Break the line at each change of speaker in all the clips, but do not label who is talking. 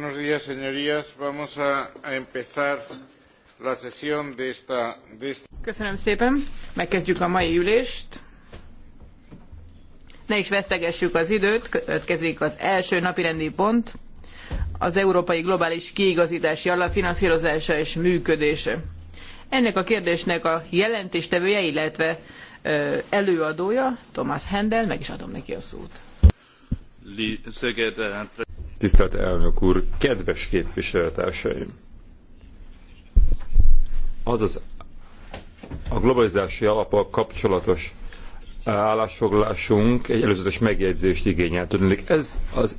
Buenos días, señorías. Vamos a, a empezar la sesión de esta,
de esta... Köszönöm szépen. Megkezdjük a mai ülést. Ne is vesztegessük az időt. Következik az első napirendi pont. Az Európai Globális Kiigazítási Alap finanszírozása és működése. Ennek a kérdésnek a jelentéstevője, illetve előadója, Thomas Hendel, meg is adom neki a szót.
Hát- Tisztelt elnök úr, kedves képviselőtársaim! Azaz a globalizási alapok kapcsolatos állásfoglalásunk egy előzetes megjegyzést igényel. Tudnék, ez az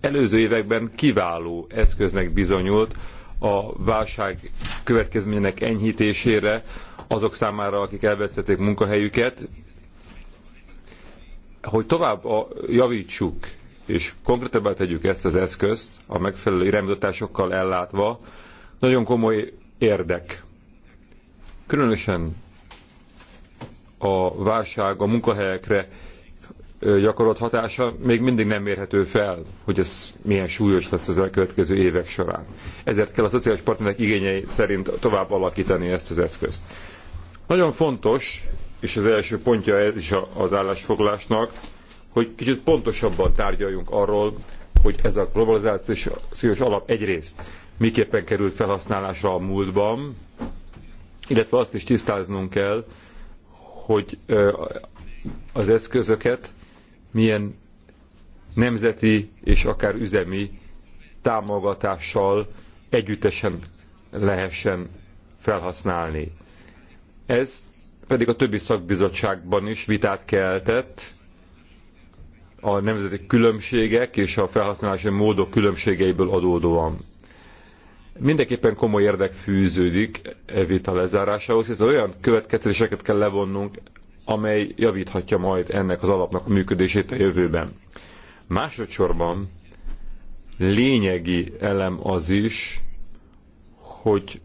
előző években kiváló eszköznek bizonyult a válság következményének enyhítésére azok számára, akik elvesztették munkahelyüket, hogy tovább a, javítsuk és konkrétabbá tegyük ezt az eszközt, a megfelelő irányítatásokkal ellátva, nagyon komoly érdek. Különösen a válság a munkahelyekre gyakorolt hatása még mindig nem mérhető fel, hogy ez milyen súlyos lesz az elkövetkező évek során. Ezért kell a szociális partnerek igényei szerint tovább alakítani ezt az eszközt. Nagyon fontos, és az első pontja ez is az állásfoglásnak, hogy kicsit pontosabban tárgyaljunk arról, hogy ez a globalizációs alap egyrészt miképpen került felhasználásra a múltban, illetve azt is tisztáznunk kell, hogy az eszközöket milyen nemzeti és akár üzemi támogatással együttesen lehessen felhasználni. Ez pedig a többi szakbizottságban is vitát keltett, a nemzeti különbségek és a felhasználási módok különbségeiből adódóan. Mindenképpen komoly érdek fűződik e vita lezárásához, hiszen olyan következtetéseket kell levonnunk, amely javíthatja majd ennek az alapnak a működését a jövőben. Másodszorban lényegi elem az is, hogy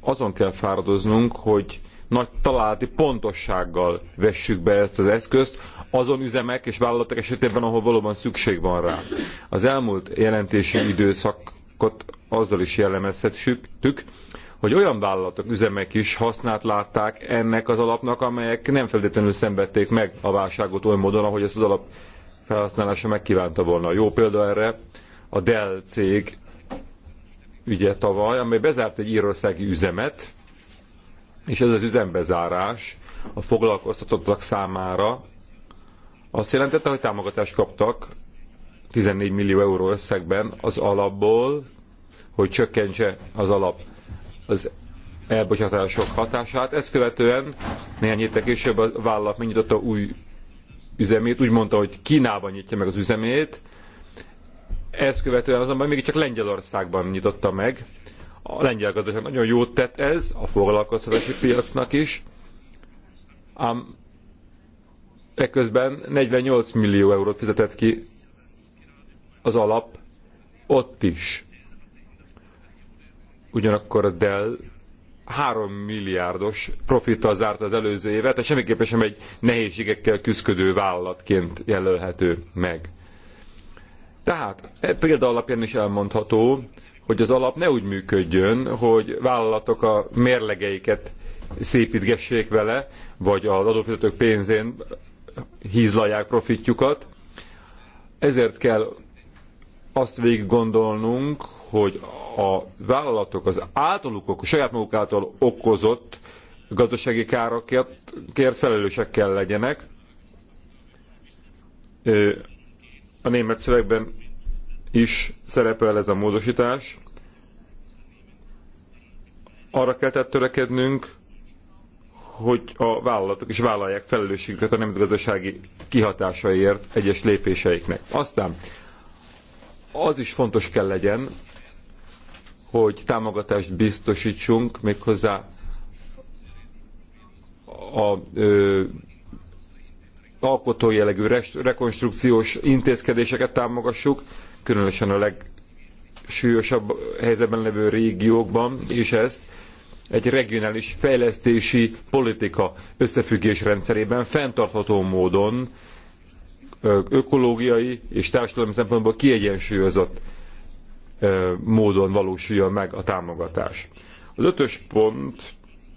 azon kell fáradoznunk, hogy nagy találati pontossággal vessük be ezt az eszközt, azon üzemek és vállalatok esetében, ahol valóban szükség van rá. Az elmúlt jelentési időszakot azzal is jellemezhetjük, hogy olyan vállalatok, üzemek is hasznát látták ennek az alapnak, amelyek nem feltétlenül szenvedték meg a válságot oly módon, ahogy ezt az alap felhasználása megkívánta volna. Jó példa erre a Dell cég ügye tavaly, amely bezárt egy írországi üzemet, és ez az üzembezárás a foglalkoztatottak számára azt jelentette, hogy támogatást kaptak 14 millió euró összegben az alapból, hogy csökkentse az alap az elbocsátások hatását. Ezt követően néhány héttel később a vállalat megnyitotta új üzemét, úgy mondta, hogy Kínában nyitja meg az üzemét. Ezt követően azonban még csak Lengyelországban nyitotta meg. A lengyel gazdaság nagyon jót tett ez, a foglalkoztatási piacnak is, ám Ekközben 48 millió eurót fizetett ki az alap ott is. Ugyanakkor a Dell 3 milliárdos profittal zárt az előző évet, tehát semmiképpen sem egy nehézségekkel küzdködő vállalatként jelölhető meg. Tehát e példa alapján is elmondható, hogy az alap ne úgy működjön, hogy vállalatok a mérlegeiket szépítgessék vele, vagy az adófizetők pénzén hízlalják profitjukat. Ezért kell azt végig gondolnunk, hogy a vállalatok az általuk, saját maguk által okozott gazdasági károkért kért felelősek kell legyenek. A német szövegben is szerepel ez a módosítás. Arra kell tehát törekednünk, hogy a vállalatok is vállalják felelősségüket a nemzetgazdasági kihatásaiért egyes lépéseiknek. Aztán az is fontos kell legyen, hogy támogatást biztosítsunk méghozzá a ö, alkotó jellegű rekonstrukciós intézkedéseket támogassuk, különösen a legsúlyosabb helyzetben levő régiókban, és ezt egy regionális fejlesztési politika összefüggés rendszerében fenntartható módon ökológiai és társadalmi szempontból kiegyensúlyozott módon valósuljon meg a támogatás. Az ötös pont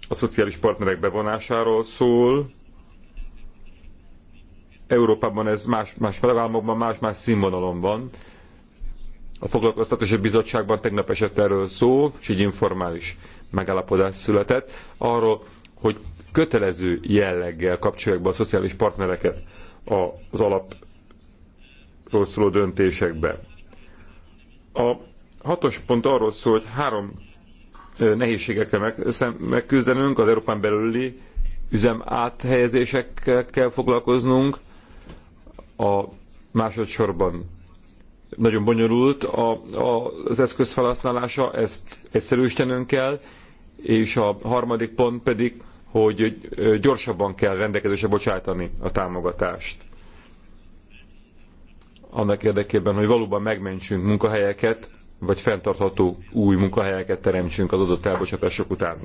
a szociális partnerek bevonásáról szól. Európában ez más, más tagállamokban más-más színvonalon van. A Foglalkoztatási Bizottságban tegnap esett erről szó, és egy informális megállapodás született arról, hogy kötelező jelleggel kapcsolják be a szociális partnereket az alapról szóló döntésekbe. A hatos pont arról szól, hogy három nehézségekkel meg, megküzdenünk, az Európán belüli üzem áthelyezésekkel kell foglalkoznunk, a másodszorban nagyon bonyolult a, a, az eszköz felhasználása, ezt egyszerűsítenünk kell, és a harmadik pont pedig, hogy gyorsabban kell rendelkezésre bocsájtani a támogatást. Annak érdekében, hogy valóban megmentsünk munkahelyeket, vagy fenntartható új munkahelyeket teremtsünk az adott elbocsátások után.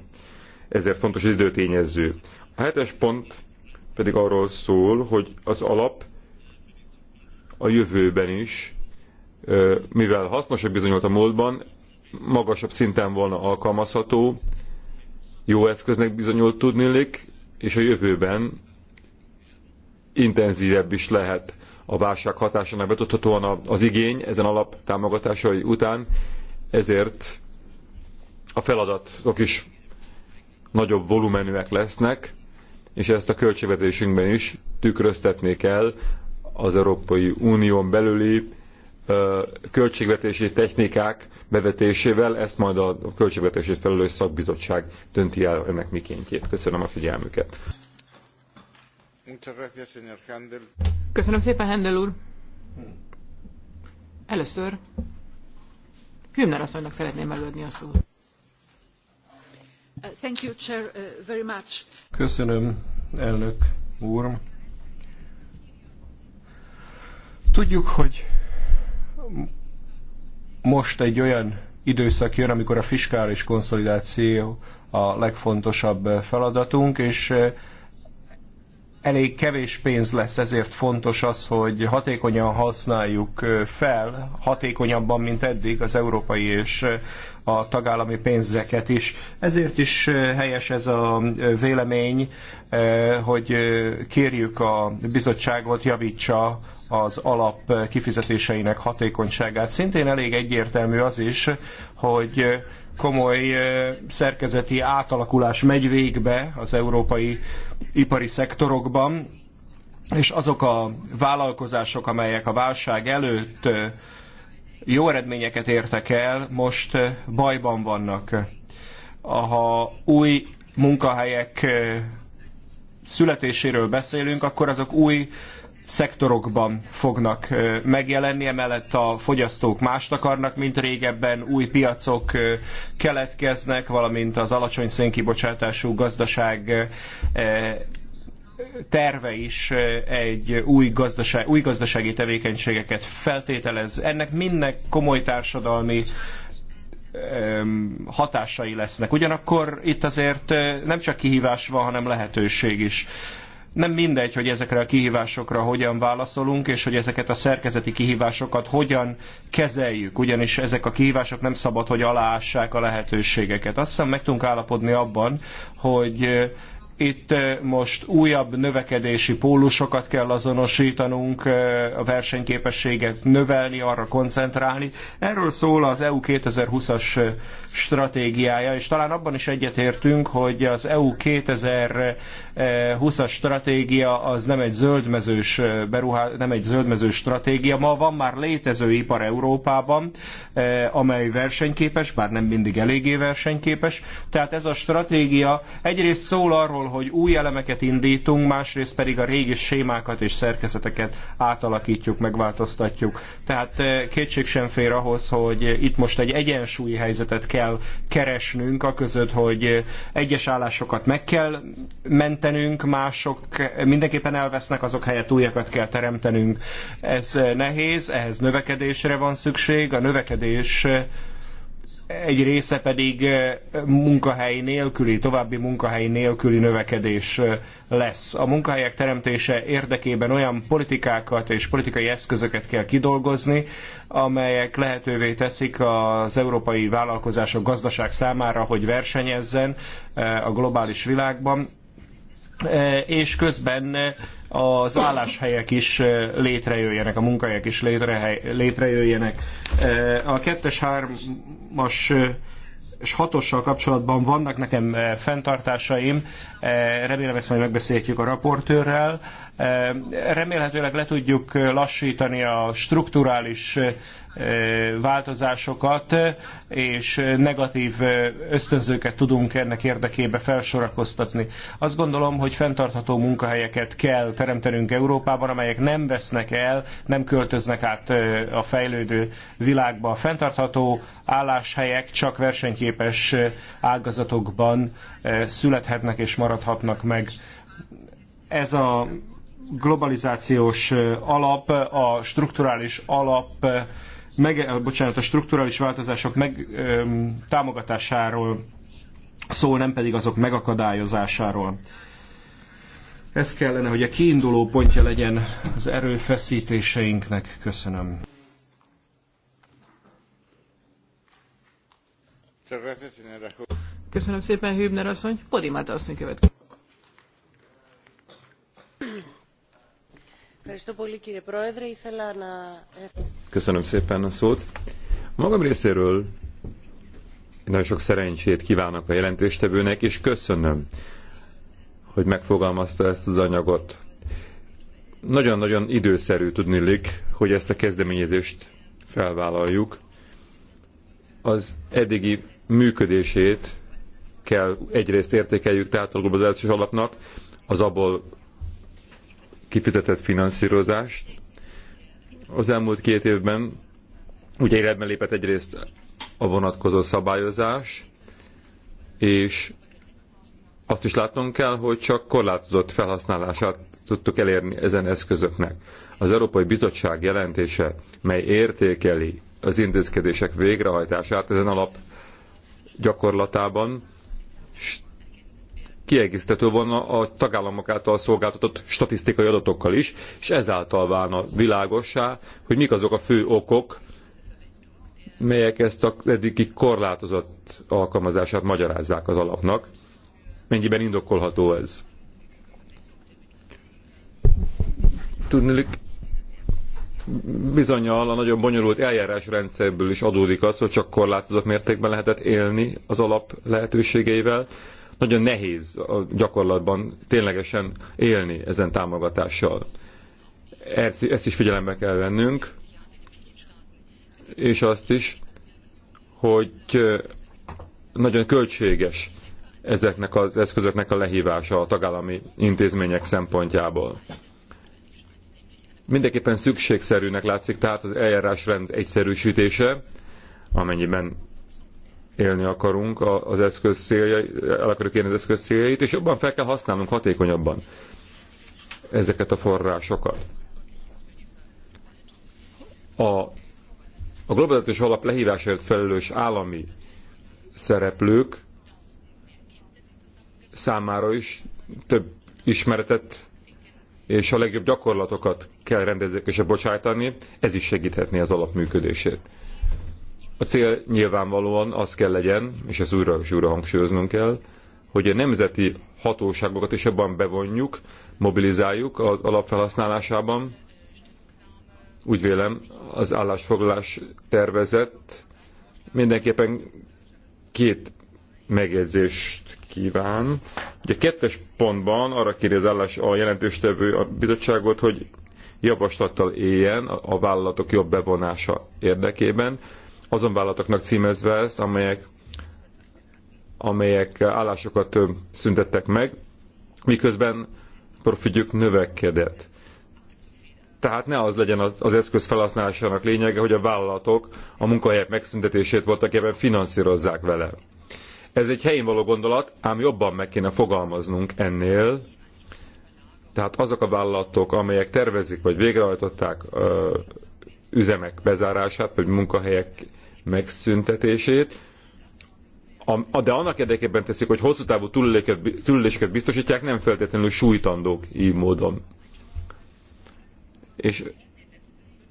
Ezért fontos az időtényező. A hetes pont pedig arról szól, hogy az alap a jövőben is, mivel hasznosabb bizonyult a múltban, magasabb szinten volna alkalmazható, jó eszköznek bizonyult tudnélik, és a jövőben intenzívebb is lehet a válság hatásának betudhatóan az igény ezen alap támogatásai után, ezért a feladatok is nagyobb volumenűek lesznek, és ezt a költségvetésünkben is tükröztetni kell az Európai Unión belüli költségvetési technikák bevetésével, ezt majd a költségvetési felelős szakbizottság dönti el ennek mikéntjét. Köszönöm a figyelmüket.
Köszönöm szépen, Hendel úr. Először Hümner asszonynak szeretném előadni a szót.
Thank you, Chair, uh, very much.
Köszönöm, elnök úr. Tudjuk, hogy most egy olyan időszak jön, amikor a fiskális konszolidáció a legfontosabb feladatunk, és elég kevés pénz lesz, ezért fontos az, hogy hatékonyan használjuk fel, hatékonyabban, mint eddig az európai és a tagállami pénzeket is. Ezért is helyes ez a vélemény, hogy kérjük a bizottságot javítsa az alap kifizetéseinek hatékonyságát. Szintén elég egyértelmű az is, hogy komoly szerkezeti átalakulás megy végbe az európai ipari szektorokban, és azok a vállalkozások, amelyek a válság előtt jó eredményeket értek el, most bajban vannak. Ha új munkahelyek születéséről beszélünk, akkor azok új szektorokban fognak megjelenni, emellett a fogyasztók mást akarnak, mint régebben, új piacok keletkeznek, valamint az alacsony szénkibocsátású gazdaság terve is egy új, gazdaság, új gazdasági tevékenységeket feltételez. Ennek mindnek komoly társadalmi hatásai lesznek. Ugyanakkor itt azért nem csak kihívás van, hanem lehetőség is nem mindegy, hogy ezekre a kihívásokra hogyan válaszolunk, és hogy ezeket a szerkezeti kihívásokat hogyan kezeljük, ugyanis ezek a kihívások nem szabad, hogy aláássák a lehetőségeket. Azt hiszem meg tudunk állapodni abban, hogy itt most újabb növekedési pólusokat kell azonosítanunk, a versenyképességet növelni, arra koncentrálni. Erről szól az EU 2020-as stratégiája, és talán abban is egyetértünk, hogy az EU 2020-as stratégia az nem egy zöldmezős beruhá, nem egy zöldmezős stratégia. Ma van már létező ipar Európában, amely versenyképes, bár nem mindig eléggé versenyképes. Tehát ez a stratégia egyrészt szól arról, arról, hogy új elemeket indítunk, másrészt pedig a régi sémákat és szerkezeteket átalakítjuk, megváltoztatjuk. Tehát eh, kétség sem fér ahhoz, hogy itt most egy egyensúlyi helyzetet kell keresnünk, aközött, hogy eh, egyes állásokat meg kell mentenünk, mások eh, mindenképpen elvesznek, azok helyett újakat kell teremtenünk. Ez nehéz, ehhez növekedésre van szükség, a növekedés egy része pedig munkahely nélküli, további munkahely nélküli növekedés lesz. A munkahelyek teremtése érdekében olyan politikákat és politikai eszközöket kell kidolgozni, amelyek lehetővé teszik az európai vállalkozások gazdaság számára, hogy versenyezzen a globális világban, Eh, és közben eh, az álláshelyek is eh, létrejöjjenek, a munkahelyek is létrejöjjenek. A 2-3-as és hatossal kapcsolatban vannak nekem fenntartásaim, remélem ezt majd megbeszélhetjük a raportőrrel. Remélhetőleg le tudjuk lassítani a strukturális változásokat, és negatív ösztönzőket tudunk ennek érdekébe felsorakoztatni. Azt gondolom, hogy fenntartható munkahelyeket kell teremtenünk Európában, amelyek nem vesznek el, nem költöznek át a fejlődő világba. A fenntartható álláshelyek csak versenyképes ágazatokban születhetnek és maradhatnak meg. Ez a globalizációs alap, a strukturális alap, meg, bocsánat, a strukturális változások meg, öm, támogatásáról szól, nem pedig azok megakadályozásáról. Ez kellene, hogy a kiinduló pontja legyen az erőfeszítéseinknek. Köszönöm.
Köszönöm szépen, Hübner asszony. Podimata asszony következik.
Köszönöm szépen a szót. magam részéről nagyon sok szerencsét kívánok a jelentéstevőnek, és köszönöm, hogy megfogalmazta ezt az anyagot. Nagyon-nagyon időszerű tudni lik, hogy ezt a kezdeményezést felvállaljuk. Az eddigi működését kell egyrészt értékeljük, tehát a globalizációs alapnak, az abból kifizetett finanszírozást. Az elmúlt két évben ugye életben lépett egyrészt a vonatkozó szabályozás, és azt is látnunk kell, hogy csak korlátozott felhasználását tudtuk elérni ezen eszközöknek. Az Európai Bizottság jelentése, mely értékeli az intézkedések végrehajtását ezen alap gyakorlatában, kiegészítető volna a tagállamok által szolgáltatott statisztikai adatokkal is, és ezáltal válna világossá, hogy mik azok a fő okok, melyek ezt a eddigi korlátozott alkalmazását magyarázzák az alapnak. Mennyiben indokolható ez? Tudnilik, bizonyal a nagyon bonyolult eljárásrendszerből is adódik az, hogy csak korlátozott mértékben lehetett élni az alap lehetőségeivel, nagyon nehéz a gyakorlatban ténylegesen élni ezen támogatással. Ezt is figyelembe kell vennünk, és azt is, hogy nagyon költséges ezeknek az eszközöknek a lehívása a tagállami intézmények szempontjából. Mindenképpen szükségszerűnek látszik tehát az eljárásrend egyszerűsítése, amennyiben élni akarunk az eszköz céljai, el akarjuk élni az eszköz céljait, és jobban fel kell használnunk hatékonyabban ezeket a forrásokat. A, a globalizációs alap lehívásért felelős állami szereplők számára is több ismeretet és a legjobb gyakorlatokat kell és bocsájtani, ez is segíthetné az alap működését. A cél nyilvánvalóan az kell legyen, és ezt újra és újra hangsúlyoznunk kell, hogy a nemzeti hatóságokat is ebben bevonjuk, mobilizáljuk az alapfelhasználásában. Úgy vélem, az állásfoglalás tervezett mindenképpen két megjegyzést kíván. Ugye a kettes pontban arra kéri az állás a jelentőstevő a bizottságot, hogy javaslattal éljen a vállalatok jobb bevonása érdekében, azon vállalatoknak címezve ezt, amelyek, amelyek állásokat szüntettek meg, miközben profitjuk növekedett. Tehát ne az legyen az, az eszköz felhasználásának lényege, hogy a vállalatok a munkahelyek megszüntetését voltak ebben finanszírozzák vele. Ez egy helyén való gondolat, ám jobban meg kéne fogalmaznunk ennél. Tehát azok a vállalatok, amelyek tervezik vagy végrehajtották üzemek bezárását, vagy munkahelyek megszüntetését, de annak érdekében teszik, hogy hosszú távú túléléseket biztosítják, nem feltétlenül sújtandók így módon. És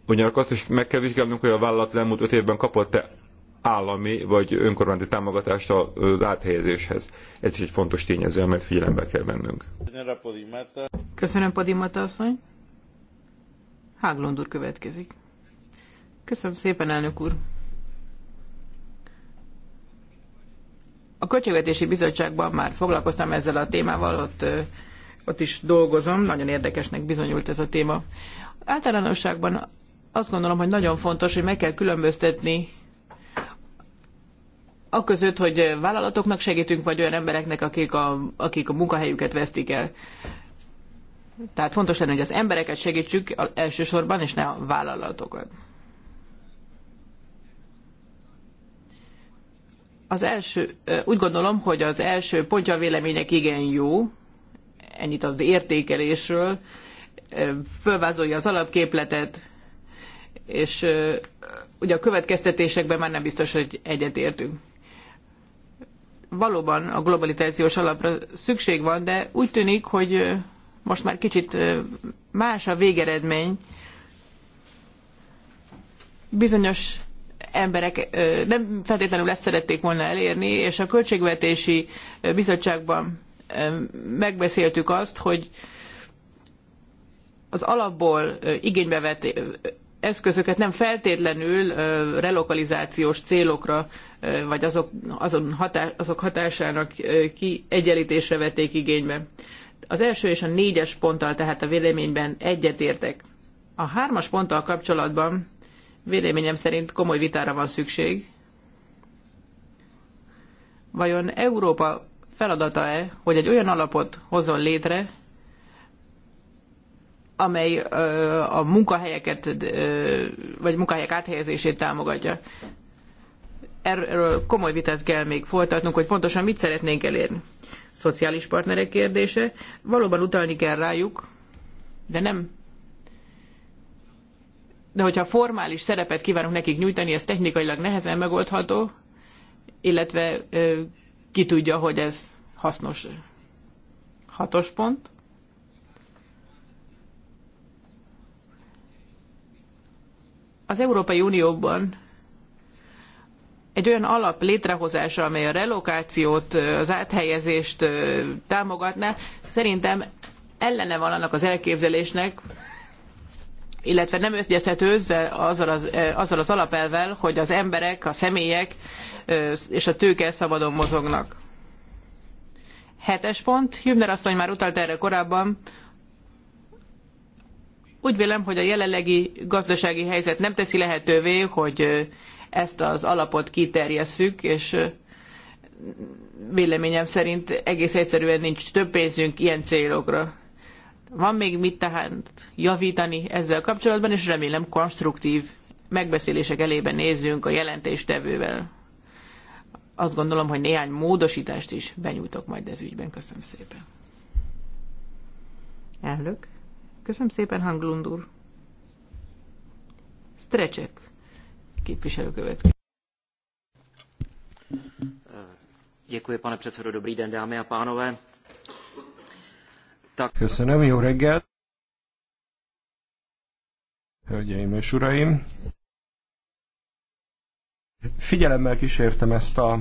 ugyanakkor azt is meg kell vizsgálnunk, hogy a vállalat az elmúlt öt évben kapott-e állami vagy önkormányzati támogatást az áthelyezéshez. Ez is egy fontos tényező, amelyet figyelembe kell vennünk.
Köszönöm, Podimata asszony. Háglond úr következik. Köszönöm szépen, elnök úr. A Költségvetési Bizottságban már foglalkoztam ezzel a témával, ott, ott is dolgozom, nagyon érdekesnek bizonyult ez a téma. Általánosságban azt gondolom, hogy nagyon fontos, hogy meg kell különböztetni aközött, hogy vállalatoknak segítünk, vagy olyan embereknek, akik a, akik a munkahelyüket vesztik el. Tehát fontos lenne, hogy az embereket segítsük elsősorban, és ne a vállalatokat. Az első, úgy gondolom, hogy az első pontja a vélemények igen jó, ennyit az értékelésről, fölvázolja az alapképletet, és ugye a következtetésekben már nem biztos, hogy egyetértünk. Valóban a globalizációs alapra szükség van, de úgy tűnik, hogy most már kicsit más a végeredmény. Bizonyos emberek nem feltétlenül ezt szerették volna elérni, és a Költségvetési Bizottságban megbeszéltük azt, hogy az alapból igénybe vett eszközöket nem feltétlenül relokalizációs célokra, vagy azok, azon hatás, azok hatásának kiegyenlítésre vették igénybe. Az első és a négyes ponttal tehát a véleményben egyetértek. A hármas ponttal kapcsolatban véleményem szerint komoly vitára van szükség. Vajon Európa feladata-e, hogy egy olyan alapot hozzon létre, amely a munkahelyeket, vagy munkahelyek áthelyezését támogatja. Erről komoly vitát kell még folytatnunk, hogy pontosan mit szeretnénk elérni. Szociális partnerek kérdése. Valóban utalni kell rájuk, de nem de hogyha formális szerepet kívánunk nekik nyújtani, ez technikailag nehezen megoldható, illetve ki tudja, hogy ez hasznos. Hatos pont. Az Európai Unióban egy olyan alap létrehozása, amely a relokációt, az áthelyezést támogatná, szerintem ellene van annak az elképzelésnek, illetve nem összegyezhető azzal az, e, azzal az alapelvel, hogy az emberek, a személyek e, és a tőke szabadon mozognak. Hetes pont, Hübner asszony már utalt erre korábban, úgy vélem, hogy a jelenlegi gazdasági helyzet nem teszi lehetővé, hogy e, ezt az alapot kiterjesszük, és véleményem szerint egész egyszerűen nincs több pénzünk ilyen célokra. Van még mit tehát javítani ezzel kapcsolatban, és remélem konstruktív megbeszélések elébe nézzünk a jelentéstevővel. Azt gondolom, hogy néhány módosítást is benyújtok majd ez ügyben. Köszönöm szépen. Elnök. Köszönöm szépen, Hanglund úr. Strecek képviselő következő. Děkuji, pane předsedo. Dobrý den, dámy a pánové.
Köszönöm, jó reggelt! Hölgyeim és uraim! Figyelemmel kísértem ezt a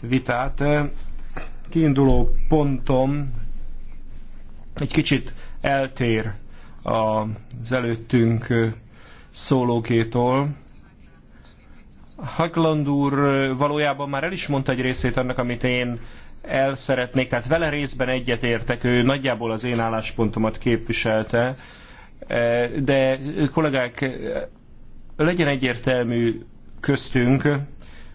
vitát. Kiinduló pontom egy kicsit eltér az előttünk szólókétól. Hagland úr valójában már el is mondta egy részét annak, amit én el szeretnék, tehát vele részben egyetértek, ő nagyjából az én álláspontomat képviselte, e, de kollégák, legyen egyértelmű köztünk,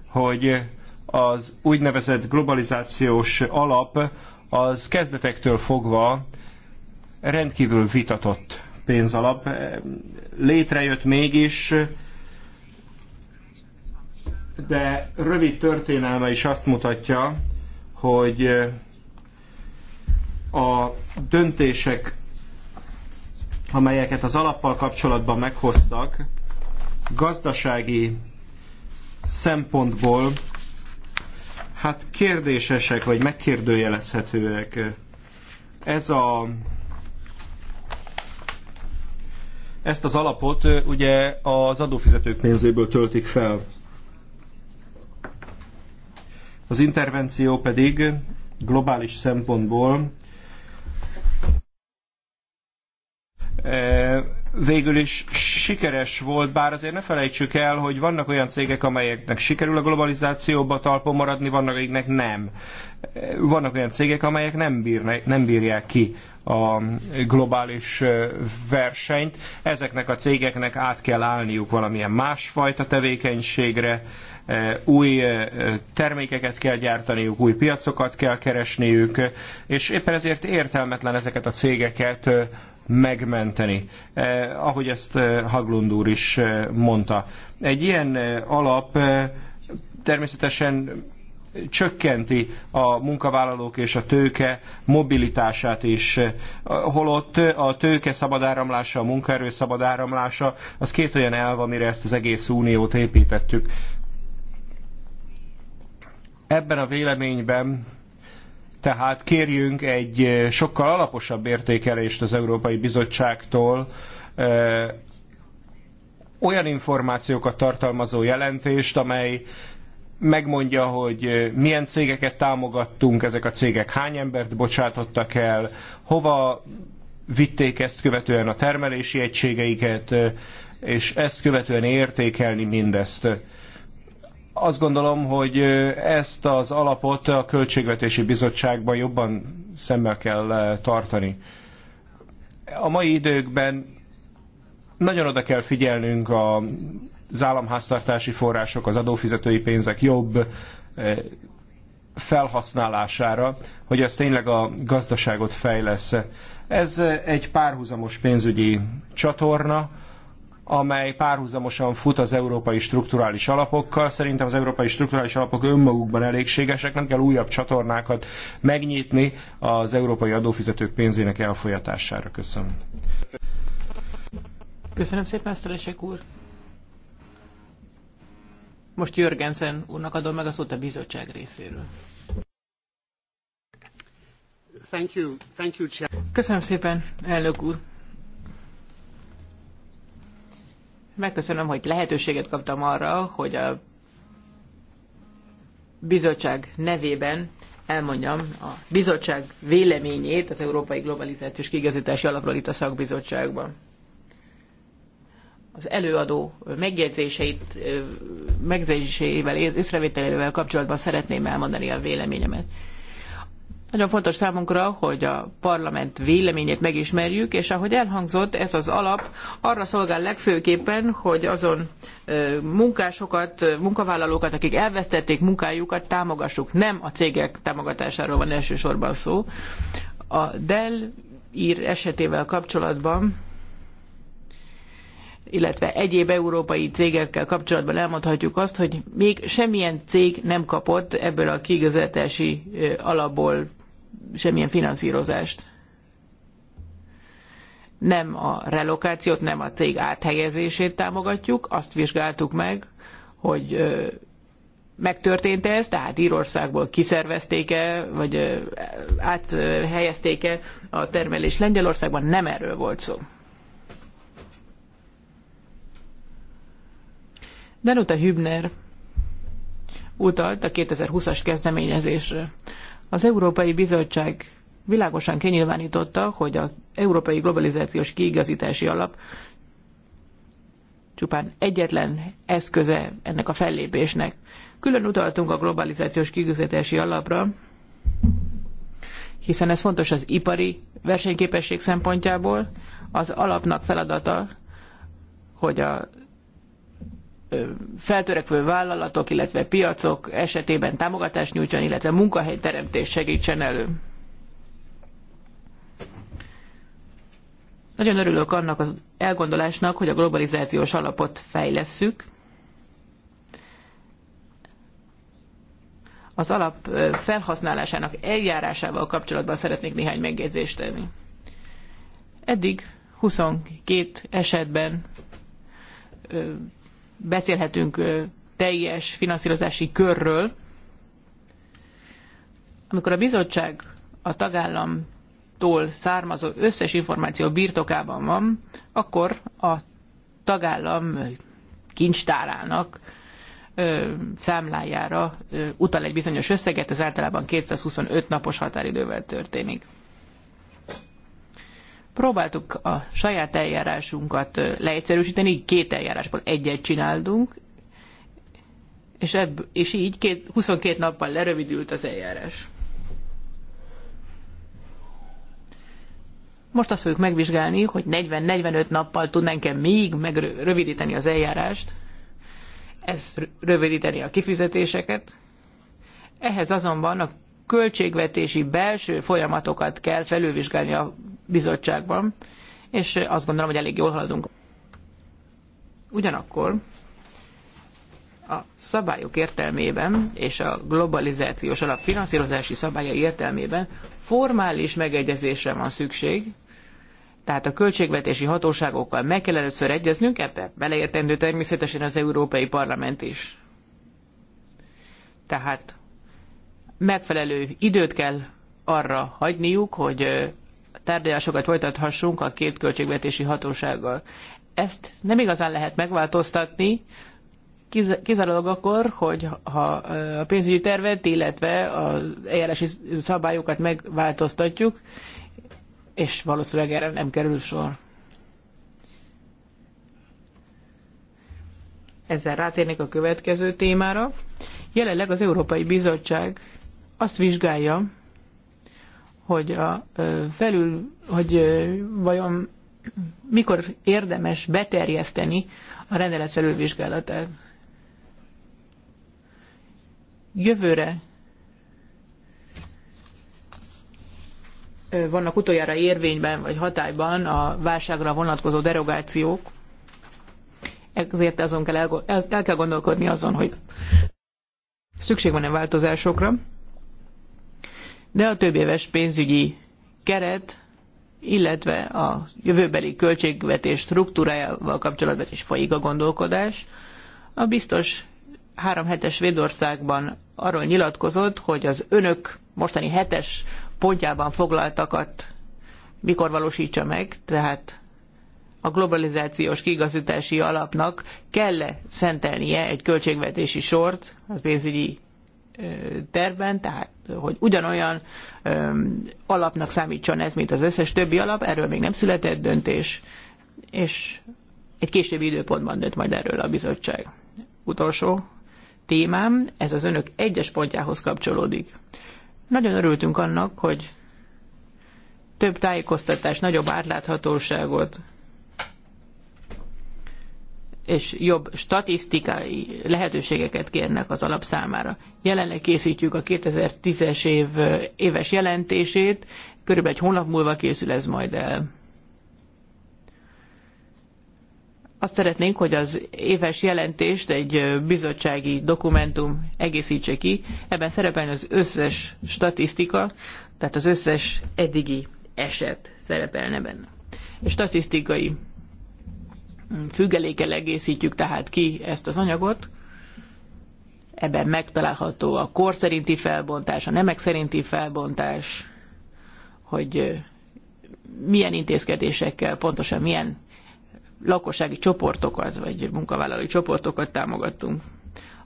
hogy az úgynevezett globalizációs alap az kezdetektől fogva rendkívül vitatott pénzalap. E, létrejött mégis, de rövid történelme is azt mutatja, hogy a döntések, amelyeket az alappal kapcsolatban meghoztak, gazdasági szempontból hát kérdésesek, vagy megkérdőjelezhetőek. Ez a ezt az alapot ugye az adófizetők pénzéből töltik fel. Az intervenció pedig globális szempontból E, végül is sikeres volt, bár azért ne felejtsük el, hogy vannak olyan cégek, amelyeknek sikerül a globalizációba talpon maradni, vannak, akiknek nem. E, vannak olyan cégek, amelyek nem, bírne, nem bírják ki a globális e, versenyt. Ezeknek a cégeknek át kell állniuk valamilyen másfajta tevékenységre, új termékeket kell gyártaniuk, új piacokat kell keresniük, és éppen ezért értelmetlen ezeket a cégeket megmenteni. Eh, ahogy ezt eh, Haglund úr is eh, mondta. Egy ilyen eh, alap eh, természetesen csökkenti a munkavállalók és a tőke mobilitását is. Eh, holott eh, a tőke szabad áramlása, a munkaerő szabad áramlása, az két olyan elv, amire ezt az egész uniót építettük. Ebben a véleményben tehát kérjünk egy sokkal alaposabb értékelést az Európai Bizottságtól, olyan információkat tartalmazó jelentést, amely megmondja, hogy milyen cégeket támogattunk, ezek a cégek hány embert bocsátottak el, hova vitték ezt követően a termelési egységeiket, és ezt követően értékelni mindezt azt gondolom, hogy ezt az alapot a Költségvetési Bizottságban jobban szemmel kell tartani. A mai időkben nagyon oda kell figyelnünk a, az államháztartási források, az adófizetői pénzek jobb felhasználására, hogy ez tényleg a gazdaságot fejlesz. Ez egy párhuzamos pénzügyi csatorna, amely párhuzamosan fut az európai strukturális alapokkal. Szerintem az európai strukturális alapok önmagukban elégségesek, nem kell újabb csatornákat megnyitni az európai adófizetők pénzének elfolyatására. Köszönöm.
Köszönöm szépen, Sztelesek úr. Most Jörgensen úrnak adom meg a szót a bizottság részéről. Köszönöm szépen, elnök úr. Megköszönöm, hogy lehetőséget kaptam arra, hogy a bizottság nevében elmondjam a bizottság véleményét az Európai Globalizációs Kigazítási Alapról itt a szakbizottságban. Az előadó megjegyzéseit, megjegyzéseivel, észrevételével kapcsolatban szeretném elmondani a véleményemet. Nagyon fontos számunkra, hogy a parlament véleményét megismerjük, és ahogy elhangzott, ez az alap arra szolgál legfőképpen, hogy azon munkásokat, munkavállalókat, akik elvesztették munkájukat, támogassuk. Nem a cégek támogatásáról van elsősorban szó. A Dell ír esetével kapcsolatban illetve egyéb európai cégekkel kapcsolatban elmondhatjuk azt, hogy még semmilyen cég nem kapott ebből a kigazetási alapból semmilyen finanszírozást. Nem a relokációt, nem a cég áthelyezését támogatjuk, azt vizsgáltuk meg, hogy megtörtént e ez, tehát Írországból kiszervezték-e, vagy áthelyezték-e a termelés Lengyelországban, nem erről volt szó. Danuta Hübner utalt a 2020-as kezdeményezésre. Az Európai Bizottság világosan kinyilvánította, hogy az Európai Globalizációs Kiigazítási Alap csupán egyetlen eszköze ennek a fellépésnek. Külön utaltunk a globalizációs kiigazítási alapra, hiszen ez fontos az ipari versenyképesség szempontjából. Az alapnak feladata, hogy a feltörekvő vállalatok, illetve piacok esetében támogatást nyújtson, illetve munkahelyteremtés segítsen elő. Nagyon örülök annak az elgondolásnak, hogy a globalizációs alapot fejlesszük. Az alap felhasználásának eljárásával kapcsolatban szeretnék néhány megjegyzést tenni. Eddig 22 esetben beszélhetünk teljes finanszírozási körről. Amikor a bizottság a tagállamtól származó összes információ birtokában van, akkor a tagállam kincstárának ö, számlájára ö, utal egy bizonyos összeget, ez általában 225 napos határidővel történik. Próbáltuk a saját eljárásunkat leegyszerűsíteni, két eljárásból egyet csináltunk, és, ebb, és így két, 22 nappal lerövidült az eljárás. Most azt fogjuk megvizsgálni, hogy 40-45 nappal tudnánk-e még megrövidíteni az eljárást, ez rövidíteni a kifizetéseket. Ehhez azonban a költségvetési belső folyamatokat kell felülvizsgálni a bizottságban, és azt gondolom, hogy elég jól haladunk. Ugyanakkor a szabályok értelmében és a globalizációs alap finanszírozási szabályai értelmében formális megegyezésre van szükség, tehát a költségvetési hatóságokkal meg kell először egyeznünk, ebbe beleértendő természetesen az Európai Parlament is. Tehát megfelelő időt kell arra hagyniuk, hogy tárgyalásokat folytathassunk a két költségvetési hatósággal. Ezt nem igazán lehet megváltoztatni, kizárólag akkor, hogy ha a pénzügyi tervet, illetve az eljárási szabályokat megváltoztatjuk, és valószínűleg erre nem kerül sor. Ezzel rátérnék a következő témára. Jelenleg az Európai Bizottság azt vizsgálja, hogy a felül, hogy vajon mikor érdemes beterjeszteni a rendelet felülvizsgálatát. Jövőre vannak utoljára érvényben vagy hatályban a válságra vonatkozó derogációk, ezért azon kell el, el kell gondolkodni azon, hogy szükség van-e változásokra de a több éves pénzügyi keret, illetve a jövőbeli költségvetés struktúrájával kapcsolatban is folyik a gondolkodás. A biztos három hetes Védországban arról nyilatkozott, hogy az önök mostani hetes pontjában foglaltakat mikor valósítsa meg, tehát a globalizációs kigazítási alapnak kell -e szentelnie egy költségvetési sort a pénzügyi tervben, tehát hogy ugyanolyan alapnak számítson ez, mint az összes többi alap, erről még nem született döntés, és egy későbbi időpontban dönt majd erről a bizottság. Utolsó témám, ez az önök egyes pontjához kapcsolódik. Nagyon örültünk annak, hogy több tájékoztatás, nagyobb átláthatóságot és jobb statisztikai lehetőségeket kérnek az alap számára. Jelenleg készítjük a 2010-es év éves jelentését, körülbelül egy hónap múlva készül ez majd el. Azt szeretnénk, hogy az éves jelentést egy bizottsági dokumentum egészítse ki. Ebben szerepelne az összes statisztika, tehát az összes eddigi eset szerepelne benne. statisztikai függelékkel egészítjük tehát ki ezt az anyagot. Ebben megtalálható a kor szerinti felbontás, a nemek szerinti felbontás, hogy milyen intézkedésekkel, pontosan milyen lakossági csoportokat, vagy munkavállalói csoportokat támogattunk.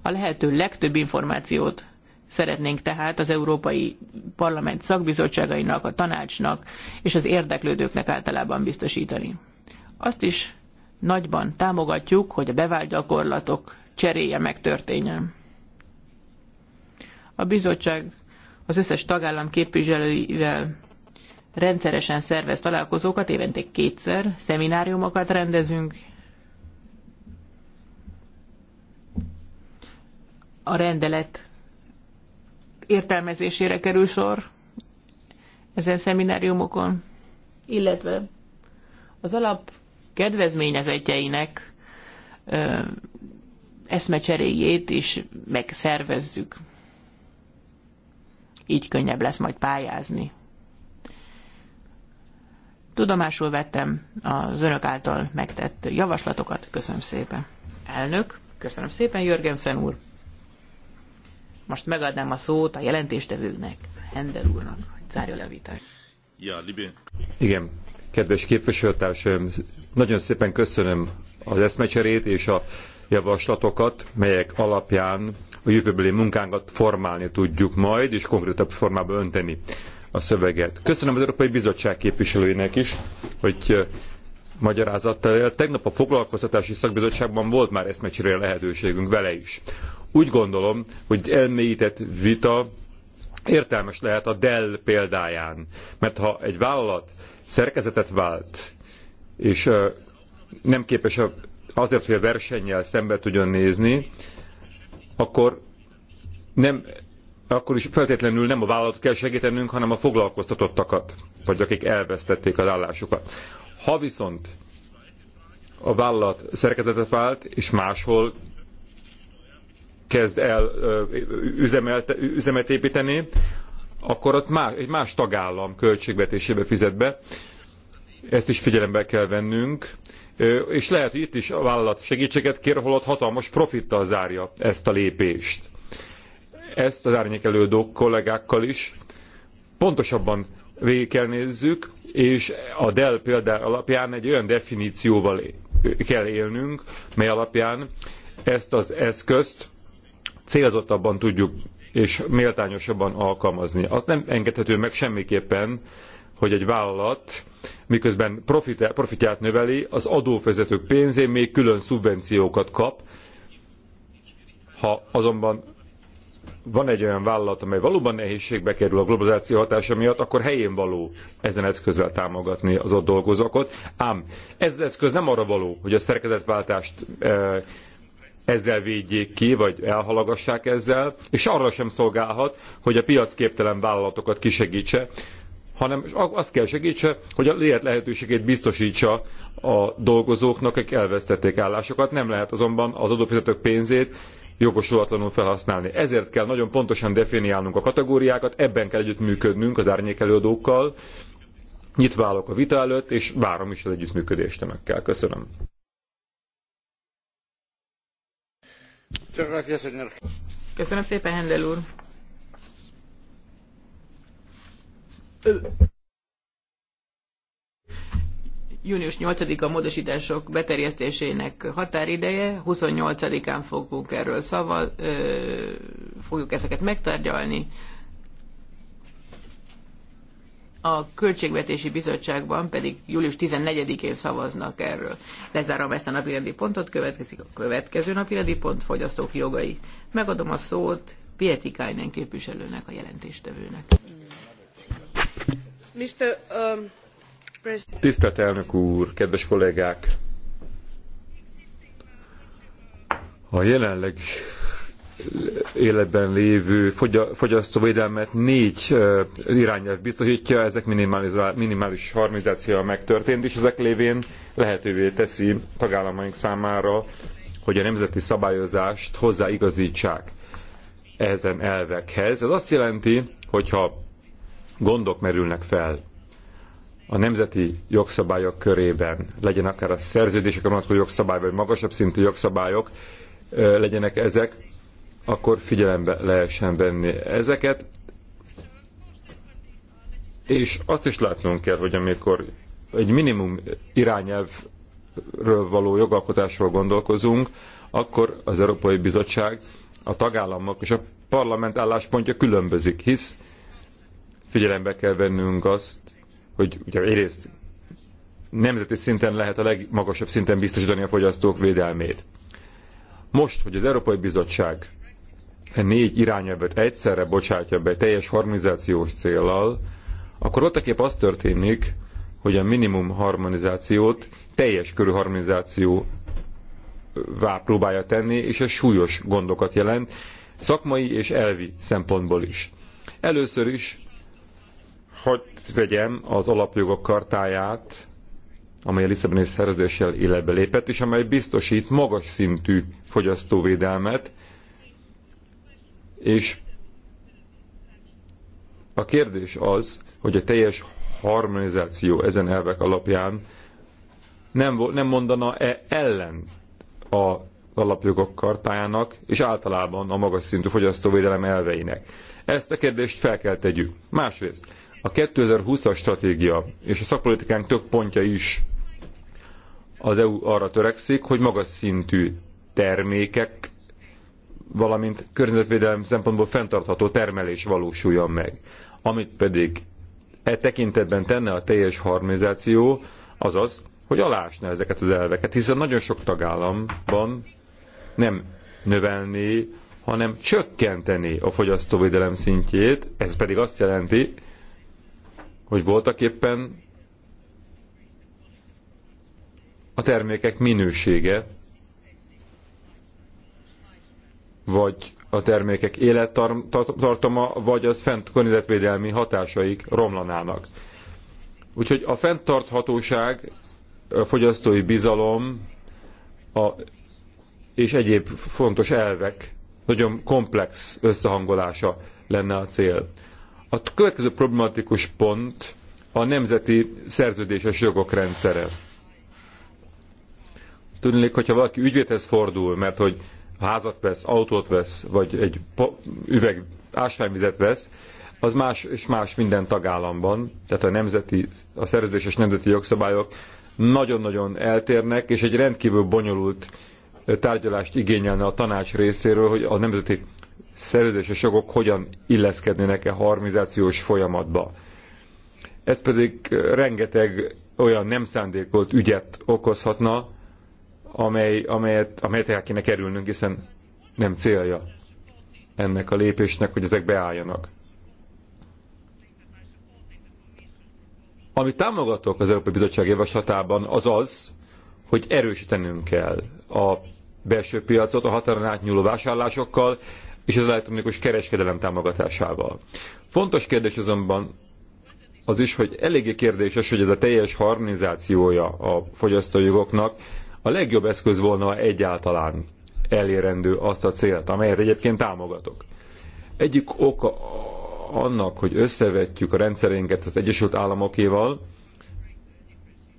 A lehető legtöbb információt szeretnénk tehát az Európai Parlament szakbizottságainak, a tanácsnak és az érdeklődőknek általában biztosítani. Azt is nagyban támogatjuk, hogy a bevált gyakorlatok cseréje megtörténjen. A bizottság az összes tagállam képviselőivel rendszeresen szervez találkozókat, évente kétszer, szemináriumokat rendezünk. A rendelet értelmezésére kerül sor ezen szemináriumokon, illetve az alap kedvezményezetjeinek eszmecseréjét is megszervezzük. Így könnyebb lesz majd pályázni. Tudomásul vettem az önök által megtett javaslatokat. Köszönöm szépen. Elnök, köszönöm szépen, Jörgensen úr. Most megadnám a szót a jelentéstevőknek, Hender úrnak, hogy zárja le a vitát.
Ja, Libé. Igen, Kedves képviselőtársaim, nagyon szépen köszönöm az eszmecserét és a javaslatokat, melyek alapján a jövőbeli munkánkat formálni tudjuk majd, és konkrétabb formába önteni a szöveget. Köszönöm az Európai Bizottság képviselőinek is, hogy magyarázattal él. Tegnap a foglalkoztatási szakbizottságban volt már eszmecsére lehetőségünk vele is. Úgy gondolom, hogy elmélyített vita értelmes lehet a Dell példáján. Mert ha egy vállalat szerkezetet vált, és nem képes azért, hogy a versennyel szembe tudjon nézni, akkor nem akkor is feltétlenül nem a vállalatot kell segítenünk, hanem a foglalkoztatottakat, vagy akik elvesztették az állásukat. Ha viszont a vállalat szerkezetet vált, és máshol kezd el üzemet, üzemet építeni, akkor ott más, egy más tagállam költségvetésébe fizet be. Ezt is figyelembe kell vennünk. És lehet, hogy itt is a vállalat segítséget kér, holott hatalmas profittal zárja ezt a lépést. Ezt az árnyékelődő kollégákkal is pontosabban végig kell nézzük, és a Dell példá alapján egy olyan definícióval kell élnünk, mely alapján ezt az eszközt célzottabban tudjuk és méltányosabban alkalmazni. Az nem engedhető meg semmiképpen, hogy egy vállalat miközben profitját növeli, az adófizetők pénzén még külön szubvenciókat kap. Ha azonban van egy olyan vállalat, amely valóban nehézségbe kerül a globalizáció hatása miatt, akkor helyén való ezen eszközzel támogatni az ott dolgozókat. Ám ez az eszköz nem arra való, hogy a szerkezetváltást eh, ezzel védjék ki, vagy elhalagassák ezzel, és arra sem szolgálhat, hogy a piacképtelen vállalatokat kisegítse, hanem azt kell segítse, hogy a lélet lehetőségét biztosítsa a dolgozóknak, akik elvesztették állásokat. Nem lehet azonban az adófizetők pénzét jogosulatlanul felhasználni. Ezért kell nagyon pontosan definiálnunk a kategóriákat, ebben kell együttműködnünk az árnyékelőadókkal. Nyitva állok a vita előtt, és várom is az együttműködést önökkel. Köszönöm.
Köszönöm szépen, Hendel úr. Június 8-a módosítások beterjesztésének határideje, 28-án fogunk erről szaval, ö, fogjuk ezeket megtárgyalni a Költségvetési Bizottságban pedig július 14-én szavaznak erről. Lezárom ezt a napirendi pontot, következik a következő napirendi pont, fogyasztók jogai. Megadom a szót Pietikainen képviselőnek, a jelentéstevőnek.
Mr. Um,
Tisztelt elnök úr, kedves kollégák! A jelenleg életben lévő fogyasztóvédelmet négy irányelv biztosítja, ezek minimális harmonizáció megtörtént, és ezek lévén lehetővé teszi tagállamaink számára, hogy a nemzeti szabályozást hozzáigazítsák ezen elvekhez. Ez azt jelenti, hogyha gondok merülnek fel a nemzeti jogszabályok körében, legyen akár a szerződésekre vonatkozó jogszabály, vagy magasabb szintű jogszabályok, legyenek ezek, akkor figyelembe lehessen venni ezeket. És azt is látnunk kell, hogy amikor egy minimum irányelvről való jogalkotásról gondolkozunk, akkor az Európai Bizottság, a tagállamok és a parlament álláspontja különbözik, hisz figyelembe kell vennünk azt, hogy ugye egyrészt nemzeti szinten lehet a legmagasabb szinten biztosítani a fogyasztók védelmét. Most, hogy az Európai Bizottság négy irányelvet egyszerre bocsátja be teljes harmonizációs célral, akkor kép az történik, hogy a minimum harmonizációt teljes körű harmonizáció próbálja tenni, és ez súlyos gondokat jelent, szakmai és elvi szempontból is. Először is hogy vegyem az alapjogok kartáját, amely a Lisszaboni szerződéssel életbe lépett, és amely biztosít magas szintű fogyasztóvédelmet, és a kérdés az, hogy a teljes harmonizáció ezen elvek alapján nem, nem mondana-e ellen a alapjogok kartájának, és általában a magas szintű fogyasztóvédelem elveinek. Ezt a kérdést fel kell tegyük. Másrészt, a 2020-as stratégia és a szakpolitikánk több pontja is az EU arra törekszik, hogy magas szintű termékek valamint környezetvédelem szempontból fenntartható termelés valósuljon meg. Amit pedig e tekintetben tenne a teljes harmonizáció, az az, hogy alásna ezeket az elveket, hiszen nagyon sok tagállamban nem növelni, hanem csökkenteni a fogyasztóvédelem szintjét, ez pedig azt jelenti, hogy voltak éppen a termékek minősége vagy a termékek élettartama, vagy az fent környezetvédelmi hatásaik romlanának. Úgyhogy a fenntarthatóság, a fogyasztói bizalom a, és egyéb fontos elvek nagyon komplex összehangolása lenne a cél. A következő problematikus pont a nemzeti szerződéses jogok rendszere. Tudnék, hogyha valaki ügyvédhez fordul, mert hogy házat vesz, autót vesz, vagy egy üveg ásványvizet vesz, az más és más minden tagállamban, tehát a nemzeti, a szerződéses nemzeti jogszabályok nagyon-nagyon eltérnek, és egy rendkívül bonyolult tárgyalást igényelne a tanács részéről, hogy a nemzeti szerződéses jogok hogyan illeszkednének-e harmonizációs folyamatba. Ez pedig rengeteg olyan nem szándékolt ügyet okozhatna, amely, amelyet, amelyet el kéne kerülnünk, hiszen nem célja ennek a lépésnek, hogy ezek beálljanak. Amit támogatok az Európai Bizottság javaslatában, az az, hogy erősítenünk kell a belső piacot a határon átnyúló vásárlásokkal és az elektronikus kereskedelem támogatásával. Fontos kérdés azonban az is, hogy eléggé kérdéses, hogy ez a teljes harmonizációja a fogyasztójogoknak, a legjobb eszköz volna egyáltalán elérendő azt a célt, amelyet egyébként támogatok. Egyik oka annak, hogy összevetjük a rendszerénket az Egyesült Államokéval,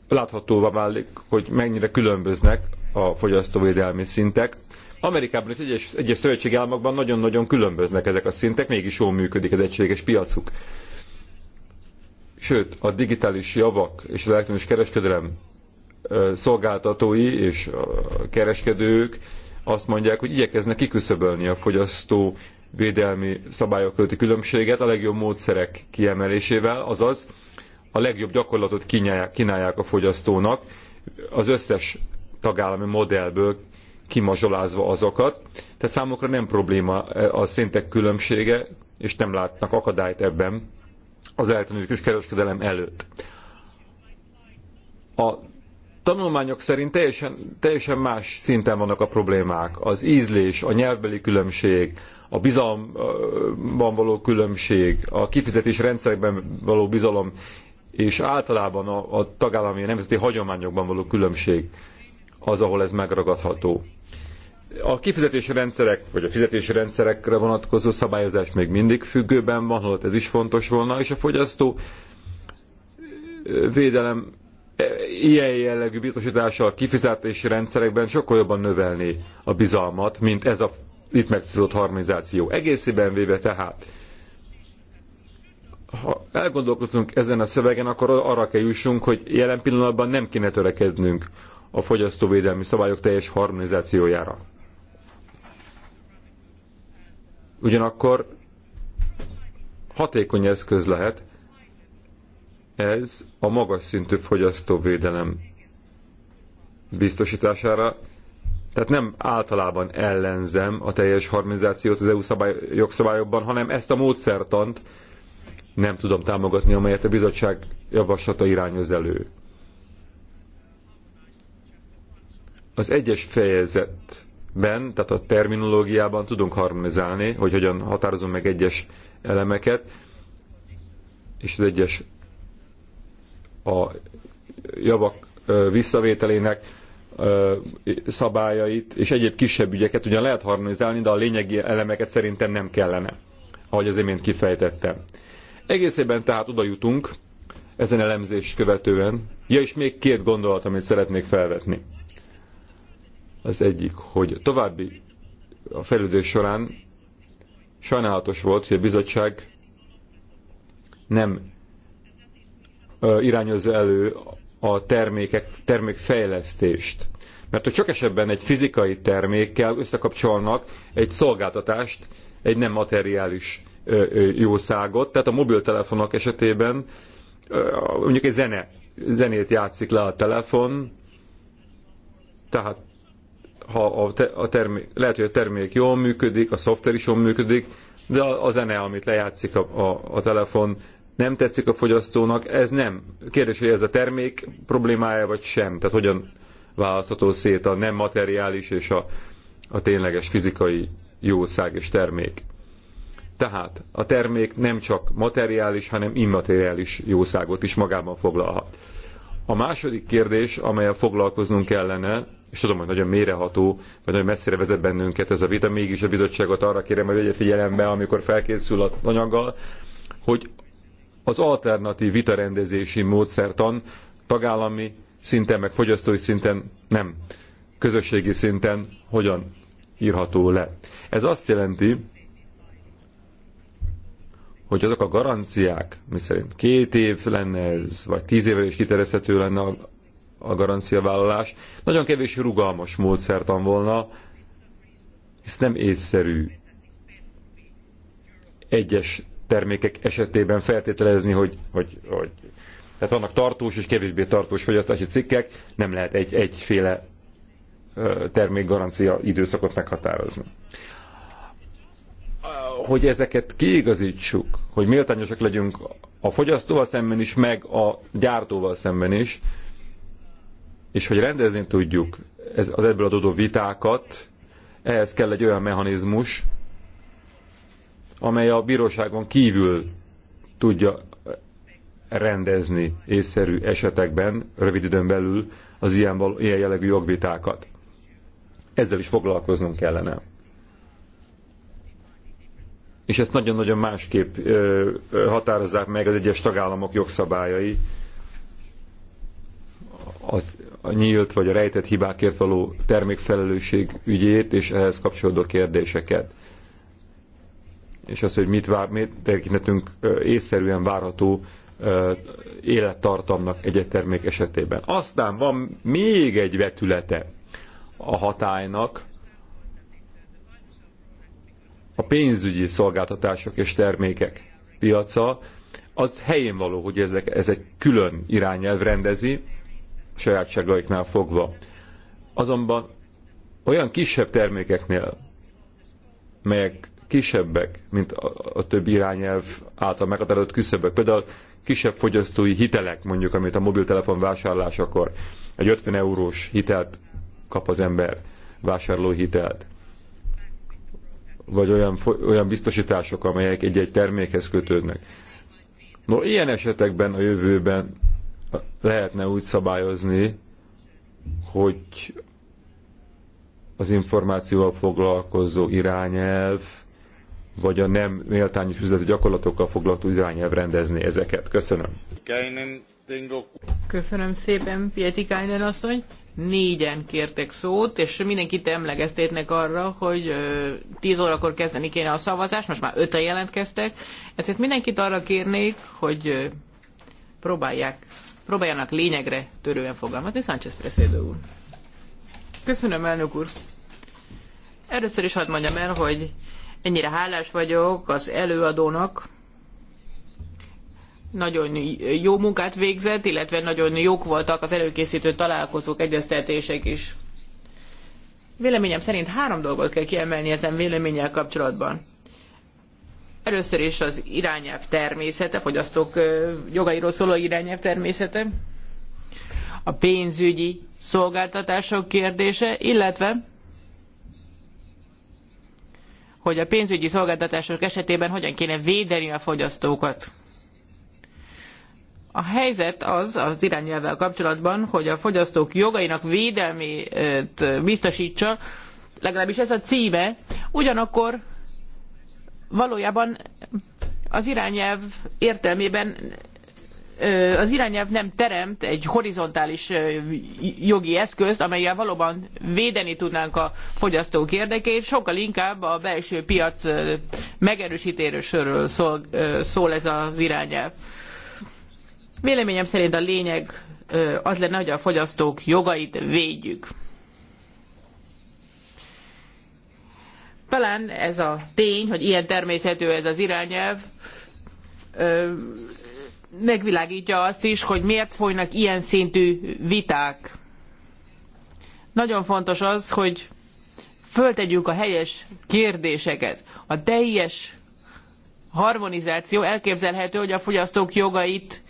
láthatóvá válik, hogy mennyire különböznek a fogyasztóvédelmi szintek. Amerikában és egyes, egyes szövetségi államokban nagyon-nagyon különböznek ezek a szintek, mégis jól működik az egységes piacuk. Sőt, a digitális javak és az elektronikus kereskedelem szolgáltatói és a kereskedők azt mondják, hogy igyekeznek kiküszöbölni a fogyasztó védelmi szabályok közötti különbséget a legjobb módszerek kiemelésével, azaz a legjobb gyakorlatot kínálják a fogyasztónak, az összes tagállami modellből kimazsolázva azokat. Tehát számukra nem probléma e, a szintek különbsége, és nem látnak akadályt ebben az elektronikus kereskedelem előtt. A tanulmányok szerint teljesen, teljesen más szinten vannak a problémák. Az ízlés, a nyelvbeli különbség, a bizalomban való különbség, a kifizetés rendszerekben való bizalom, és általában a, a tagállami a nemzeti hagyományokban való különbség az, ahol ez megragadható. A kifizetési rendszerek, vagy a fizetési rendszerekre vonatkozó szabályozás még mindig függőben van, holott ez is fontos volna, és a fogyasztó védelem ilyen jellegű biztosítással, kifizetési rendszerekben sokkal jobban növelni a bizalmat, mint ez a itt megcélzott harmonizáció. Egészében véve tehát, ha elgondolkozunk ezen a szövegen, akkor arra kell jussunk, hogy jelen pillanatban nem kéne törekednünk a fogyasztóvédelmi szabályok teljes harmonizációjára. Ugyanakkor hatékony eszköz lehet, ez a magas szintű fogyasztóvédelem biztosítására, tehát nem általában ellenzem a teljes harmonizációt az EU szabály, jogszabályokban, hanem ezt a módszertant nem tudom támogatni, amelyet a bizottság javaslata irányoz elő. Az egyes fejezetben, tehát a terminológiában tudunk harmonizálni, hogy hogyan határozunk meg egyes elemeket, és az egyes a javak visszavételének szabályait és egyéb kisebb ügyeket ugyan lehet harmonizálni, de a lényegi elemeket szerintem nem kellene, ahogy az imént kifejtettem. Egészében tehát oda jutunk, ezen elemzés követően. Ja, és még két gondolat, amit szeretnék felvetni. Az egyik, hogy további a felüldés során sajnálatos volt, hogy a bizottság nem irányozza elő a termékek, termékfejlesztést. Mert ha csak esetben egy fizikai termékkel összekapcsolnak egy szolgáltatást, egy nem materiális jószágot, tehát a mobiltelefonok esetében mondjuk egy zene, zenét játszik le a telefon, tehát ha a, te, a termék, lehet, hogy a termék jól működik, a szoftver is jól működik, de a, a zene, amit lejátszik a, a, a telefon, nem tetszik a fogyasztónak, ez nem. Kérdés, hogy ez a termék problémája vagy sem. Tehát hogyan választható szét a nem materiális és a, a tényleges fizikai jószág és termék. Tehát a termék nem csak materiális, hanem immateriális jószágot is magában foglalhat. A második kérdés, amelyel foglalkoznunk kellene, és tudom, hogy nagyon méreható, vagy nagyon messzire vezet bennünket ez a vita, mégis a bizottságot arra kérem, hogy vegye figyelembe, amikor felkészül a anyaggal, hogy az alternatív vitarendezési módszertan tagállami szinten, meg fogyasztói szinten nem, közösségi szinten hogyan írható le. Ez azt jelenti, hogy azok a garanciák, miszerint két év lenne ez, vagy tíz évvel is kiterjeszthető lenne a, a garanciavállalás, nagyon kevés rugalmas módszertan volna, hisz nem észszerű egyes termékek esetében feltételezni, hogy, hogy, hogy tehát vannak tartós és kevésbé tartós fogyasztási cikkek, nem lehet egy, egyféle termékgarancia időszakot meghatározni. Hogy ezeket kiigazítsuk, hogy méltányosak legyünk a fogyasztóval szemben is, meg a gyártóval szemben is, és hogy rendezni tudjuk ez, az ebből adódó vitákat, ehhez kell egy olyan mechanizmus, amely a bíróságon kívül tudja rendezni észszerű esetekben, rövid időn belül az ilyen, ilyen jellegű jogvitákat. Ezzel is foglalkoznunk kellene. És ezt nagyon-nagyon másképp ö, határozzák meg az egyes tagállamok jogszabályai, az a nyílt vagy a rejtett hibákért való termékfelelősség ügyét és ehhez kapcsolódó kérdéseket és az, hogy mit, vár, mit tekintetünk észszerűen várható élettartamnak egy-egy termék esetében. Aztán van még egy vetülete a hatálynak, a pénzügyi szolgáltatások és termékek piaca, az helyén való, hogy ezek, ez egy külön irányelv rendezi, sajátságaiknál fogva. Azonban olyan kisebb termékeknél, melyek kisebbek, mint a, a több irányelv által meghatározott küszöbök. Például kisebb fogyasztói hitelek, mondjuk, amit a mobiltelefon vásárlásakor egy 50 eurós hitelt kap az ember, vásárló hitelt. Vagy olyan, olyan biztosítások, amelyek egy-egy termékhez kötődnek. No, ilyen esetekben a jövőben lehetne úgy szabályozni, hogy az információval foglalkozó irányelv vagy a nem méltányos üzleti gyakorlatokkal foglalkozó irányelv rendezni ezeket. Köszönöm.
Köszönöm szépen, Pieti Kájnen asszony. Négyen kértek szót, és mindenkit emlegeztétnek arra, hogy 10 órakor kezdeni kéne a szavazás, most már öten jelentkeztek, ezért mindenkit arra kérnék, hogy próbálják, próbáljanak lényegre törően fogalmazni. Sánchez Preszédő úr. Köszönöm, elnök úr. Először is hadd mondjam el, hogy Ennyire hálás vagyok az előadónak. Nagyon jó munkát végzett, illetve nagyon jók voltak az előkészítő találkozók, egyeztetések is. Véleményem szerint három dolgot kell kiemelni ezen véleménnyel kapcsolatban. Először is az irányelv természete, fogyasztók jogairól szóló irányelv természete, a pénzügyi szolgáltatások kérdése, illetve hogy a pénzügyi szolgáltatások esetében hogyan kéne védeni a fogyasztókat. A helyzet az az irányelvvel kapcsolatban, hogy a fogyasztók jogainak védelmét biztosítsa, legalábbis ez a címe, ugyanakkor valójában az irányelv értelmében az irányelv nem teremt egy horizontális jogi eszközt, amelyel valóban védeni tudnánk a fogyasztók érdekét, sokkal inkább a belső piac megerősítéséről szól, szól ez az irányelv. Véleményem szerint a lényeg az lenne, hogy a fogyasztók jogait védjük. Talán ez a tény, hogy ilyen természetű ez az irányelv, megvilágítja azt is, hogy miért folynak ilyen szintű viták. Nagyon fontos az, hogy föltegyük a helyes kérdéseket. A teljes harmonizáció elképzelhető, hogy a fogyasztók jogait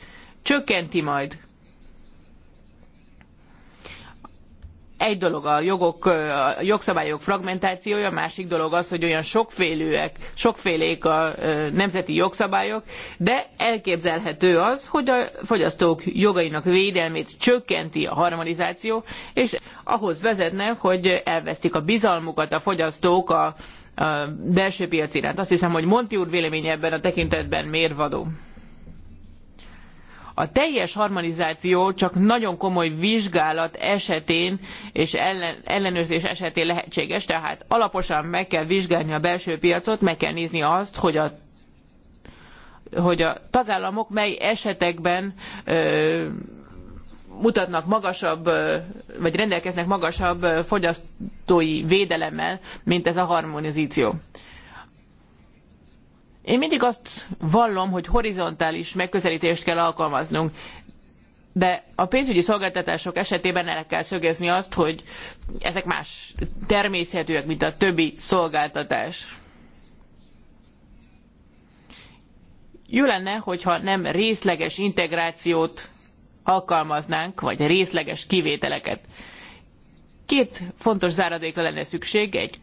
csökkenti majd. egy dolog a jogok, a jogszabályok fragmentációja, másik dolog az, hogy olyan sokfélőek, sokfélék a nemzeti jogszabályok, de elképzelhető az, hogy a fogyasztók jogainak védelmét csökkenti a harmonizáció, és ahhoz vezetne, hogy elvesztik a bizalmukat a fogyasztók a, a belső piac iránt. Azt hiszem, hogy Monti úr véleménye ebben a tekintetben mérvadó. A teljes harmonizáció csak nagyon komoly vizsgálat esetén és ellen, ellenőrzés esetén lehetséges, tehát alaposan meg kell vizsgálni a belső piacot, meg kell nézni azt, hogy a hogy a tagállamok mely esetekben ö, mutatnak magasabb, vagy rendelkeznek magasabb fogyasztói védelemmel, mint ez a harmonizáció. Én mindig azt vallom, hogy horizontális megközelítést kell alkalmaznunk, de a pénzügyi szolgáltatások esetében el kell szögezni azt, hogy ezek más természetűek, mint a többi szolgáltatás. Jó lenne, hogyha nem részleges integrációt alkalmaznánk, vagy részleges kivételeket. Két fontos záradékra lenne szükség, egy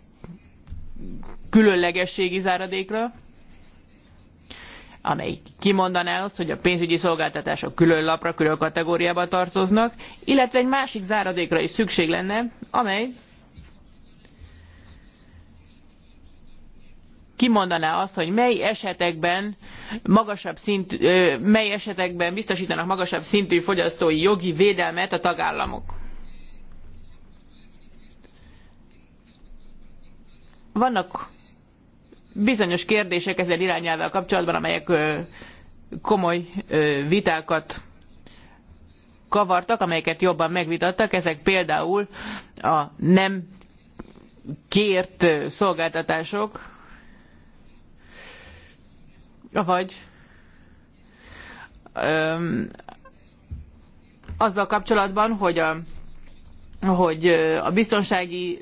különlegességi záradékra, amely kimondaná azt, hogy a pénzügyi szolgáltatások külön lapra, külön kategóriába tartoznak, illetve egy másik záradékra is szükség lenne, amely kimondaná azt, hogy mely esetekben magasabb szint, mely esetekben biztosítanak magasabb szintű fogyasztói jogi védelmet a tagállamok. Vannak bizonyos kérdések ezzel irányelvvel kapcsolatban, amelyek komoly vitákat kavartak, amelyeket jobban megvitattak, ezek például a nem kért szolgáltatások, vagy öm, azzal kapcsolatban, hogy a, hogy a biztonsági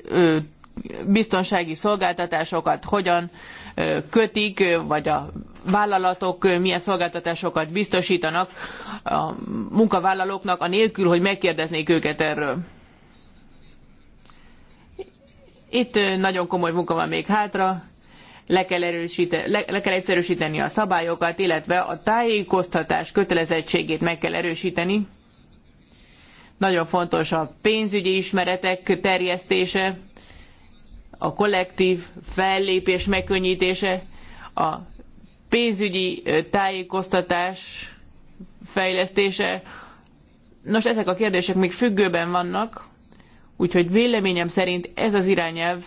biztonsági szolgáltatásokat hogyan kötik, vagy a vállalatok milyen szolgáltatásokat biztosítanak a munkavállalóknak, anélkül, hogy megkérdeznék őket erről. Itt nagyon komoly munka van még hátra, le kell, erősíteni, le, le kell egyszerűsíteni a szabályokat, illetve a tájékoztatás kötelezettségét meg kell erősíteni. Nagyon fontos a pénzügyi ismeretek terjesztése, a kollektív fellépés megkönnyítése, a pénzügyi tájékoztatás fejlesztése. Nos, ezek a kérdések még függőben vannak, úgyhogy véleményem szerint ez az irányelv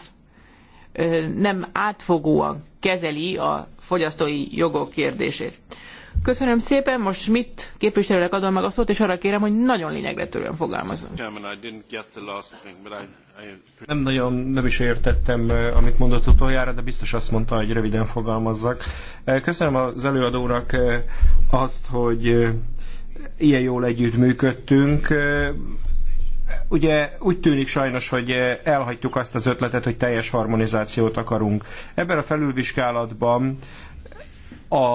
nem átfogóan kezeli a fogyasztói jogok kérdését. Köszönöm szépen, most mit képviselőnek adom meg a szót, és arra kérem, hogy nagyon lényegre törően fogalmazzon.
Nem nagyon, nem is értettem, eh, amit mondott utoljára, de biztos azt mondta, hogy röviden fogalmazzak. Eh, köszönöm az előadónak eh, azt, hogy ilyen jól együtt működtünk. Ugye úgy tűnik sajnos, hogy elhagytuk azt az ötletet, hogy teljes harmonizációt akarunk. Ebben a felülvizsgálatban a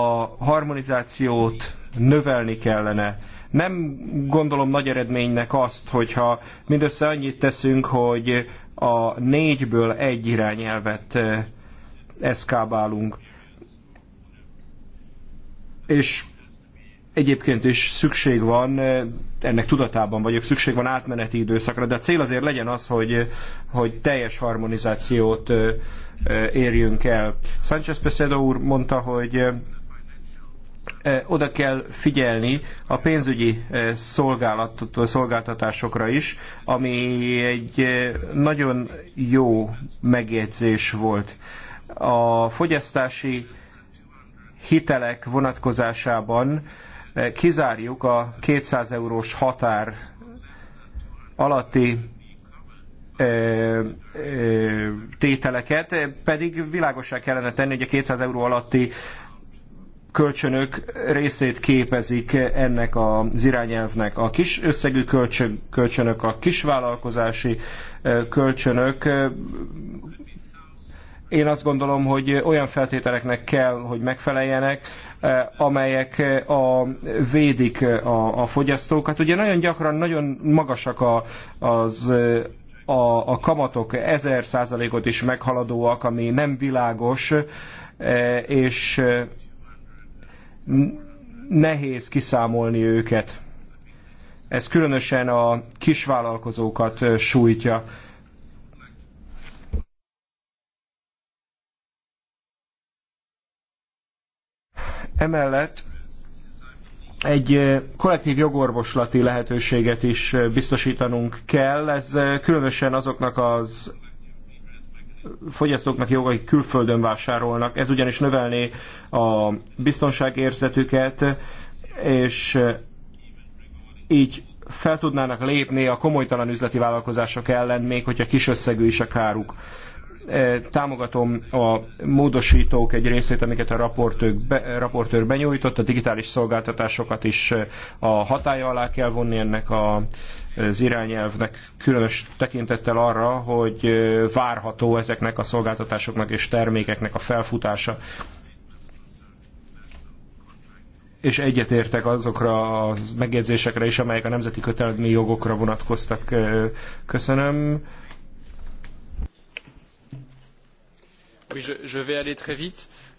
harmonizációt növelni kellene nem gondolom nagy eredménynek azt, hogyha mindössze annyit teszünk, hogy a négyből egy irányelvet eh, eszkábálunk. És egyébként is szükség van, eh, ennek tudatában vagyok, szükség van átmeneti időszakra, de a cél azért legyen az, hogy, eh, hogy teljes harmonizációt érjünk el. Sánchez Pesedo úr mondta, hogy oda kell figyelni a pénzügyi szolgáltatásokra is, ami egy nagyon jó megjegyzés volt. A fogyasztási hitelek vonatkozásában kizárjuk a 200 eurós határ alatti tételeket, pedig világosá kellene tenni, hogy a 200 euró alatti kölcsönök részét képezik ennek az irányelvnek. A kis összegű kölcsön, kölcsönök, a kisvállalkozási kölcsönök én azt gondolom, hogy olyan feltételeknek kell, hogy megfeleljenek, amelyek a, védik a, a fogyasztókat. Ugye nagyon gyakran nagyon magasak a, az a, a kamatok ezer százalékot is meghaladóak, ami nem világos, és nehéz kiszámolni őket. Ez különösen a kisvállalkozókat sújtja. Emellett egy kollektív jogorvoslati lehetőséget is biztosítanunk kell. Ez különösen azoknak az fogyasztóknak jogai hogy külföldön vásárolnak. Ez ugyanis növelné a biztonságérzetüket, és így fel tudnának lépni a komolytalan üzleti vállalkozások ellen, még hogyha kis összegű is a káruk. Támogatom a módosítók egy részét, amiket a raportőr, be, raportőr benyújtott, a digitális szolgáltatásokat is a hatája alá kell vonni ennek a, az irányelvnek különös tekintettel arra, hogy várható ezeknek a szolgáltatásoknak és termékeknek a felfutása és egyetértek azokra a megjegyzésekre is, amelyek a nemzeti kötelmi jogokra vonatkoztak. Köszönöm.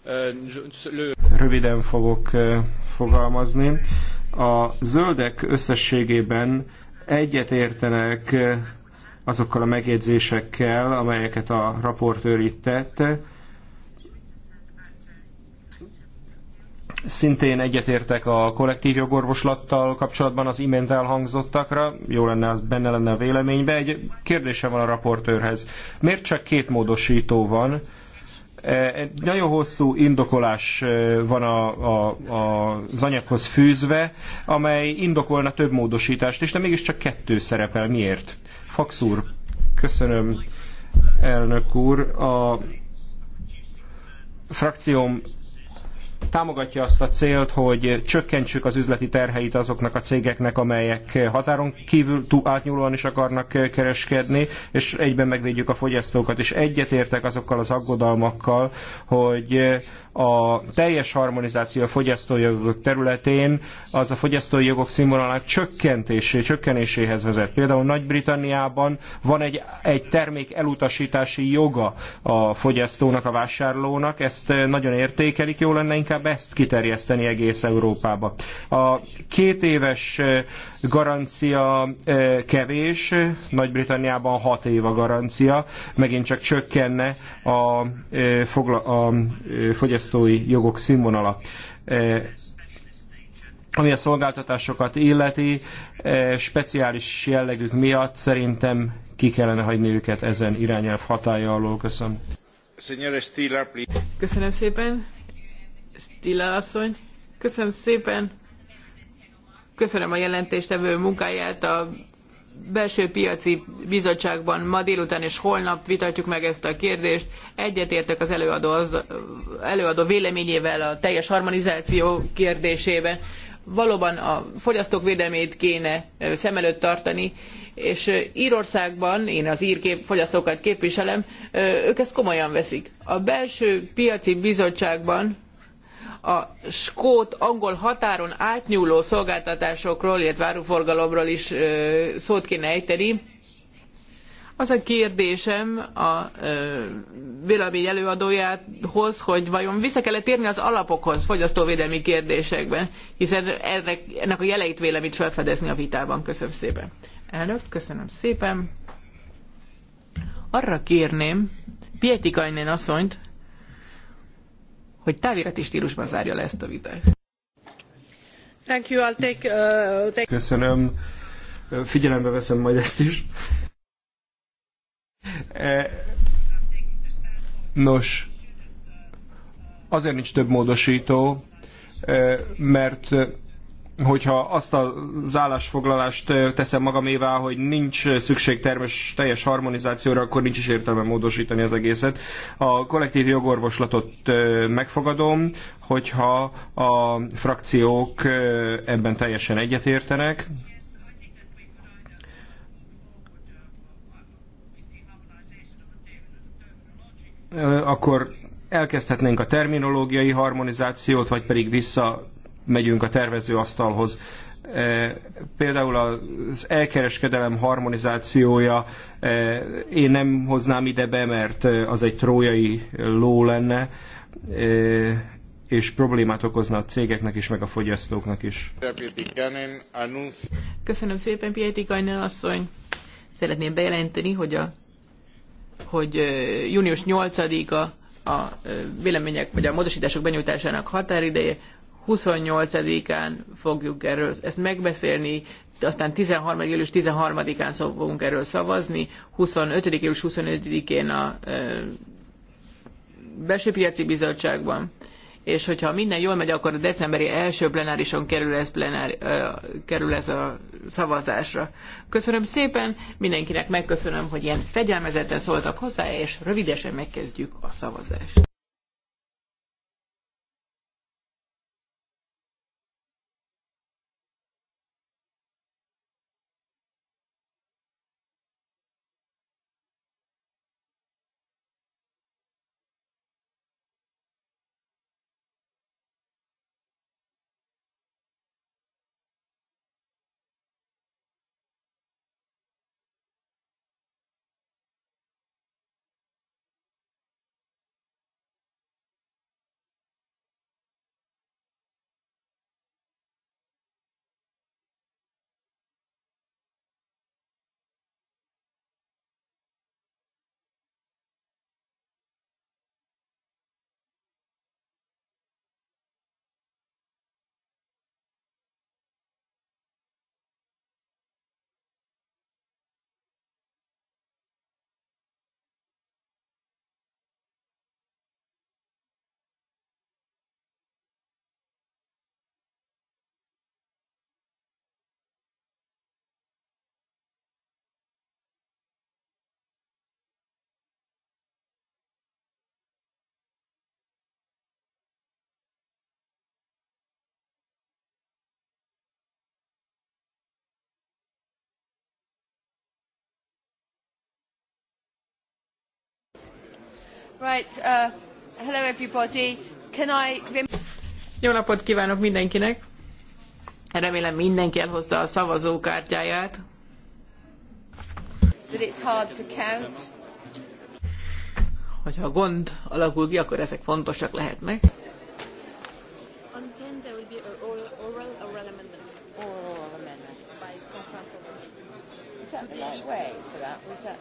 Euh, Röviden fogok fogalmazni. A zöldek összességében egyet értenek azokkal a megjegyzésekkel, amelyeket a raportőr itt tett. Szintén egyetértek a kollektív jogorvoslattal kapcsolatban az imént elhangzottakra. Jó lenne, az benne lenne a véleménybe. Egy kérdése van a raportőrhez. Miért csak két módosító van? Egy nagyon hosszú indokolás van a, a, a, az anyaghoz fűzve, amely indokolna több módosítást, és de mégiscsak kettő szerepel. Miért? Faxúr, köszönöm, elnök úr. A frakcióm támogatja azt a célt, hogy csökkentsük az üzleti terheit azoknak a cégeknek, amelyek határon kívül túl átnyúlóan is akarnak kereskedni, és egyben megvédjük a fogyasztókat, és egyetértek azokkal az aggodalmakkal, hogy a teljes harmonizáció a fogyasztói jogok területén az a fogyasztói jogok színvonalának csökkentésé, csökkenéséhez vezet. Például Nagy-Britanniában van egy, egy termék elutasítási joga a fogyasztónak, a vásárlónak, ezt eh, nagyon értékelik, jó lenne inkább ezt kiterjeszteni egész Európába. A két éves eh, garancia eh, kevés, Nagy-Britanniában hat év a garancia, megint csak csökkenne a, a, a fogyasztói fogyasztói jogok színvonala e, ami a szolgáltatásokat illeti, e, speciális jellegük miatt szerintem ki kellene hagyni őket ezen irányelv hatája alól. Köszönöm.
Köszönöm szépen. Stila asszony. Köszönöm szépen. Köszönöm a jelentéstevő munkáját a belső piaci bizottságban ma délután és holnap vitatjuk meg ezt a kérdést. Egyetértek az előadó, az, előadó véleményével a teljes harmonizáció kérdésében. Valóban a fogyasztók védelmét kéne szem előtt tartani, és Írországban, én az ír kép, fogyasztókat képviselem, ők ezt komolyan veszik. A belső piaci bizottságban a skót-angol határon átnyúló szolgáltatásokról, illetve áruforgalomról is szót kéne ejteni. Az a kérdésem a vélemény előadójához, hogy vajon vissza kellett térni az alapokhoz fogyasztóvédelmi kérdésekben, hiszen ennek, ennek a jeleit vélem itt felfedezni a vitában. Köszönöm szépen. Elnök, köszönöm szépen. Arra kérném Pietikainen asszonyt, hogy távirati stílusban zárja le ezt a vitát. Thank you, I'll take, uh, take...
Köszönöm. Figyelembe veszem majd ezt is. E, nos, azért nincs több módosító, e, mert hogyha azt az állásfoglalást teszem magamévá, hogy nincs szükség termes, teljes harmonizációra, akkor nincs is értelme módosítani az egészet. A kollektív jogorvoslatot megfogadom, hogyha a frakciók ebben teljesen egyetértenek, akkor elkezdhetnénk a terminológiai harmonizációt, vagy pedig vissza megyünk a tervezőasztalhoz. E, például az elkereskedelem harmonizációja, e, én nem hoznám ide be, mert az egy trójai ló lenne, e, és problémát okozna a cégeknek is, meg a fogyasztóknak is.
Köszönöm szépen, Pieti Kajnán asszony. Szeretném bejelenteni, hogy, a, hogy június 8-a a vélemények vagy a módosítások benyújtásának határideje, 28-án fogjuk erről ezt megbeszélni, aztán 13. július 13-án fogunk erről szavazni, 25. július 25-én a belső piaci bizottságban, és hogyha minden jól megy, akkor a decemberi első plenárison kerül ez, plenár, kerül ez a szavazásra. Köszönöm szépen, mindenkinek megköszönöm, hogy ilyen fegyelmezetten szóltak hozzá, és rövidesen megkezdjük a szavazást.
Uh,
Jó napot kívánok mindenkinek! Remélem mindenki elhozta a szavazókártyáját. Hogyha gond alakul ki, akkor ezek fontosak lehetnek.
Is that the right way for that? Was that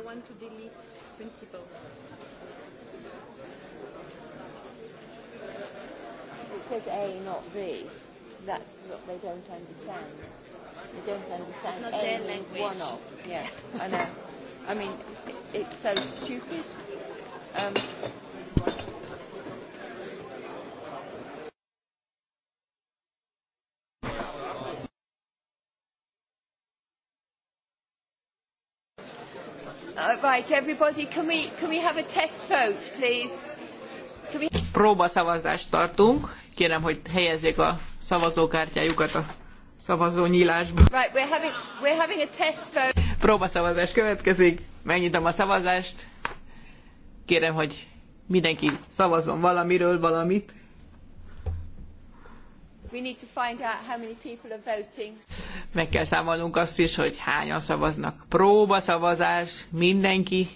they want to delete principle.
It says A, not B. That's what they don't understand. They don't understand it's not A means language. one of. Yeah, I know. I mean, it, it's so stupid. Um, Uh, right, everybody, can we, can we have a test vote, please?
Próbaszavazást tartunk. Kérem, hogy helyezzék a szavazókártyájukat a szavazó nyílásba.
Right, we're having, we're having a test vote.
Próbaszavazás következik. Megnyitom a szavazást. Kérem, hogy mindenki szavazon valamiről valamit. Meg kell számolnunk azt is, hogy hányan szavaznak. Próba szavazás, mindenki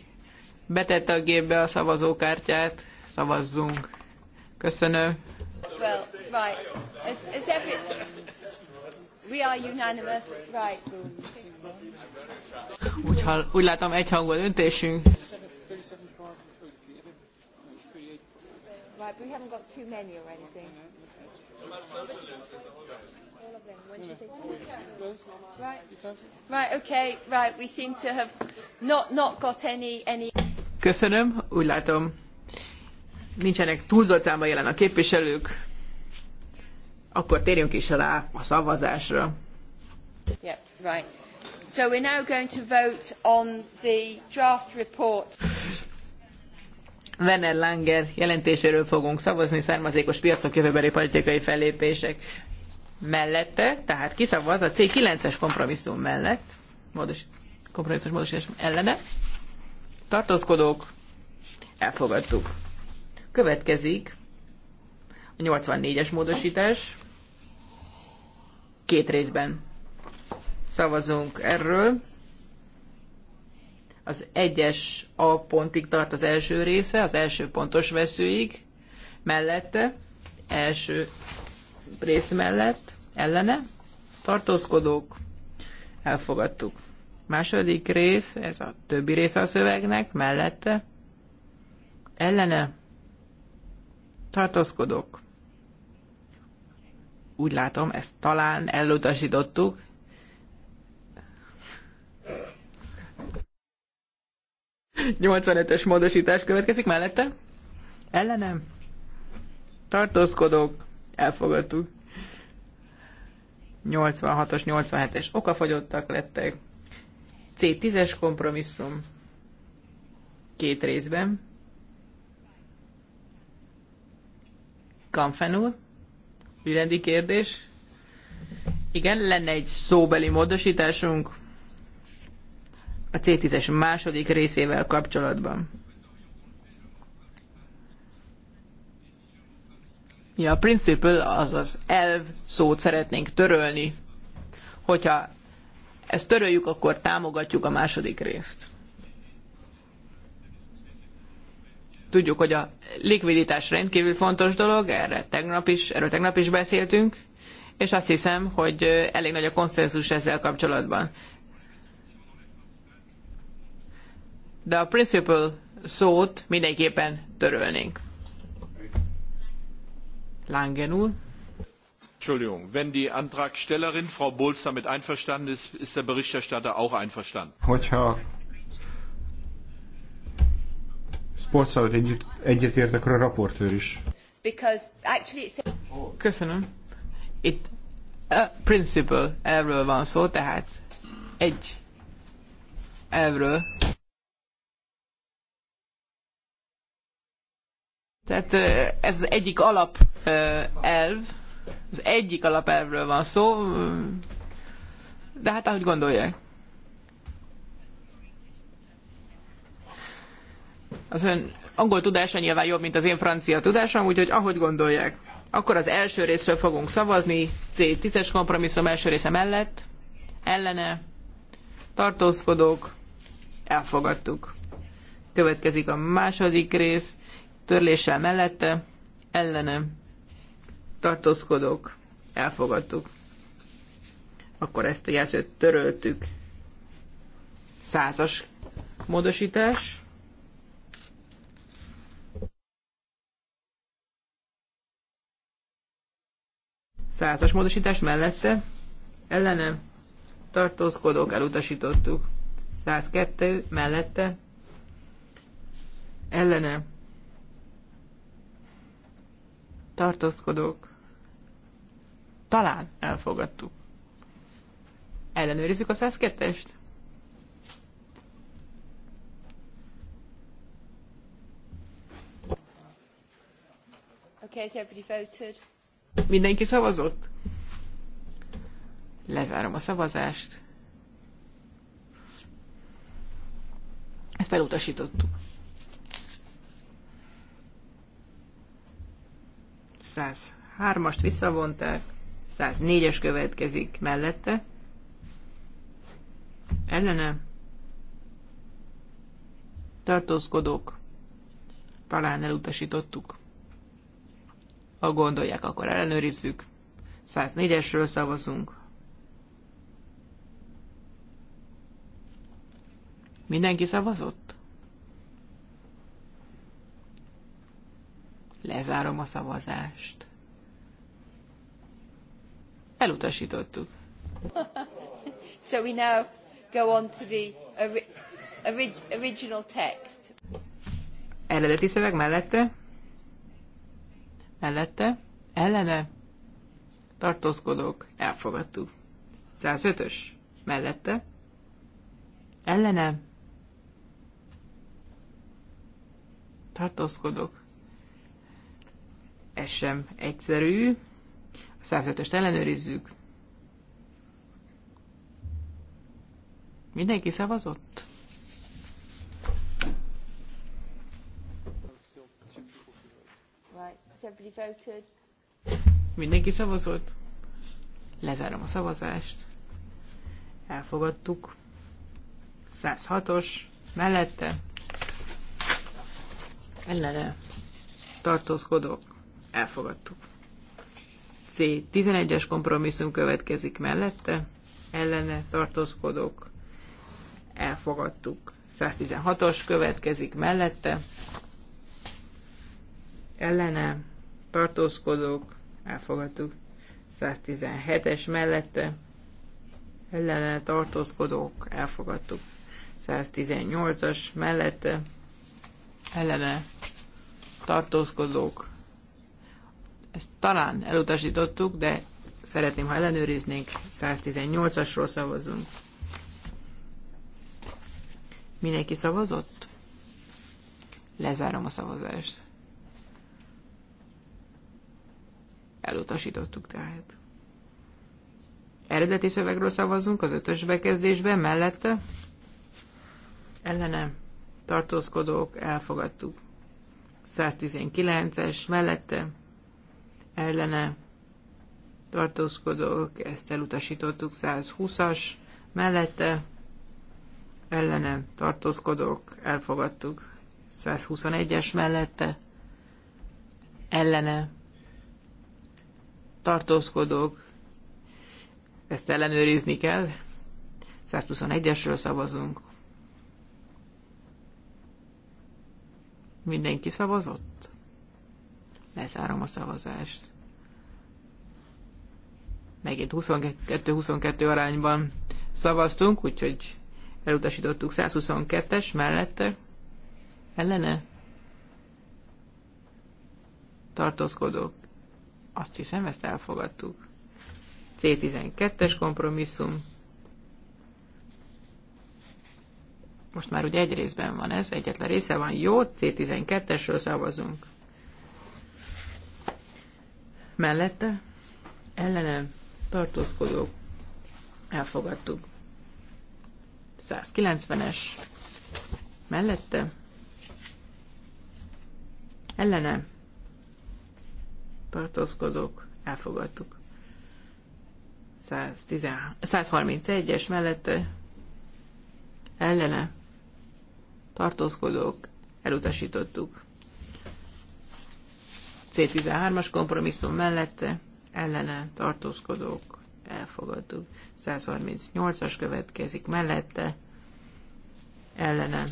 betette a gépbe a szavazókártyát, szavazzunk. Köszönöm.
Well, right. As, as every...
We are unanimous, right. Úgy, hall, úgy látom, egyhangú a döntésünk. Right, we
haven't got too many or anything.
Köszönöm, úgy látom, nincsenek túlzott számban jelen a képviselők. Akkor térjünk is rá a szavazásra.
Yep, right. So we're now going to vote on the draft report.
Werner Langer jelentéséről fogunk szavazni, származékos piacok jövőbeli politikai fellépések mellette, tehát kiszavaz a C9-es kompromisszum mellett, módos, kompromisszos módosítás ellene, tartózkodók, elfogadtuk. Következik a 84-es módosítás, két részben szavazunk erről. Az egyes A pontig tart az első része, az első pontos veszőig, mellette, első rész mellett, ellene, tartózkodók, elfogadtuk. Második rész, ez a többi része a szövegnek, mellette, ellene, tartózkodók. Úgy látom, ezt talán elutasítottuk, 85-ös módosítás következik mellette. Ellenem. Tartózkodók. Elfogadtuk. 86-os, 87-es okafagyottak lettek. C10-es kompromisszum. Két részben. Kamfenúr. Ügyrendi kérdés. Igen, lenne egy szóbeli módosításunk a C10-es második részével kapcsolatban. Mi ja, a principle, azaz elv szót szeretnénk törölni. Hogyha ezt töröljük, akkor támogatjuk a második részt. Tudjuk, hogy a likviditás rendkívül fontos dolog, erre tegnap is, erről tegnap is beszéltünk, és azt hiszem, hogy elég nagy a konszenzus ezzel kapcsolatban. de a principle szót mindenképpen törölnénk. Langen úr.
Entschuldigung, wenn die Antragstellerin Frau Bolz damit einverstanden ist, ist der Berichterstatter auch einverstanden. Hogyha sportszal együtt, egyetért, akkor a raportőr is.
Köszönöm. Itt a principle erről van szó, tehát egy erről Tehát ez az egyik alapelv, az egyik alapelvről van szó, de hát ahogy gondolják. Az ön angol tudása nyilván jobb, mint az én francia tudásom, úgyhogy ahogy gondolják. Akkor az első részről fogunk szavazni, C10-es kompromisszum első része mellett, ellene, tartózkodók, elfogadtuk. Következik a második rész, törléssel mellette, ellene tartózkodók, elfogadtuk. Akkor ezt a jelzőt töröltük. Százas módosítás. Százas módosítás mellette, ellene tartózkodók, elutasítottuk. 102 mellette, ellene tartózkodók, talán elfogadtuk. Ellenőrizzük a 102-est?
Okay, everybody voted.
Mindenki szavazott? Lezárom a szavazást. Ezt elutasítottuk. 103-ast visszavonták, 104-es következik mellette, ellene tartózkodók, talán elutasítottuk. Ha gondolják, akkor ellenőrizzük. 104-esről szavazunk. Mindenki szavazott? Lezárom a szavazást. Elutasítottuk.
so we now go on to the orig original text.
Eredeti szöveg mellette? Mellette? Ellene? Tartózkodók, elfogadtuk. 105-ös. Mellette? Ellene? Tartózkodók, ez sem egyszerű. A 105 est ellenőrizzük. Mindenki szavazott? Mindenki szavazott? Lezárom a szavazást. Elfogadtuk. 106-os, mellette, ellene tartózkodok elfogadtuk. C. 11-es kompromisszum következik mellette, ellene tartózkodók, elfogadtuk. 116-os következik mellette, ellene tartózkodók, elfogadtuk. 117-es mellette, ellene tartózkodók, elfogadtuk. 118-as mellette, ellene tartózkodók, ezt talán elutasítottuk, de szeretném, ha ellenőriznénk, 118-asról szavazunk. Mindenki szavazott? Lezárom a szavazást. Elutasítottuk tehát. Eredeti szövegről szavazunk az ötös bekezdésben, mellette Ellenem tartózkodók elfogadtuk. 119-es mellette ellene tartózkodók, ezt elutasítottuk 120-as,
mellette
ellene tartózkodók, elfogadtuk 121-es mellette, ellene tartózkodók, ezt ellenőrizni kell, 121-esről szavazunk. Mindenki szavazott? Lezárom a szavazást. Megint 22-22 arányban szavaztunk, úgyhogy elutasítottuk 122-es mellette. Ellene? Tartózkodók. Azt hiszem, ezt elfogadtuk. C12-es kompromisszum. Most már ugye egy részben van ez, egyetlen része van. Jó, C12-esről szavazunk mellette ellenem tartózkodók elfogadtuk. 190-es mellette ellene tartózkodók elfogadtuk. 131-es mellette ellene tartózkodók elutasítottuk. C13-as kompromisszum mellette ellene tartózkodók elfogadtuk. 138-as következik mellette ellene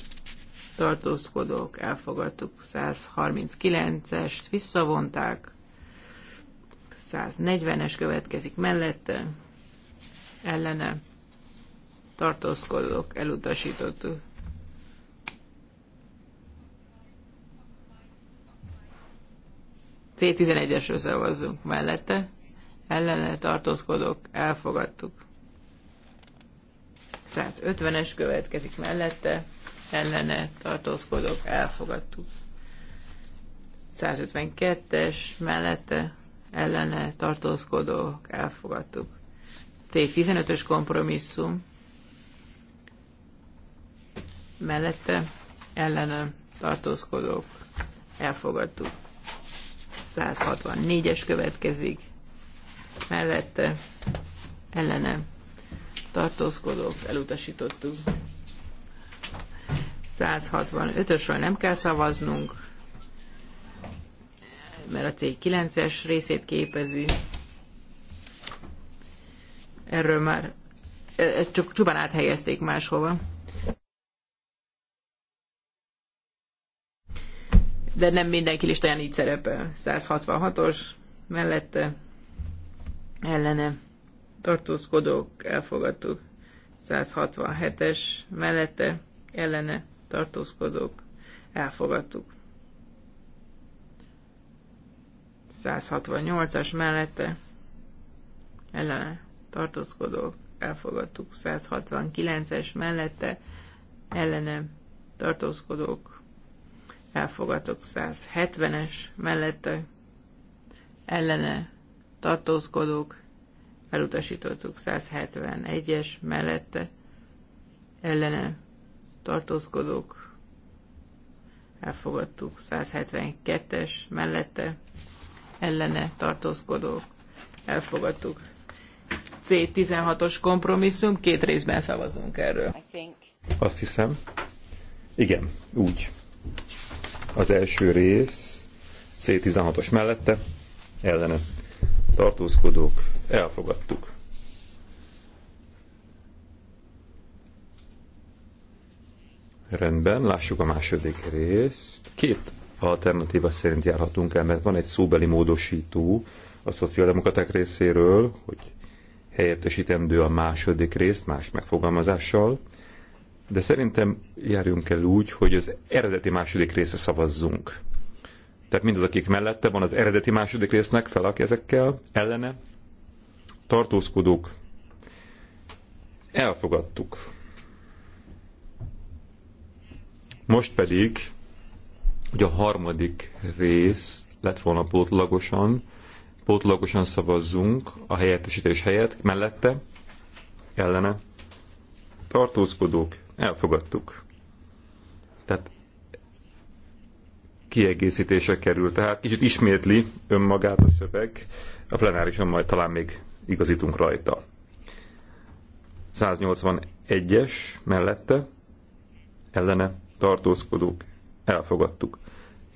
tartózkodók elfogadtuk. 139-est visszavonták. 140-es következik mellette ellene tartózkodók elutasítottuk. C11-esről szavazzunk mellette, ellene tartózkodok, elfogadtuk. 150-es következik mellette, ellene tartózkodok, elfogadtuk. 152-es mellette, ellene tartózkodok, elfogadtuk. C15-ös kompromisszum mellette, ellene tartózkodok, elfogadtuk. 164-es következik. Mellette ellene tartózkodók elutasítottuk. 165-ösről nem kell szavaznunk, mert a cég 9 es részét képezi. Erről már e, e, csak csupán áthelyezték máshova. de nem mindenki listáján így szerepel. 166-os mellette ellene tartózkodók elfogadtuk. 167-es mellette ellene tartózkodók elfogadtuk. 168-as mellette ellene tartózkodók elfogadtuk. 169-es mellette ellene tartózkodók elfogadok 170-es mellette ellene tartózkodók, elutasítottuk 171-es mellette ellene tartózkodók, elfogadtuk 172-es mellette ellene tartózkodók, elfogadtuk. C16-os kompromisszum, két részben szavazunk erről.
Azt hiszem. Igen, úgy. Az első rész C16-os mellette ellene tartózkodók elfogadtuk. Rendben, lássuk a második részt. Két alternatíva szerint járhatunk el, mert van egy szóbeli módosító a szociáldemokraták részéről, hogy helyettesítendő a második részt más megfogalmazással de szerintem járjunk el úgy, hogy az eredeti második része szavazzunk. Tehát mindaz, akik mellette van az eredeti második résznek, fel a kezekkel, ellene, tartózkodók, elfogadtuk. Most pedig, hogy a harmadik rész lett volna pótlagosan, pótlagosan szavazzunk a helyettesítés helyett, mellette, ellene, tartózkodók, elfogadtuk. Tehát kiegészítése került. Tehát kicsit ismétli önmagát a szöveg, a plenárison majd talán még igazítunk rajta. 181-es mellette ellene tartózkodók elfogadtuk.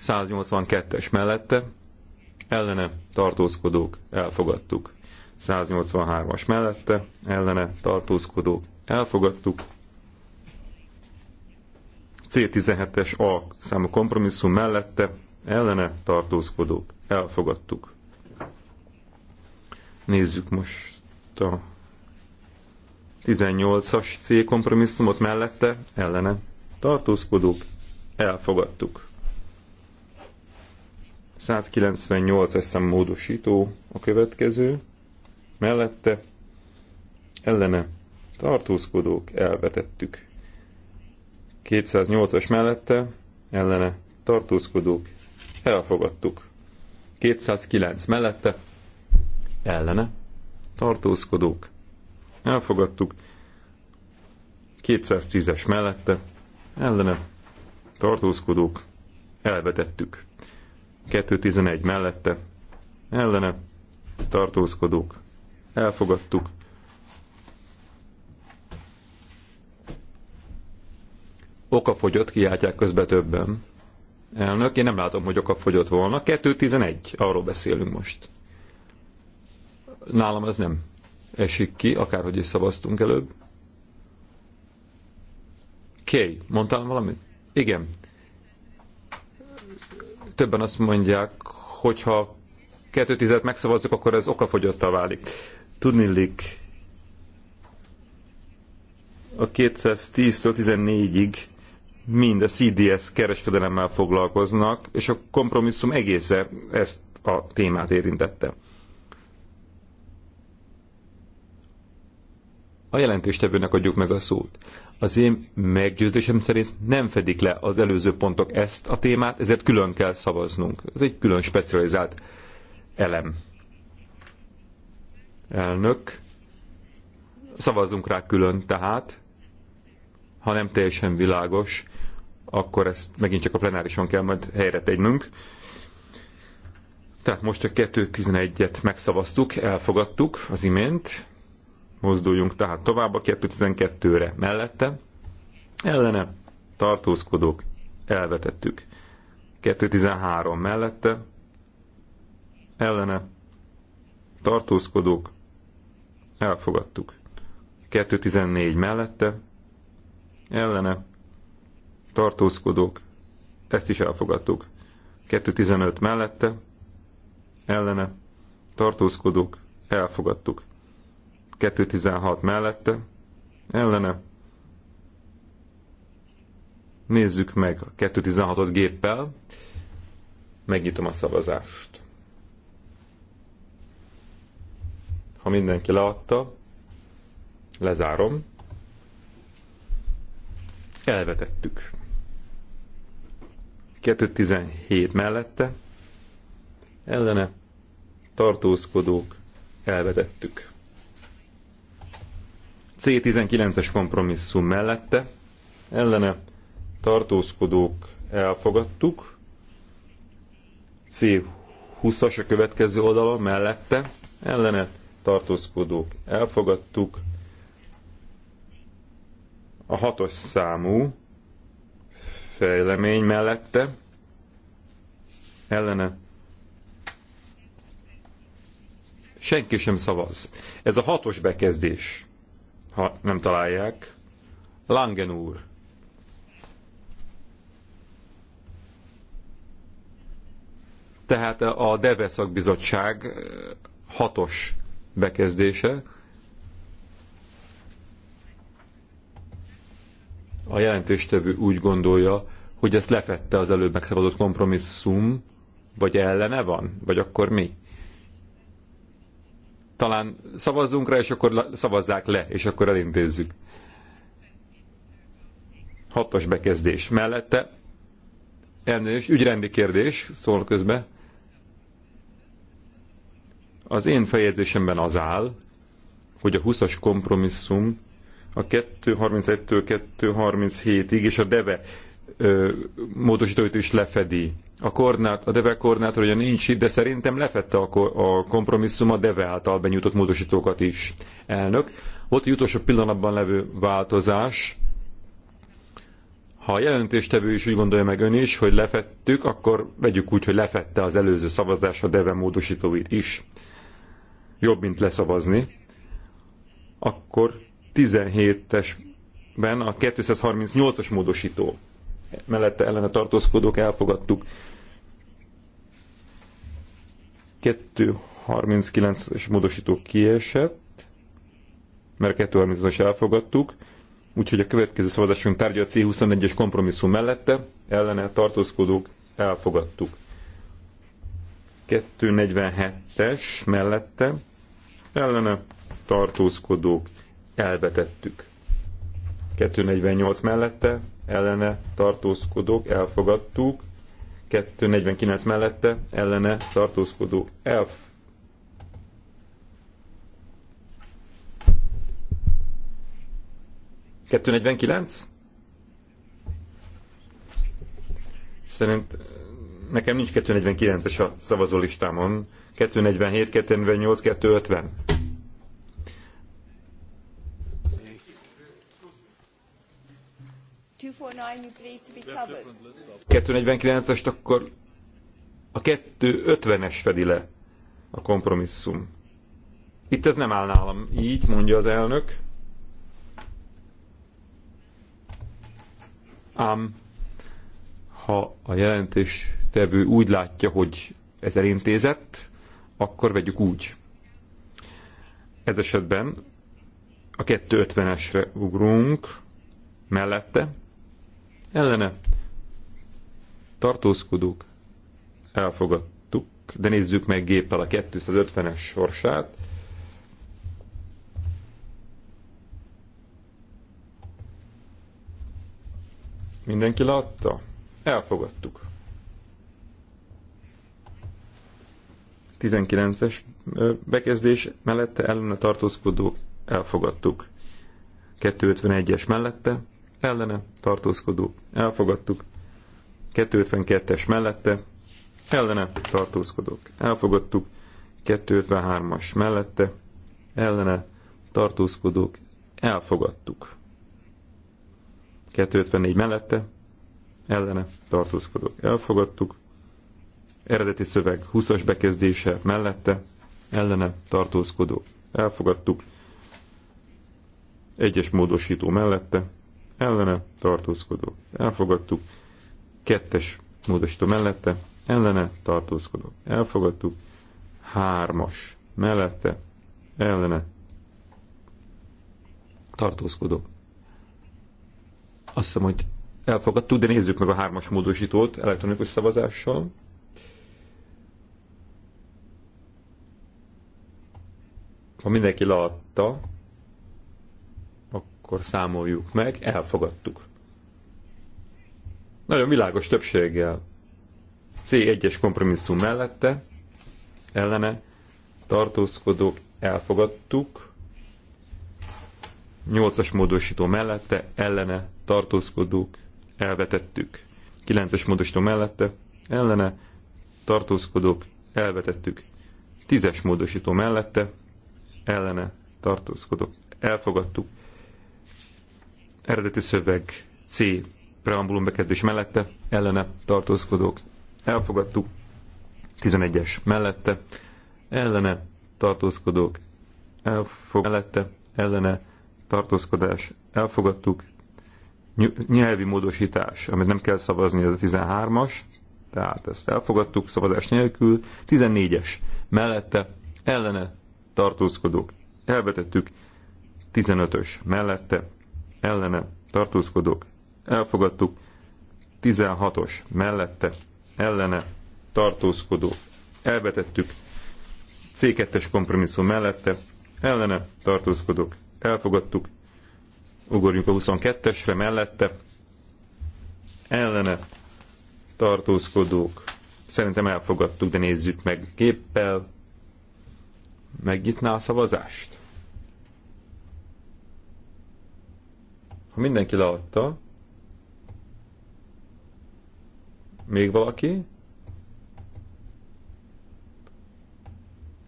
182-es mellette ellene tartózkodók elfogadtuk. 183-as mellette ellene tartózkodók elfogadtuk. C17-es A számú kompromisszum mellette ellene tartózkodók. Elfogadtuk. Nézzük most a 18-as C kompromisszumot mellette ellene tartózkodók. Elfogadtuk. 198-es szám módosító a következő. Mellette ellene tartózkodók elvetettük. 208-as mellette ellene tartózkodók elfogadtuk. 209 mellette ellene tartózkodók elfogadtuk. 210-es mellette ellene tartózkodók elvetettük. 211 mellette ellene tartózkodók elfogadtuk. okafogyott kiáltják közbe többen. Elnök, én nem látom, hogy okafogyott volna. 2.11, arról beszélünk most. Nálam ez nem esik ki, akárhogy is szavaztunk előbb. K, mondtál valamit? Igen. Többen azt mondják, hogyha 2.10-et megszavazzuk, akkor ez okafogyottá válik. Tudnillik a 210-től 14-ig mind a CDS kereskedelemmel foglalkoznak, és a kompromisszum egésze ezt a témát érintette. A jelentéstevőnek adjuk meg a szót. Az én meggyőződésem szerint nem fedik le az előző pontok ezt a témát, ezért külön kell szavaznunk. Ez egy külön specializált elem. Elnök. Szavazzunk rá külön tehát, ha nem teljesen világos, akkor ezt megint csak a plenárison kell majd helyre tegynünk. Tehát most a 2.11-et megszavaztuk, elfogadtuk az imént, mozduljunk tehát tovább a 2.12-re mellette, ellene tartózkodók elvetettük. 2.13 mellette, ellene tartózkodók elfogadtuk. 2.14 mellette, ellene tartózkodók, ezt is elfogadtuk. 2.15 mellette, ellene, tartózkodók, elfogadtuk. 2.16 mellette, ellene, nézzük meg a 2.16-ot géppel, megnyitom a szavazást. Ha mindenki leadta, lezárom. Elvetettük. 217 mellette ellene tartózkodók elvetettük. C19-es kompromisszum mellette ellene tartózkodók elfogadtuk. C20-as a következő oldala mellette ellene tartózkodók elfogadtuk. A hatos számú fejlemény mellette, ellene senki sem szavaz. Ez a hatos bekezdés, ha nem találják. Langen úr. Tehát a Deveszak bizottság eh, hatos bekezdése, a jelentéstevő úgy gondolja, hogy ezt lefette az előbb megszabadott kompromisszum, vagy ellene van, vagy akkor mi? Talán szavazzunk rá, és akkor szavazzák le, és akkor elintézzük. Hatos bekezdés. Mellette elnézést, ügyrendi kérdés, szól közbe. Az én fejezésemben az áll, hogy a 20-as kompromisszum a 231-től 237-ig, és a DEVE ö, módosítóit is lefedi. A, koordinát, a DEVE koordinátor ugye nincs itt, de szerintem lefette a, a kompromisszum a DEVE által benyújtott módosítókat is. Elnök, volt egy utolsó pillanatban levő változás, ha a jelentéstevő is úgy gondolja meg ön is, hogy lefettük, akkor vegyük úgy, hogy lefette az előző szavazás a DEVE módosítóit is. Jobb, mint leszavazni. Akkor 17-esben a 238-as módosító mellette ellene tartózkodók elfogadtuk. 239-es módosító kiesett, mert 230-as elfogadtuk, úgyhogy a következő szavazásunk tárgya a C21-es kompromisszum mellette, ellene tartózkodók elfogadtuk. 247-es mellette ellene tartózkodók elvetettük. 248 mellette, ellene tartózkodók, elfogadtuk. 249 mellette, ellene tartózkodó, elf. Kettő Szerint nekem nincs 249-es a szavazólistámon. 247, 248, 250. 249-est akkor a 250-es fedi le a kompromisszum. Itt ez nem áll nálam így, mondja az elnök. Ám ha a jelentés tevő úgy látja, hogy ez elintézett, akkor vegyük úgy. Ez esetben a 250-esre ugrunk mellette, ellene tartózkodók elfogadtuk, de nézzük meg géppel a 250-es sorsát. Mindenki látta? Elfogadtuk. 19-es bekezdés mellette ellene tartózkodók elfogadtuk. 251-es mellette ellene tartózkodó, elfogadtuk, 252-es mellette ellene tartózkodók elfogadtuk, 253-as mellette ellene tartózkodók elfogadtuk. 254 mellette ellene tartózkodók elfogadtuk, eredeti szöveg 20-as bekezdése mellette ellene tartózkodók elfogadtuk, egyes módosító mellette ellene tartózkodók elfogadtuk, kettes módosító mellette ellene tartózkodók elfogadtuk, hármas mellette ellene tartózkodók. Azt hiszem, hogy elfogadtuk, de nézzük meg a hármas módosítót elektronikus szavazással. Ha mindenki látta, akkor számoljuk meg, elfogadtuk. Nagyon világos többséggel C1-es kompromisszum mellette, ellene tartózkodók elfogadtuk, 8-as módosító mellette, ellene tartózkodók elvetettük, 9-es módosító mellette, ellene tartózkodók elvetettük, 10-es módosító mellette, ellene tartózkodók elfogadtuk, Eredeti szöveg C preambulum bekezdés mellette, ellene tartózkodók elfogadtuk, 11-es mellette, ellene tartózkodók elfog, mellette, ellene tartózkodás elfogadtuk, nyelvi módosítás, amit nem kell szavazni, ez a 13-as, tehát ezt elfogadtuk szavazás nélkül, 14-es mellette, ellene tartózkodók elvetettük, 15-ös mellette, ellene tartózkodók elfogadtuk, 16-os mellette ellene tartózkodók elvetettük, C2-es kompromisszum mellette ellene tartózkodók elfogadtuk, ugorjunk a 22-esre mellette ellene tartózkodók szerintem elfogadtuk, de nézzük meg géppel. Megnyitná a szavazást? Ha mindenki leadta, még valaki?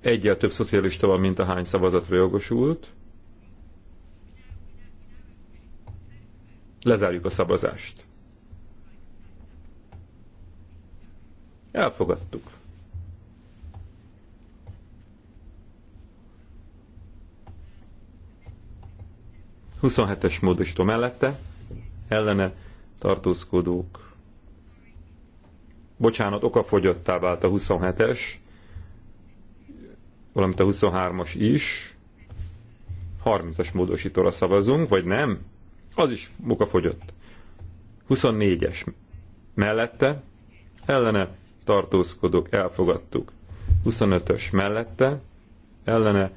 Egyel több szocialista van, mint a hány szavazatra jogosult. Lezárjuk a szavazást. Elfogadtuk. 27-es módosító mellette, ellene tartózkodók. Bocsánat, okafogyottá vált a 27-es, valamint a 23-as is. 30-as módosítóra szavazunk, vagy nem? Az is okafogyott. 24-es mellette, ellene tartózkodók, elfogadtuk. 25-ös mellette, ellene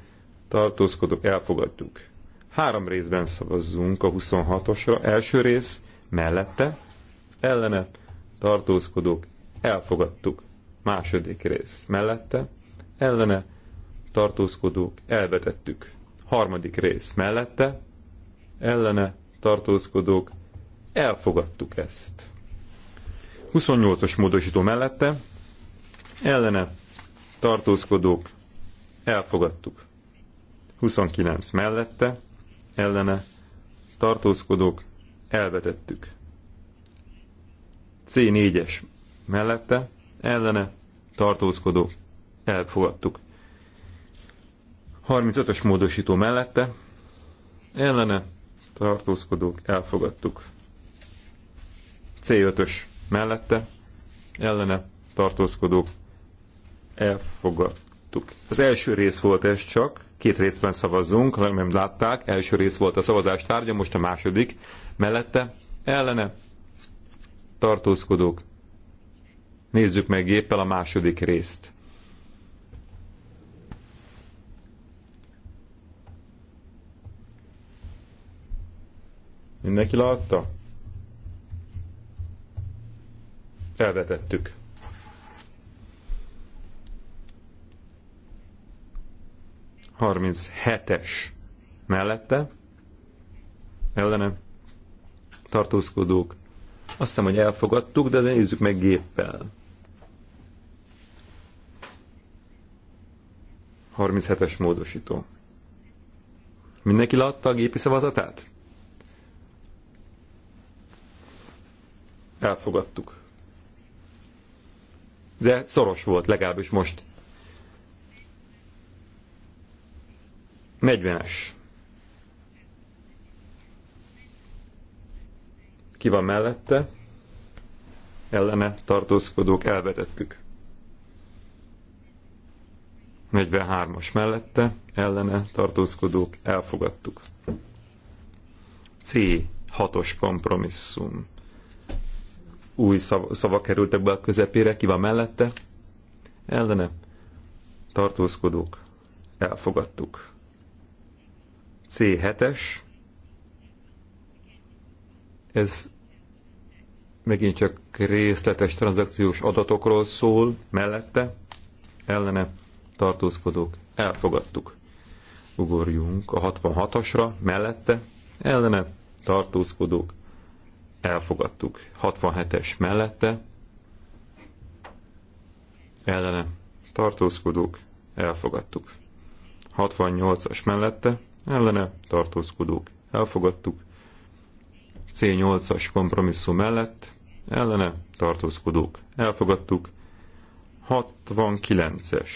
tartózkodók, elfogadtuk. Három részben szavazzunk a 26-osra. Első rész mellette, ellene, tartózkodók, elfogadtuk. Második rész mellette, ellene, tartózkodók, elvetettük. Harmadik rész mellette, ellene, tartózkodók, elfogadtuk ezt. 28-os módosító mellette, ellene, tartózkodók, elfogadtuk. 29 mellette, ellene tartózkodók elvetettük. C4-es mellette ellene tartózkodó elfogadtuk. 35-ös módosító mellette ellene tartózkodók elfogadtuk. C5-ös mellette ellene tartózkodók elfogadtuk elfogadtuk. Az első rész volt ez csak, két részben szavazzunk, nem látták, első rész volt a szavazás tárgya, most a második, mellette, ellene, tartózkodók. Nézzük meg géppel a második részt. Mindenki látta? Felvetettük. 37-es mellette, ellene tartózkodók. Azt hiszem, hogy elfogadtuk, de nézzük meg géppel. 37-es módosító. Mindenki látta a gépi szavazatát? Elfogadtuk. De szoros volt, legalábbis most. 40-es. Ki van mellette? Elleme tartózkodók elvetettük. 43-as mellette, elleme tartózkodók elfogadtuk. C. Hatos kompromisszum. Új szava, szavak kerültek be a közepére, ki van mellette? Ellene tartózkodók elfogadtuk. C7-es, ez megint csak részletes tranzakciós adatokról szól, mellette ellene tartózkodók, elfogadtuk. Ugorjunk a 66-asra, mellette ellene tartózkodók, elfogadtuk. 67-es mellette ellene tartózkodók, elfogadtuk. 68-as mellette ellene tartózkodók elfogadtuk, C8-as kompromisszum mellett ellene tartózkodók elfogadtuk, 69-es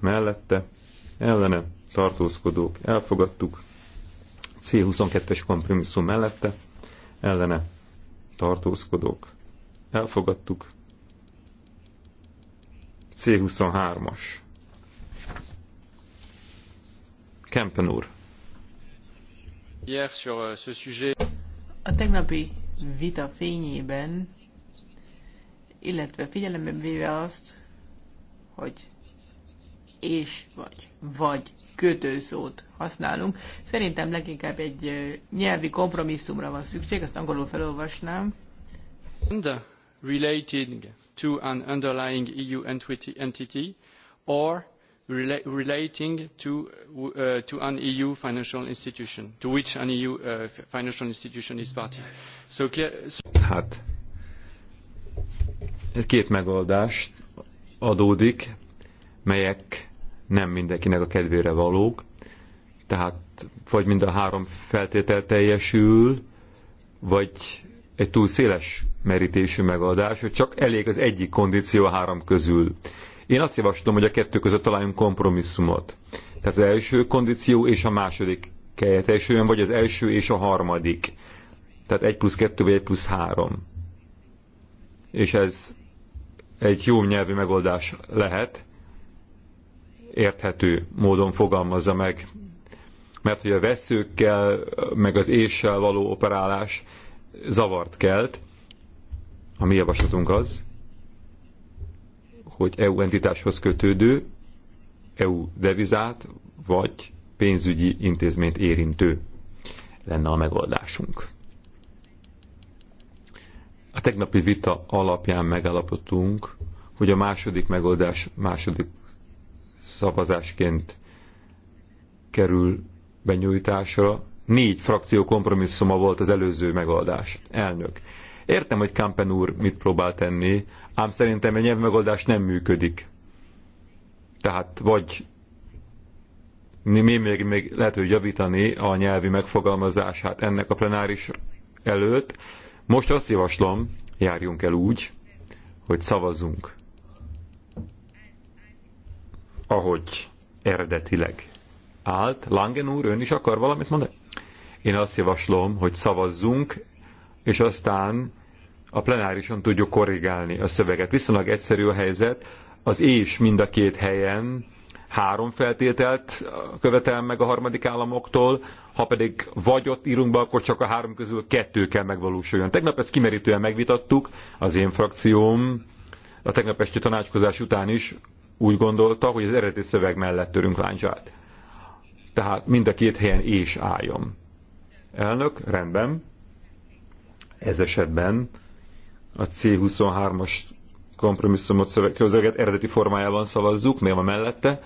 mellette ellene tartózkodók elfogadtuk, C22-es kompromisszum mellette ellene tartózkodók elfogadtuk, C23-as Kempen úr.
Euh,
A tegnapi vita fényében, illetve figyelembe véve azt, hogy és vagy, vagy kötőszót használunk. Szerintem leginkább egy nyelvi kompromisszumra van szükség, azt angolul felolvasnám. And uh,
relating to an underlying EU entity or rela relating to, uh, to an EU financial institution, to which an EU uh, financial institution is party. So clear, so
hát, két megoldás adódik, melyek nem mindenkinek a kedvére valók, tehát vagy mind a három feltétel teljesül, vagy egy túl széles merítésű megoldás, hogy csak elég az egyik kondíció a három közül. Én azt javaslom, hogy a kettő között találjunk kompromisszumot. Tehát az első kondíció és a második kell teljesüljön, vagy az első és a harmadik. Tehát egy plusz kettő vagy egy plusz három. És ez egy jó nyelvi megoldás lehet, érthető módon fogalmazza meg. Mert hogy a veszőkkel, meg az éssel való operálás zavart kelt, a mi javaslatunk az, hogy EU entitáshoz kötődő, EU devizát vagy pénzügyi intézményt érintő lenne a megoldásunk. A tegnapi vita alapján megállapodtunk, hogy a második megoldás második szavazásként kerül benyújtásra. Négy frakció kompromisszuma volt az előző megoldás. Elnök. Értem, hogy Kampen úr mit próbál tenni, ám szerintem a nyelvmegoldás nem működik. Tehát vagy még, még, még lehet, hogy javítani a nyelvi megfogalmazását ennek a plenáris előtt. Most azt javaslom, járjunk el úgy, hogy szavazunk. Ahogy eredetileg állt. Langen úr, ön is akar valamit mondani? Én azt javaslom, hogy szavazzunk, és aztán a plenárison tudjuk korrigálni a szöveget. Viszonylag egyszerű a helyzet, az és mind a két helyen három feltételt követel meg a harmadik államoktól, ha pedig vagy ott írunk be, akkor csak a három közül kettő kell megvalósuljon. Tegnap ezt kimerítően megvitattuk, az én frakcióm a tegnap esti tanácskozás után is úgy gondolta, hogy az eredeti szöveg mellett törünk láncsát. Tehát mind a két helyen és álljon. Elnök, rendben. Ez esetben a C23-as kompromisszumot szöveget eredeti formájában szavazzuk, mi van mellette.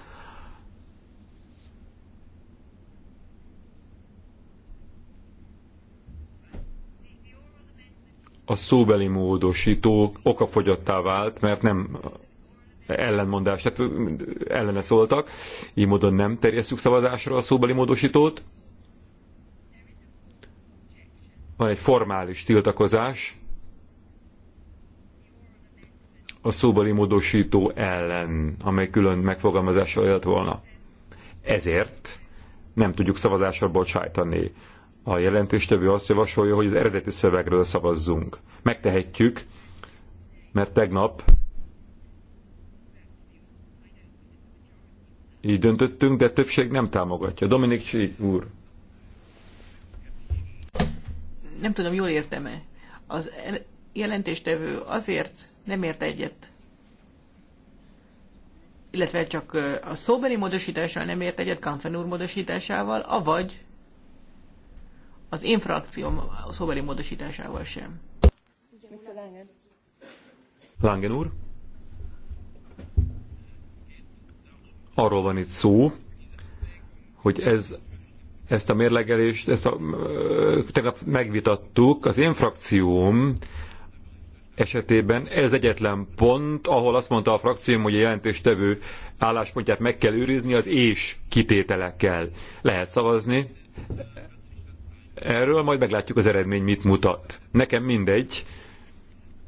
A szóbeli módosító okafogyottá vált, mert nem ellenmondás, tehát ellene szóltak, így módon nem terjesszük szavazásra a szóbeli módosítót. Van egy formális tiltakozás, a szóbeli módosító ellen, amely külön megfogalmazással élt volna. Ezért nem tudjuk szavazásra bocsájtani. A jelentéstevő azt javasolja, hogy az eredeti szövegről szavazzunk. Megtehetjük, mert tegnap így döntöttünk, de többség nem támogatja. Dominik Csí úr.
Nem tudom, jól értem-e. Az jelentéstevő azért nem ért egyet. Illetve csak a szóbeli módosítással nem ért egyet, Kanfen úr módosításával, avagy az én frakcióm szóbeli módosításával sem.
Langen úr? Arról van itt szó, hogy ez, ezt a mérlegelést, ezt a, tegnap megvitattuk, az én frakcióm esetében ez egyetlen pont, ahol azt mondta a frakcióm, hogy a jelentéstevő álláspontját meg kell őrizni az és kitételekkel. Lehet szavazni. Erről majd meglátjuk az eredmény mit mutat. Nekem mindegy,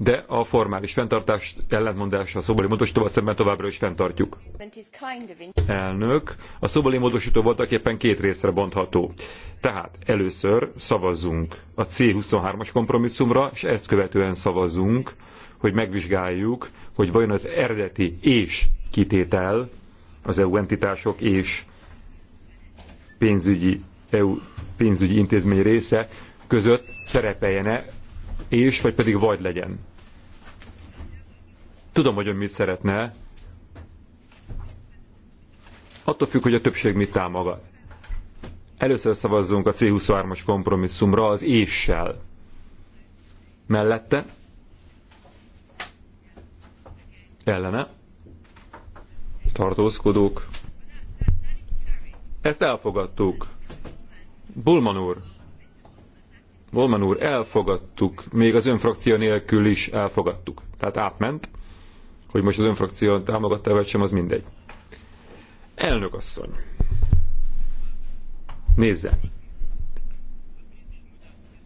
de a formális fenntartás ellentmondása a szobali módosítóval szemben továbbra is fenntartjuk. Elnök, a szobali módosító voltak éppen két részre bontható. Tehát először szavazunk a C23-as kompromisszumra, és ezt követően szavazunk, hogy megvizsgáljuk, hogy vajon az eredeti és kitétel, az EU entitások és pénzügyi, EU pénzügyi intézmény része között szerepeljene és vagy pedig vagy legyen. Tudom, hogy ön mit szeretne. Attól függ, hogy a többség mit támogat. Először szavazzunk a C23-as kompromisszumra az éssel. Mellette? Ellene? Tartózkodók? Ezt elfogadtuk. Bulman úr. Bulman úr, elfogadtuk. Még az önfrakció nélkül is elfogadtuk. Tehát átment hogy most az önfrakció támogatta vagy sem, az mindegy. Elnök asszony. Nézze.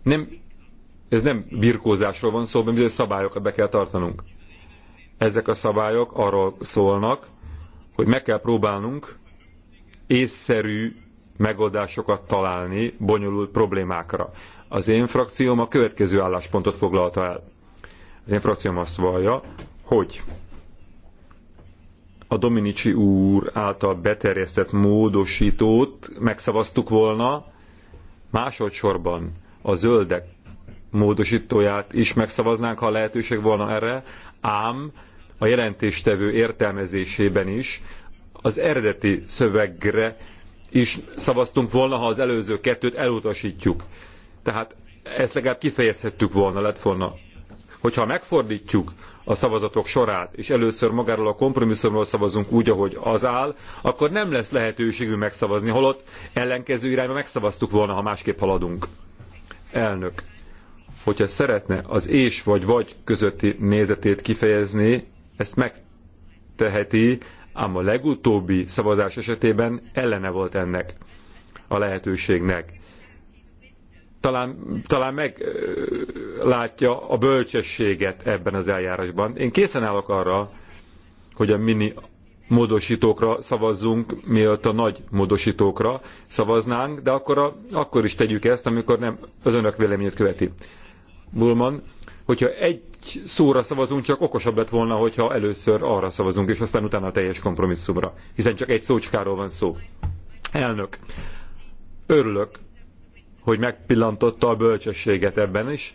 Nem, ez nem birkózásról van szó, mert szabályokat be kell tartanunk. Ezek a szabályok arról szólnak, hogy meg kell próbálnunk észszerű megoldásokat találni bonyolult problémákra. Az én frakcióm a következő álláspontot foglalta el. Az én frakcióm azt vallja, hogy a Dominici úr által beterjesztett módosítót megszavaztuk volna, másodszorban a zöldek módosítóját is megszavaznánk, ha lehetőség volna erre, ám a jelentéstevő értelmezésében is az eredeti szövegre is szavaztunk volna, ha az előző kettőt elutasítjuk. Tehát ezt legalább kifejezhettük volna, lett volna. Hogyha megfordítjuk a szavazatok sorát, és először magáról a kompromisszumról szavazunk úgy, ahogy az áll, akkor nem lesz lehetőségünk megszavazni, holott ellenkező irányba megszavaztuk volna, ha másképp haladunk. Elnök, hogyha szeretne az és vagy vagy közötti nézetét kifejezni, ezt megteheti, ám a legutóbbi szavazás esetében ellene volt ennek a lehetőségnek talán, talán meglátja a bölcsességet ebben az eljárásban. Én készen állok arra, hogy a mini módosítókra szavazzunk, mielőtt a nagy módosítókra szavaznánk, de akkor, a, akkor is tegyük ezt, amikor nem az önök véleményét követi. Bulman, hogyha egy szóra szavazunk, csak okosabb lett volna, hogyha először arra szavazunk, és aztán utána a teljes kompromisszumra, hiszen csak egy szócskáról van szó. Elnök, örülök, hogy megpillantotta a bölcsességet ebben is.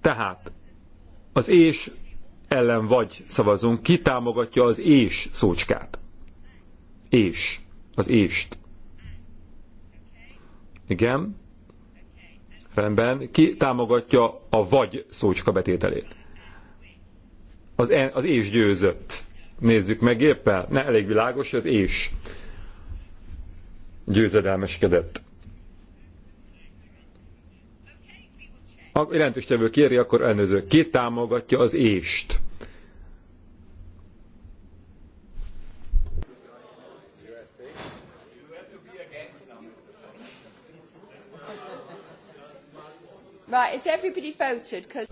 Tehát az és ellen vagy szavazunk, ki támogatja az és szócskát? És. Az ést. Igen. Rendben. Ki támogatja a vagy szócska betételét? Az, en, az és győzött. Nézzük meg éppen. Ne elég világos, az és győzedelmeskedett. Ha jelentős tevő kéri, akkor elnöző. Ki támogatja az ést?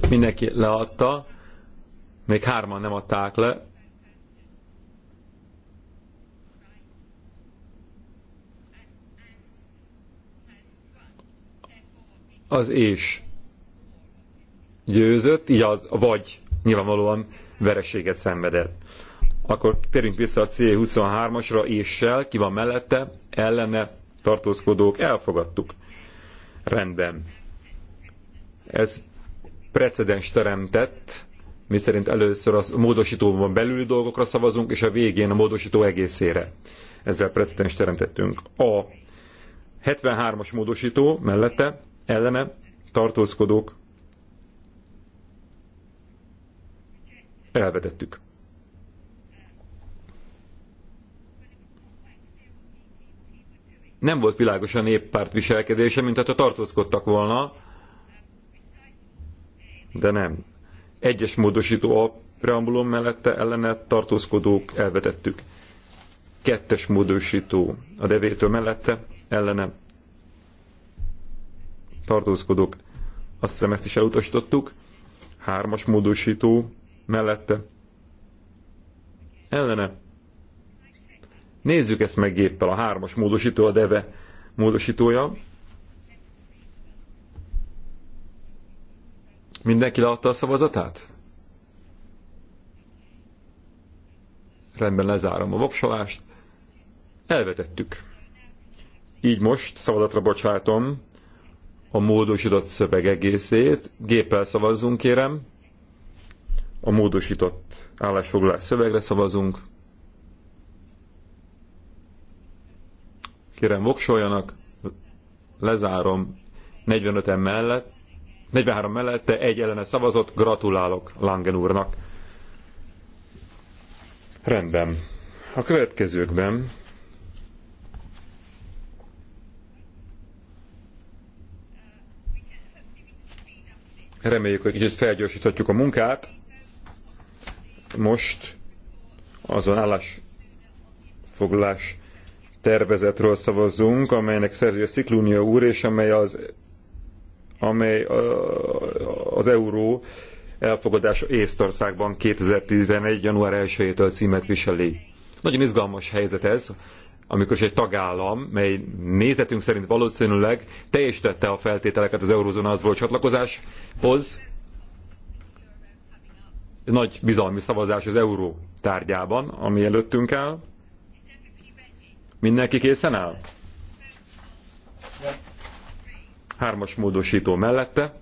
Mindenki leadta, még hárman nem adták le, az és győzött, így az vagy nyilvánvalóan vereséget szenvedett. Akkor térjünk vissza a C23-asra éssel, ki van mellette, ellene tartózkodók, elfogadtuk. Rendben. Ez precedens teremtett, mi szerint először a módosítóban belüli dolgokra szavazunk, és a végén a módosító egészére. Ezzel precedens teremtettünk. A 73-as módosító mellette Elleme, tartózkodók elvetettük. Nem volt világos a néppárt viselkedése, mint hát a tartózkodtak volna, de nem. Egyes módosító a preambulum mellette ellene tartózkodók elvetettük. Kettes módosító a devétől mellette ellene tartózkodók, azt hiszem ezt is elutasítottuk, hármas módosító mellette, ellene. Nézzük ezt meg géppel, a hármas módosító, a deve módosítója. Mindenki leadta a szavazatát? Rendben, lezárom a voksolást. Elvetettük. Így most szavazatra bocsátom a módosított szöveg egészét. Géppel szavazzunk, kérem. A módosított állásfoglalás szövegre szavazunk. Kérem, voksoljanak. Lezárom. 45-en mellett, 43 mellette, egy ellene szavazott. Gratulálok Langen úrnak. Rendben. A következőkben Reméljük, hogy kicsit felgyorsíthatjuk a munkát. Most azon állásfoglalás tervezetről szavazzunk, amelynek szerzője Sziklónia úr, és amely az, amely az euró elfogadása Észtországban 2011. január 1-től címet viseli. Nagyon izgalmas helyzet ez, amikor is egy tagállam, mely nézetünk szerint valószínűleg teljesítette a feltételeket az eurozónához volt csatlakozáshoz, nagy bizalmi szavazás az euró tárgyában, ami előttünk áll. Mindenki készen áll? Hármas módosító mellette.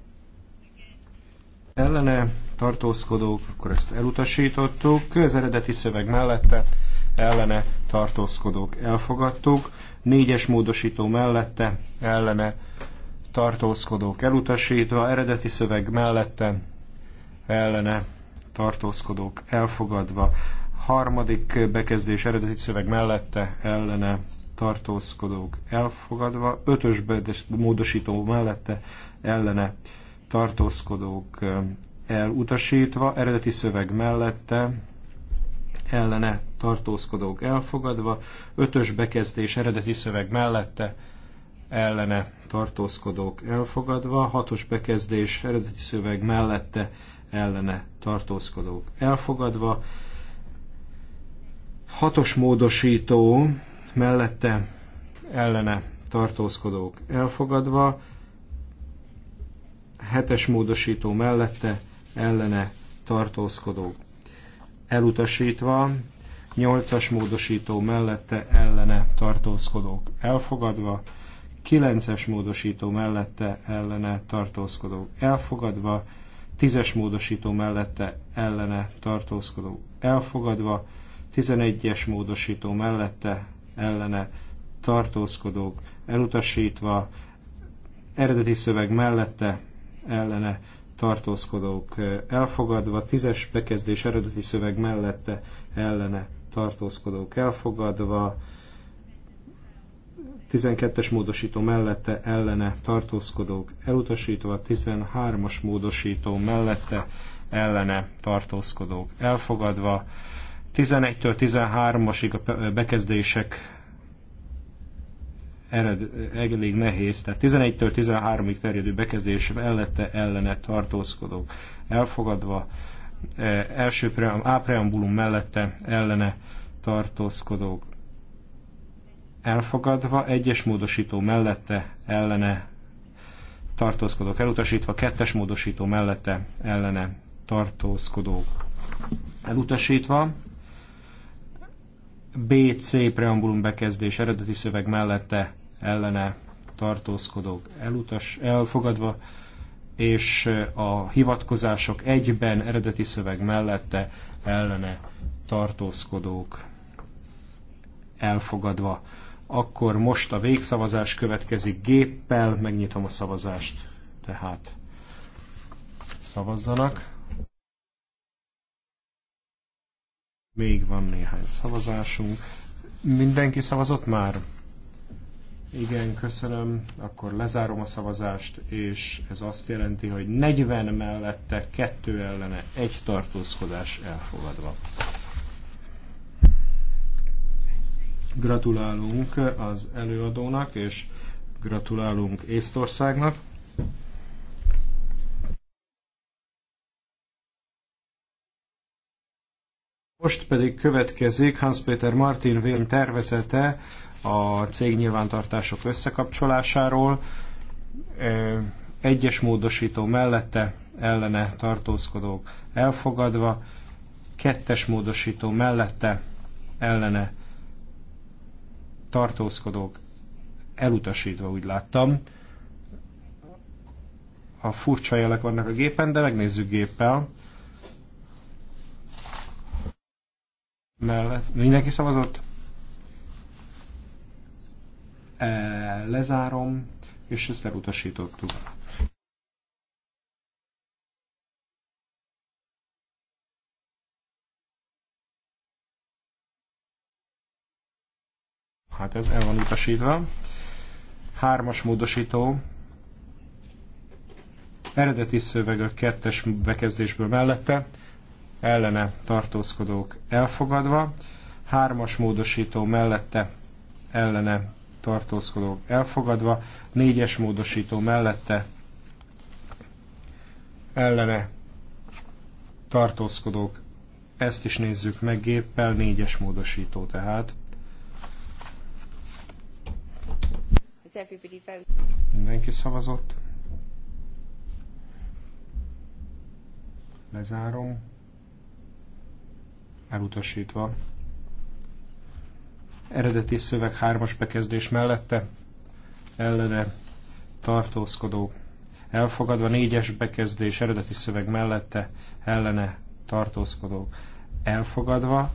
Ellene tartózkodók, akkor ezt elutasítottuk. Közeredeti szöveg mellette ellene tartózkodók elfogadtuk, négyes módosító mellette ellene tartózkodók elutasítva, eredeti szöveg mellette ellene tartózkodók elfogadva, harmadik bekezdés eredeti szöveg mellette ellene tartózkodók elfogadva, ötös módosító mellette ellene tartózkodók elutasítva, eredeti szöveg mellette ellene tartózkodók elfogadva, ötös bekezdés eredeti szöveg mellette ellene tartózkodók elfogadva, hatos bekezdés eredeti szöveg mellette ellene tartózkodók elfogadva, hatos módosító mellette ellene tartózkodók elfogadva, hetes módosító mellette ellene tartózkodók elutasítva, nyolcas módosító mellette ellene tartózkodók elfogadva, kilences módosító mellette ellene tartózkodók elfogadva, tízes módosító mellette ellene tartózkodók elfogadva, tizenegyes módosító mellette ellene tartózkodók elutasítva, eredeti szöveg mellette ellene tartózkodók eh, elfogadva, tízes bekezdés eredeti szöveg mellette ellene tartózkodók elfogadva, 12-es módosító mellette ellene tartózkodók elutasítva, 13-as módosító mellette ellene tartózkodók elfogadva, 11-től 13-asig a bekezdések ered, elég nehéz. Tehát 11-től 13-ig terjedő bekezdés mellette ellene tartózkodók elfogadva, e, első pream, A preambulum mellette ellene tartózkodók elfogadva, egyes módosító mellette ellene tartózkodók elutasítva, kettes módosító mellette ellene tartózkodók elutasítva, BC preambulum bekezdés eredeti szöveg mellette ellene tartózkodók elutas, elfogadva, és eh, a hivatkozások egyben eredeti szöveg mellette ellene tartózkodók elfogadva. Akkor most a végszavazás következik géppel, megnyitom a szavazást, tehát szavazzanak. Még van néhány szavazásunk. Mindenki szavazott már? Igen, köszönöm. Akkor lezárom a szavazást, és ez azt jelenti, hogy 40 mellette, 2 ellene, egy tartózkodás elfogadva. Gratulálunk az előadónak, és gratulálunk Észtországnak. Most pedig következik Hans-Peter Martin Vélm tervezete a cégnyilvántartások összekapcsolásáról. Egyes módosító mellette ellene tartózkodók elfogadva, kettes módosító mellette ellene tartózkodók elutasítva, úgy láttam. A furcsa jelek vannak a gépen, de megnézzük géppel. mellett. Mindenki szavazott? E, lezárom, és ezt elutasítottuk. Hát ez el van utasítva. Hármas módosító. Eredeti szöveg a kettes bekezdésből mellette ellene tartózkodók elfogadva, hármas módosító mellette ellene tartózkodók elfogadva, négyes módosító mellette ellene tartózkodók, ezt is nézzük meg géppel, négyes módosító tehát. Mindenki szavazott. Lezárom elutasítva. Eredeti szöveg hármas bekezdés mellette, ellene tartózkodó. elfogadva, négyes bekezdés eredeti szöveg mellette, ellene tartózkodó. elfogadva,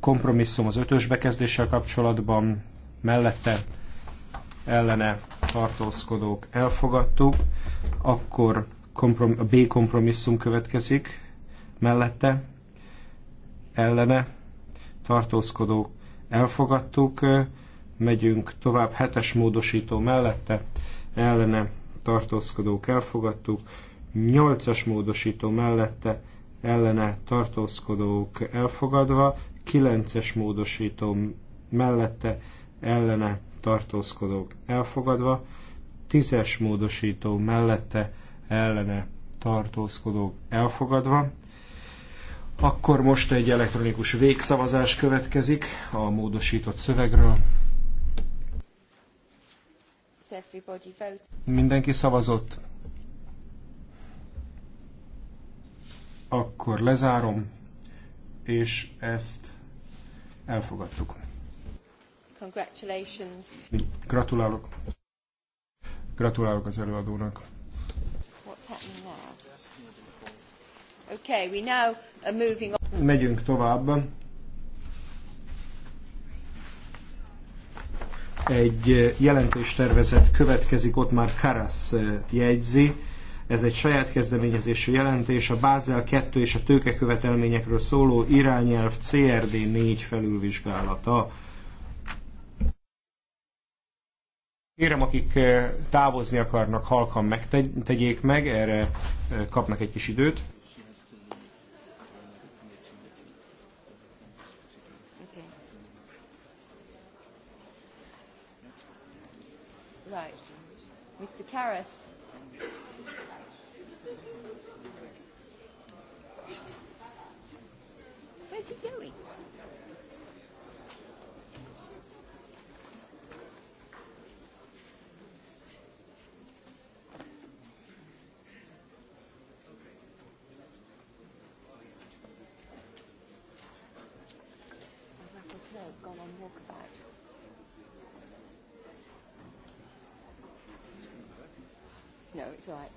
kompromisszum az ötös bekezdéssel kapcsolatban, mellette ellene tartózkodók elfogadtuk, akkor a B kompromisszum következik, mellette ellene tartózkodók elfogadtuk, megyünk tovább hetes módosító mellette, ellene tartózkodók elfogadtuk, nyolcas módosító mellette, ellene tartózkodók elfogadva, kilences módosító mellette, ellene tartózkodók elfogadva, tízes módosító mellette, ellene tartózkodók elfogadva, akkor most egy elektronikus végszavazás következik a módosított szövegről. Mindenki szavazott. Akkor lezárom, és ezt elfogadtuk.
Congratulations.
Gratulálok. Gratulálok az előadónak.
What's happening now? Okay, we now are moving on. Megyünk
tovább. Egy jelentéstervezet következik, ott már Karasz jegyzi. Ez egy saját kezdeményezésű jelentés, a Bázel 2 és a tőkekövetelményekről szóló irányelv CRD 4 felülvizsgálata. Kérem, akik távozni akarnak, halkan megtegyék meg, erre kapnak egy
kis időt.
Karas. Where's he going?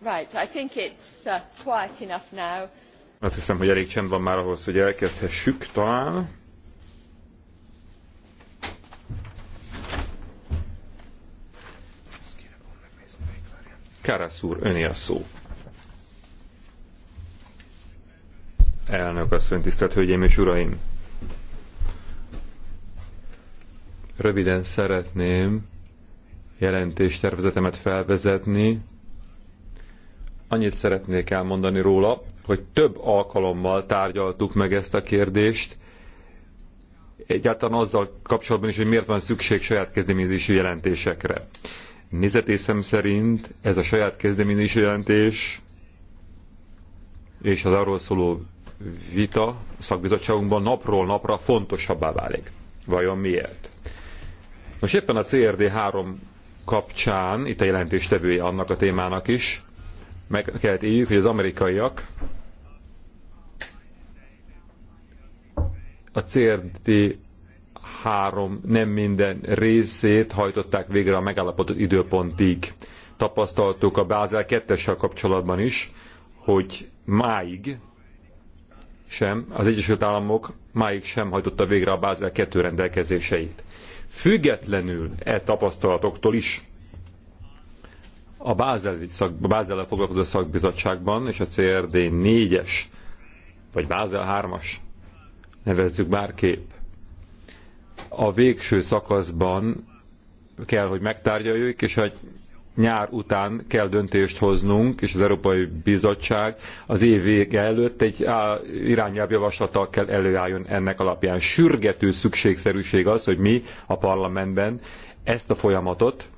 Uh,
Azt hiszem, hogy elég csend van már ahhoz, hogy elkezdhessük talán. Karasz úr, öné a szó. Elnök asszony, tisztelt Hölgyeim és Uraim! Röviden szeretném jelentéstervezetemet felvezetni, Annyit szeretnék elmondani róla, hogy több alkalommal tárgyaltuk meg ezt a kérdést, egyáltalán azzal kapcsolatban is, hogy miért van szükség saját kezdeményezési jelentésekre. Nézetészem szerint ez a saját kezdeményezési jelentés és az arról szóló vita a szakbizottságunkban napról napra fontosabbá válik. Vajon miért? Most éppen a CRD 3 kapcsán, itt a jelentéstevője annak a témának is, meg kellett éljük, hogy az amerikaiak a CRD három nem minden részét hajtották végre a megállapodott időpontig. Tapasztaltuk a Bázel 2 kapcsolatban is, hogy máig sem, az Egyesült Államok máig sem hajtotta végre a Bázel 2 rendelkezéseit. Függetlenül e tapasztalatoktól is a Bázel, szak, foglalkozó szakbizottságban és a CRD 4-es, vagy Bázel 3-as, nevezzük bárképp, a végső szakaszban kell, hogy megtárgyaljuk, és hogy nyár után kell döntést hoznunk, és az Európai Bizottság az év vége előtt egy irányelvjavaslattal kell előálljon ennek alapján. Sürgető szükségszerűség az, hogy mi a parlamentben ezt a folyamatot,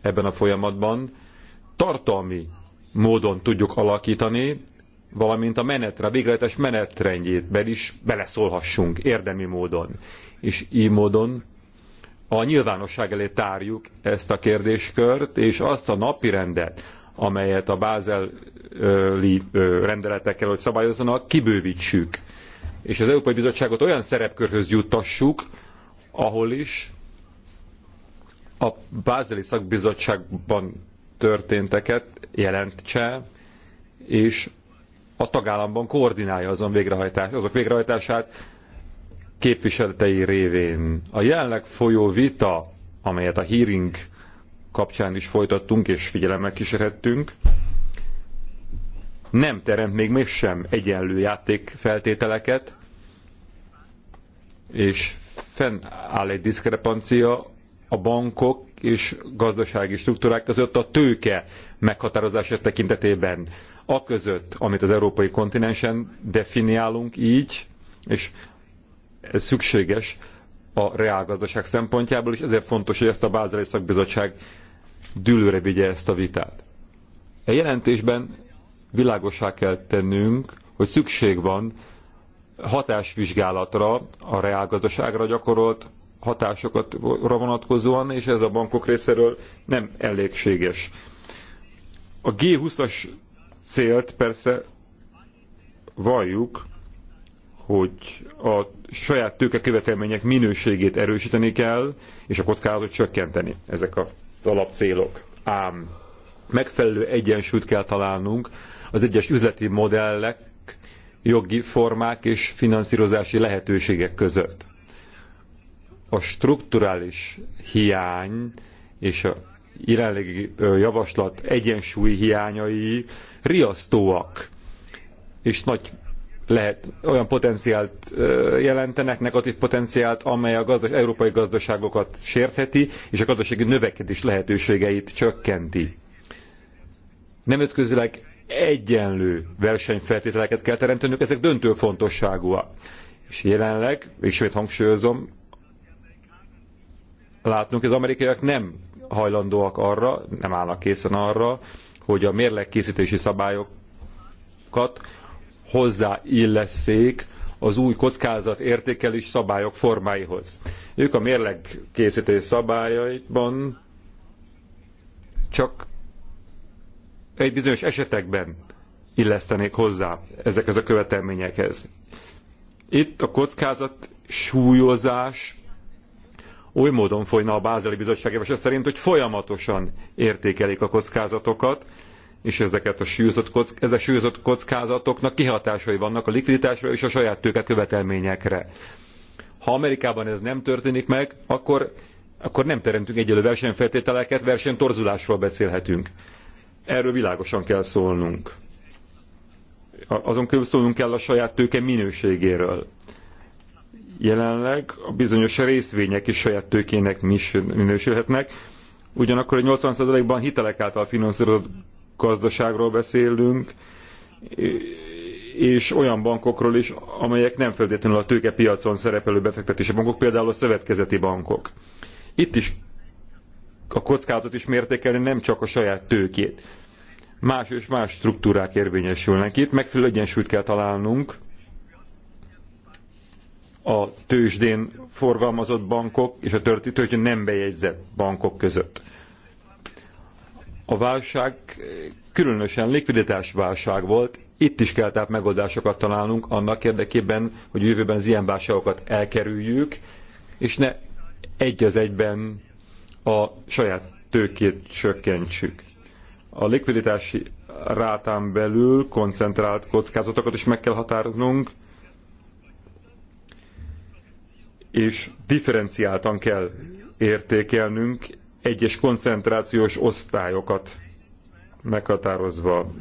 ebben a folyamatban tartalmi módon tudjuk alakítani, valamint a menetre, a végletes menetrendjétben is beleszólhassunk érdemi módon. És így módon a nyilvánosság elé tárjuk ezt a kérdéskört, és azt a rendet, amelyet a bázeli rendeletekkel, hogy szabályozzanak, kibővítsük. És az Európai Bizottságot olyan szerepkörhöz juttassuk, ahol is a bázeli szakbizottságban történteket jelentse, és a tagállamban koordinálja azon végrehajtás, azok végrehajtását képviseletei révén. A jelenleg folyó vita, amelyet a hearing kapcsán is folytattunk és figyelemmel kísérhettünk, nem teremt még még sem egyenlő játékfeltételeket, és fennáll egy diszkrepancia a bankok és gazdasági struktúrák között a tőke meghatározása tekintetében. A között, amit az európai kontinensen definiálunk így, és ez szükséges a reálgazdaság szempontjából, és ezért fontos, hogy ezt a Bázeli Szakbizottság dülőre vigye ezt a vitát. A e jelentésben világosá kell tennünk, hogy szükség van hatásvizsgálatra a reálgazdaságra gyakorolt hatásokat vonatkozóan, és ez a bankok részéről nem elégséges. A G20-as célt persze valljuk, hogy a saját tőkekövetelmények minőségét erősíteni kell, és a kockázatot csökkenteni. Ezek a alapcélok. Ám megfelelő egyensúlyt kell találnunk az egyes üzleti modellek, jogi formák és finanszírozási lehetőségek között a strukturális hiány és a jelenlegi javaslat egyensúly hiányai riasztóak, és nagy lehet olyan potenciált jelentenek, negatív potenciált, amely a gazdas, európai gazdaságokat sértheti, és a gazdasági növekedés lehetőségeit csökkenti. Nemzetközileg egyenlő versenyfeltételeket kell teremtenünk, ezek döntő fontosságúak. És jelenleg, ismét hangsúlyozom, látnunk, az amerikaiak nem hajlandóak arra, nem állnak készen arra, hogy a mérlegkészítési szabályokat hozzáilleszék az új kockázat értékelés szabályok formáihoz. Ők a mérlegkészítés szabályaiban csak egy bizonyos esetekben illesztenék hozzá ezekhez a követelményekhez. Itt a kockázat súlyozás oly módon folyna a Bázeli Bizottság javaslat szerint, hogy folyamatosan értékelik a kockázatokat, és ezeket a súlyozott, kock, ez a súlyozott kockázatoknak kihatásai vannak a likviditásra és a saját tőke követelményekre. Ha Amerikában ez nem történik meg, akkor, akkor nem teremtünk egyelő versenyfeltételeket, versenytorzulásról beszélhetünk. Erről világosan kell szólnunk. Azon kívül szólnunk kell a saját tőke minőségéről. Jelenleg a bizonyos részvények is saját tőkének minősülhetnek, ugyanakkor egy 80%-ban hitelek által finanszírozott gazdaságról beszélünk, és olyan bankokról is, amelyek nem feltétlenül a tőkepiacon szerepelő befektetési bankok, például a szövetkezeti bankok. Itt is a kockázatot is mértékelni, nem csak a saját tőkét. Más és más struktúrák érvényesülnek itt, megfelelő egyensúlyt kell találnunk a tőzsdén forgalmazott bankok és a tőzsdén nem bejegyzett bankok között. A válság különösen likviditás válság volt, itt is kell tehát megoldásokat találnunk annak érdekében, hogy jövőben az ilyen válságokat elkerüljük, és ne egy az egyben a saját tőkét csökkentsük. A likviditási rátán belül koncentrált kockázatokat is meg kell határoznunk, és differenciáltan kell értékelnünk egyes koncentrációs osztályokat meghatározva.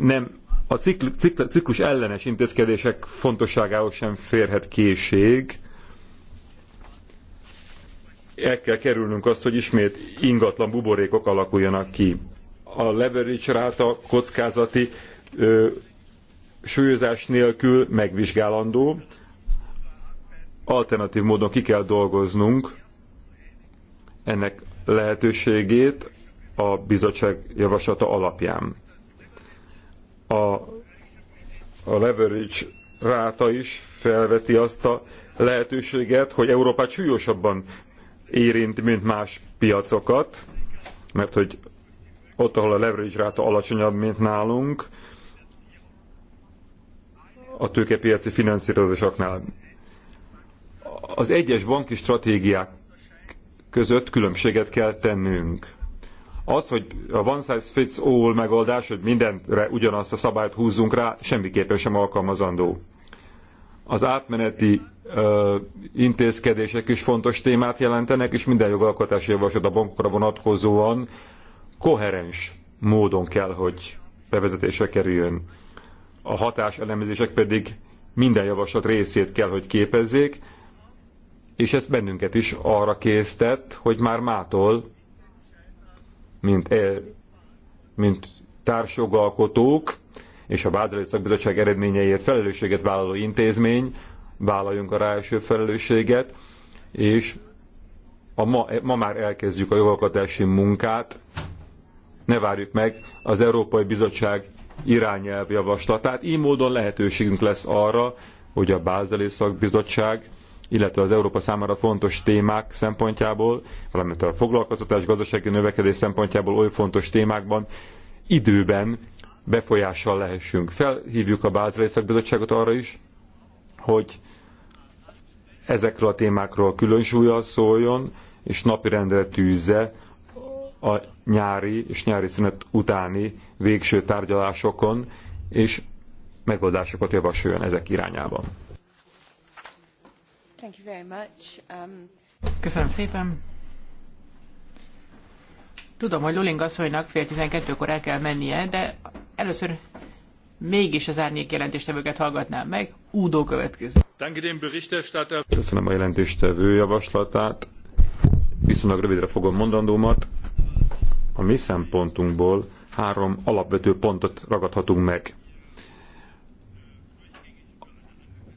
Nem, a cikl, cikl, ciklus ellenes intézkedések fontosságához sem férhet készség. El kell kerülnünk azt, hogy ismét ingatlan buborékok alakuljanak ki. A leverage ráta kockázati ö, súlyozás nélkül megvizsgálandó, alternatív módon ki kell dolgoznunk ennek lehetőségét a bizottság javaslata alapján. A, a leverage ráta is felveti azt a lehetőséget, hogy Európát súlyosabban érint, mint más piacokat, mert hogy ott, ahol a leverage ráta alacsonyabb, mint nálunk, a tőkepiaci finanszírozásoknál az egyes banki stratégiák között különbséget kell tennünk. Az, hogy a one size fits all megoldás, hogy mindenre ugyanazt a szabályt húzzunk rá, semmiképpen sem alkalmazandó. Az átmeneti ö, intézkedések is fontos témát jelentenek, és minden jogalkotási javaslat a bankokra vonatkozóan koherens módon kell, hogy bevezetésre kerüljön. A hatás hatáselemzések pedig minden javaslat részét kell, hogy képezzék, és ez bennünket is arra késztett, hogy már mától, mint, e, mint társjogalkotók és a Bázeli Szakbizottság eredményeiért felelősséget vállaló intézmény, vállaljunk a rá első felelősséget, és a ma, ma már elkezdjük a jogalkotási munkát, ne várjuk meg az Európai Bizottság irányelv javaslatát. Így módon lehetőségünk lesz arra, hogy a Bázeli Szakbizottság illetve az Európa számára fontos témák szempontjából, valamint a foglalkoztatás, gazdasági növekedés szempontjából oly fontos témákban időben befolyással lehessünk. Felhívjuk a Bázrai Szakbizottságot arra is, hogy ezekről a témákról külön súlyal szóljon, és napirendre tűzze a nyári és nyári szünet utáni végső tárgyalásokon, és megoldásokat javasoljon ezek irányában.
Thank you very much. Um...
Köszönöm szépen. Tudom, hogy Luling asszonynak fél tizenkettőkor el kell mennie, de először mégis az árnyék jelentéstevőket hallgatnám meg.
Údó következik. Köszönöm a jelentéstevő javaslatát. Viszonylag rövidre fogom mondandómat. A mi szempontunkból három alapvető pontot ragadhatunk meg,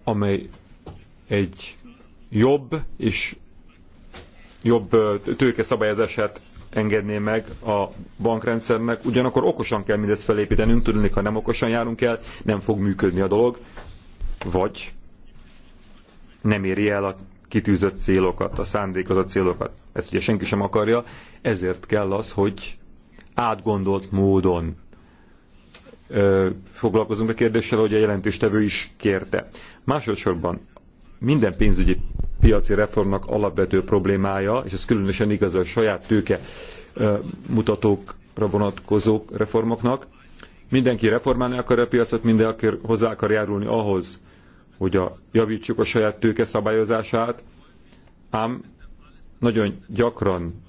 amely egy jobb és jobb tőke szabályozását engedné meg a bankrendszernek. Ugyanakkor okosan kell mindezt felépítenünk, tudni, ha nem okosan járunk el, nem fog működni a dolog, vagy nem éri el a kitűzött célokat, a szándékozott célokat. Ezt ugye senki sem akarja, ezért kell az, hogy átgondolt módon ö, foglalkozunk a kérdéssel, hogy a jelentéstevő is kérte. Másodszorban minden pénzügyi piaci reformnak alapvető problémája, és ez különösen igaz a saját tőke mutatókra vonatkozó reformoknak. Mindenki reformálni akar a piacot, mindenki hozzá akar járulni ahhoz, hogy a, javítsuk a saját tőke szabályozását, ám nagyon gyakran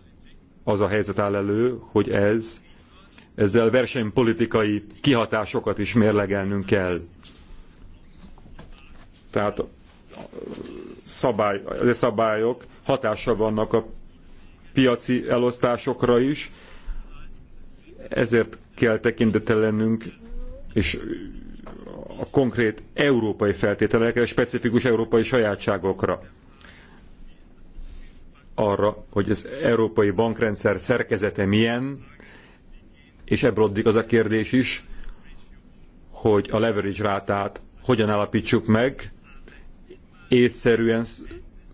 az a helyzet áll elő, hogy ez ezzel versenypolitikai kihatásokat is mérlegelnünk kell. Tehát szabály, szabályok hatása vannak a piaci elosztásokra is, ezért kell tekintete lennünk, és a konkrét európai feltételekre, specifikus európai sajátságokra. Arra, hogy az európai bankrendszer szerkezete milyen, és ebből addig az a kérdés is, hogy a leverage rátát hogyan alapítsuk meg, észszerűen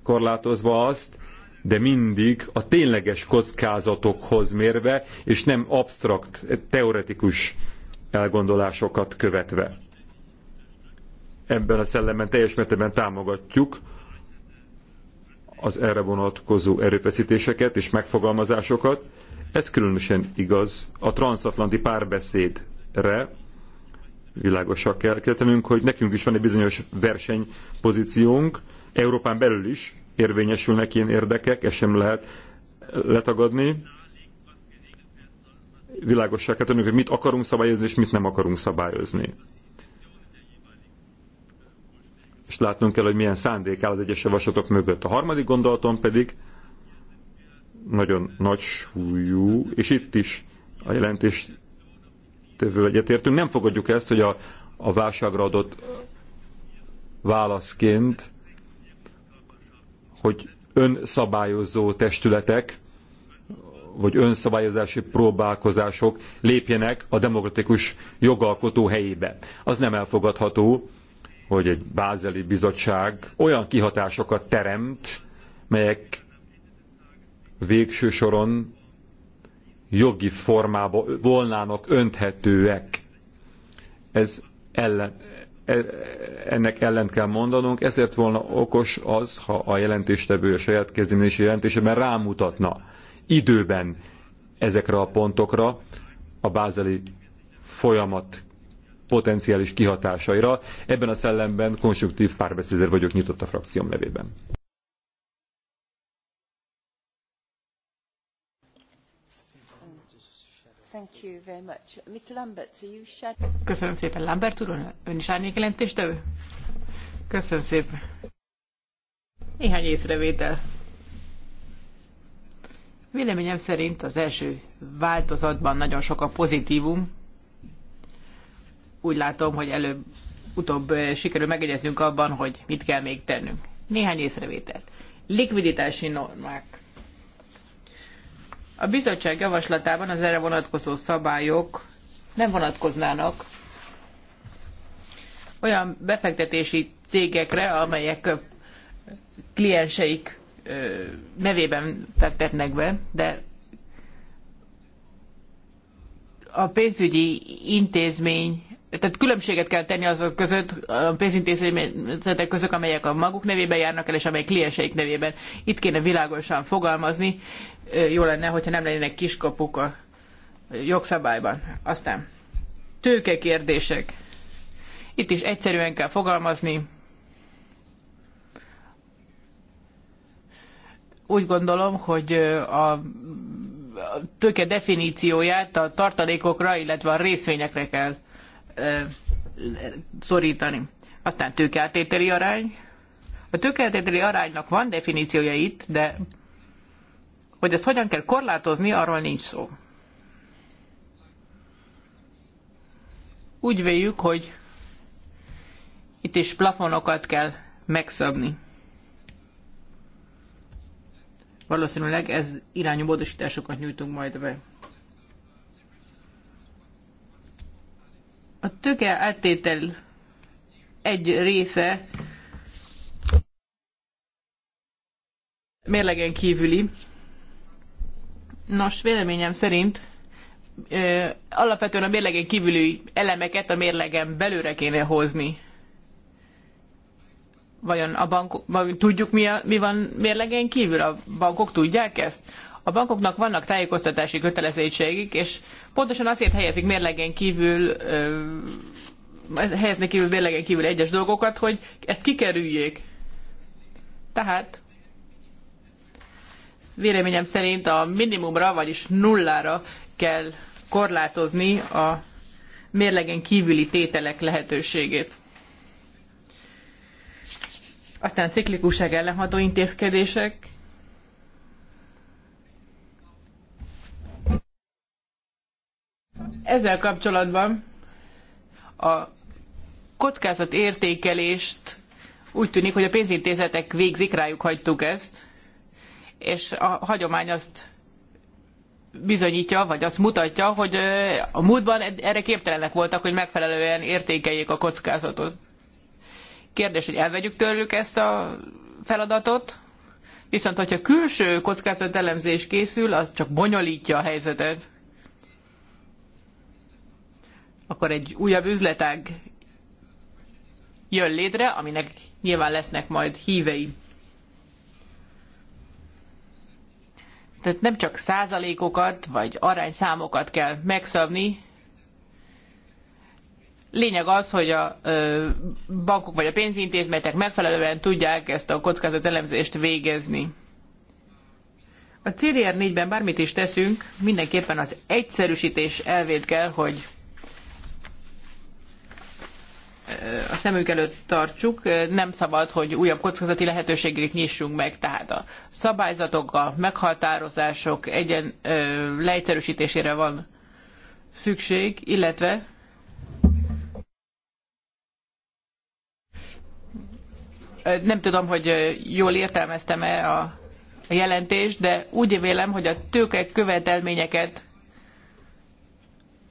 korlátozva azt, de mindig a tényleges kockázatokhoz mérve, és nem absztrakt, teoretikus elgondolásokat követve. Ebben a szellemben teljes mértékben támogatjuk az erre vonatkozó erőfeszítéseket és megfogalmazásokat. Ez különösen igaz a transatlanti párbeszédre, világosak kell keltenünk, hogy nekünk is van egy bizonyos versenypozíciónk, Európán belül is érvényesülnek ilyen érdekek, ezt sem lehet letagadni. Világosak kell tennünk, hogy mit akarunk szabályozni, és mit nem akarunk szabályozni. És látnunk kell, hogy milyen szándék áll az egyes javaslatok mögött. A harmadik gondolatom pedig nagyon nagy súlyú, és itt is a jelentés tevő egyetértünk. Nem fogadjuk ezt, hogy a, a válságra adott válaszként, hogy önszabályozó testületek, vagy önszabályozási próbálkozások lépjenek a demokratikus jogalkotó helyébe. Az nem elfogadható, hogy egy bázeli bizottság olyan kihatásokat teremt, melyek végső soron jogi formába volnának önthetőek. Ez ellen, e, ennek ellent kell mondanunk, ezért volna okos az, ha a jelentéstevő a saját kezdeményezési jelentésében rámutatna időben ezekre a pontokra, a bázeli folyamat potenciális kihatásaira. Ebben a szellemben konstruktív párbeszédre vagyok nyitott a frakcióm nevében.
Köszönöm szépen, Lambert úr, ön is árnyékjelentéstevő? Köszönöm szépen. Néhány észrevétel. Véleményem szerint az első változatban nagyon sok a pozitívum. Úgy látom, hogy előbb utóbb eh, sikerül megegyeznünk abban, hogy mit kell még tennünk. Néhány észrevétel. Likviditási normák a bizottság javaslatában az erre vonatkozó szabályok nem vonatkoznának olyan befektetési cégekre, amelyek klienseik nevében fektetnek be, de a pénzügyi intézmény, tehát különbséget kell tenni azok között, a pénzintézmények között, amelyek a maguk nevében járnak el, és amelyek klienseik nevében. Itt kéne világosan fogalmazni jó lenne, hogyha nem lennének kiskapuk a jogszabályban. Aztán tőke kérdések. Itt is egyszerűen kell fogalmazni. Úgy gondolom, hogy a tőke definícióját a tartalékokra, illetve a részvényekre kell szorítani. Aztán tőkeáttételi arány. A tőkeáttételi aránynak van definíciója itt, de hogy ezt hogyan kell korlátozni, arról nincs szó. Úgy véljük, hogy itt is plafonokat kell megszabni. Valószínűleg ez irányú módosításokat nyújtunk majd be. A tőke áttétel egy része mérlegen kívüli, Nos, véleményem szerint ö, alapvetően a mérlegen kívüli elemeket a mérlegen belőle kéne hozni. Vajon a bankok, vagy tudjuk mi, a, mi van mérlegen kívül? A bankok tudják ezt? A bankoknak vannak tájékoztatási kötelezettségük, és pontosan azért helyezik mérlegen kívül ö, helyeznek kívül mérlegen kívül egyes dolgokat, hogy ezt kikerüljék. Tehát véleményem szerint a minimumra, vagyis nullára kell korlátozni a mérlegen kívüli tételek lehetőségét. Aztán a ciklikusság ellenható intézkedések. Ezzel kapcsolatban a kockázatértékelést úgy tűnik, hogy a pénzintézetek végzik, rájuk hagytuk ezt, és a hagyomány azt bizonyítja, vagy azt mutatja, hogy a múltban erre képtelenek voltak, hogy megfelelően értékeljék a kockázatot. Kérdés, hogy elvegyük tőlük ezt a feladatot, viszont hogyha külső kockázatelemzés készül, az csak bonyolítja a helyzetet. Akkor egy újabb üzletág jön létre, aminek nyilván lesznek majd hívei. tehát nem csak százalékokat vagy arányszámokat kell megszabni, Lényeg az, hogy a bankok vagy a pénzintézmények megfelelően tudják ezt a kockázatelemzést végezni. A CDR 4-ben bármit is teszünk, mindenképpen az egyszerűsítés elvét kell, hogy a szemünk előtt tartsuk, nem szabad, hogy újabb kockázati lehetőségek nyissunk meg. Tehát a szabályzatok, a meghatározások egyen lejterősítésére van szükség, illetve nem tudom, hogy jól értelmeztem-e a jelentést, de úgy vélem, hogy a tőke követelményeket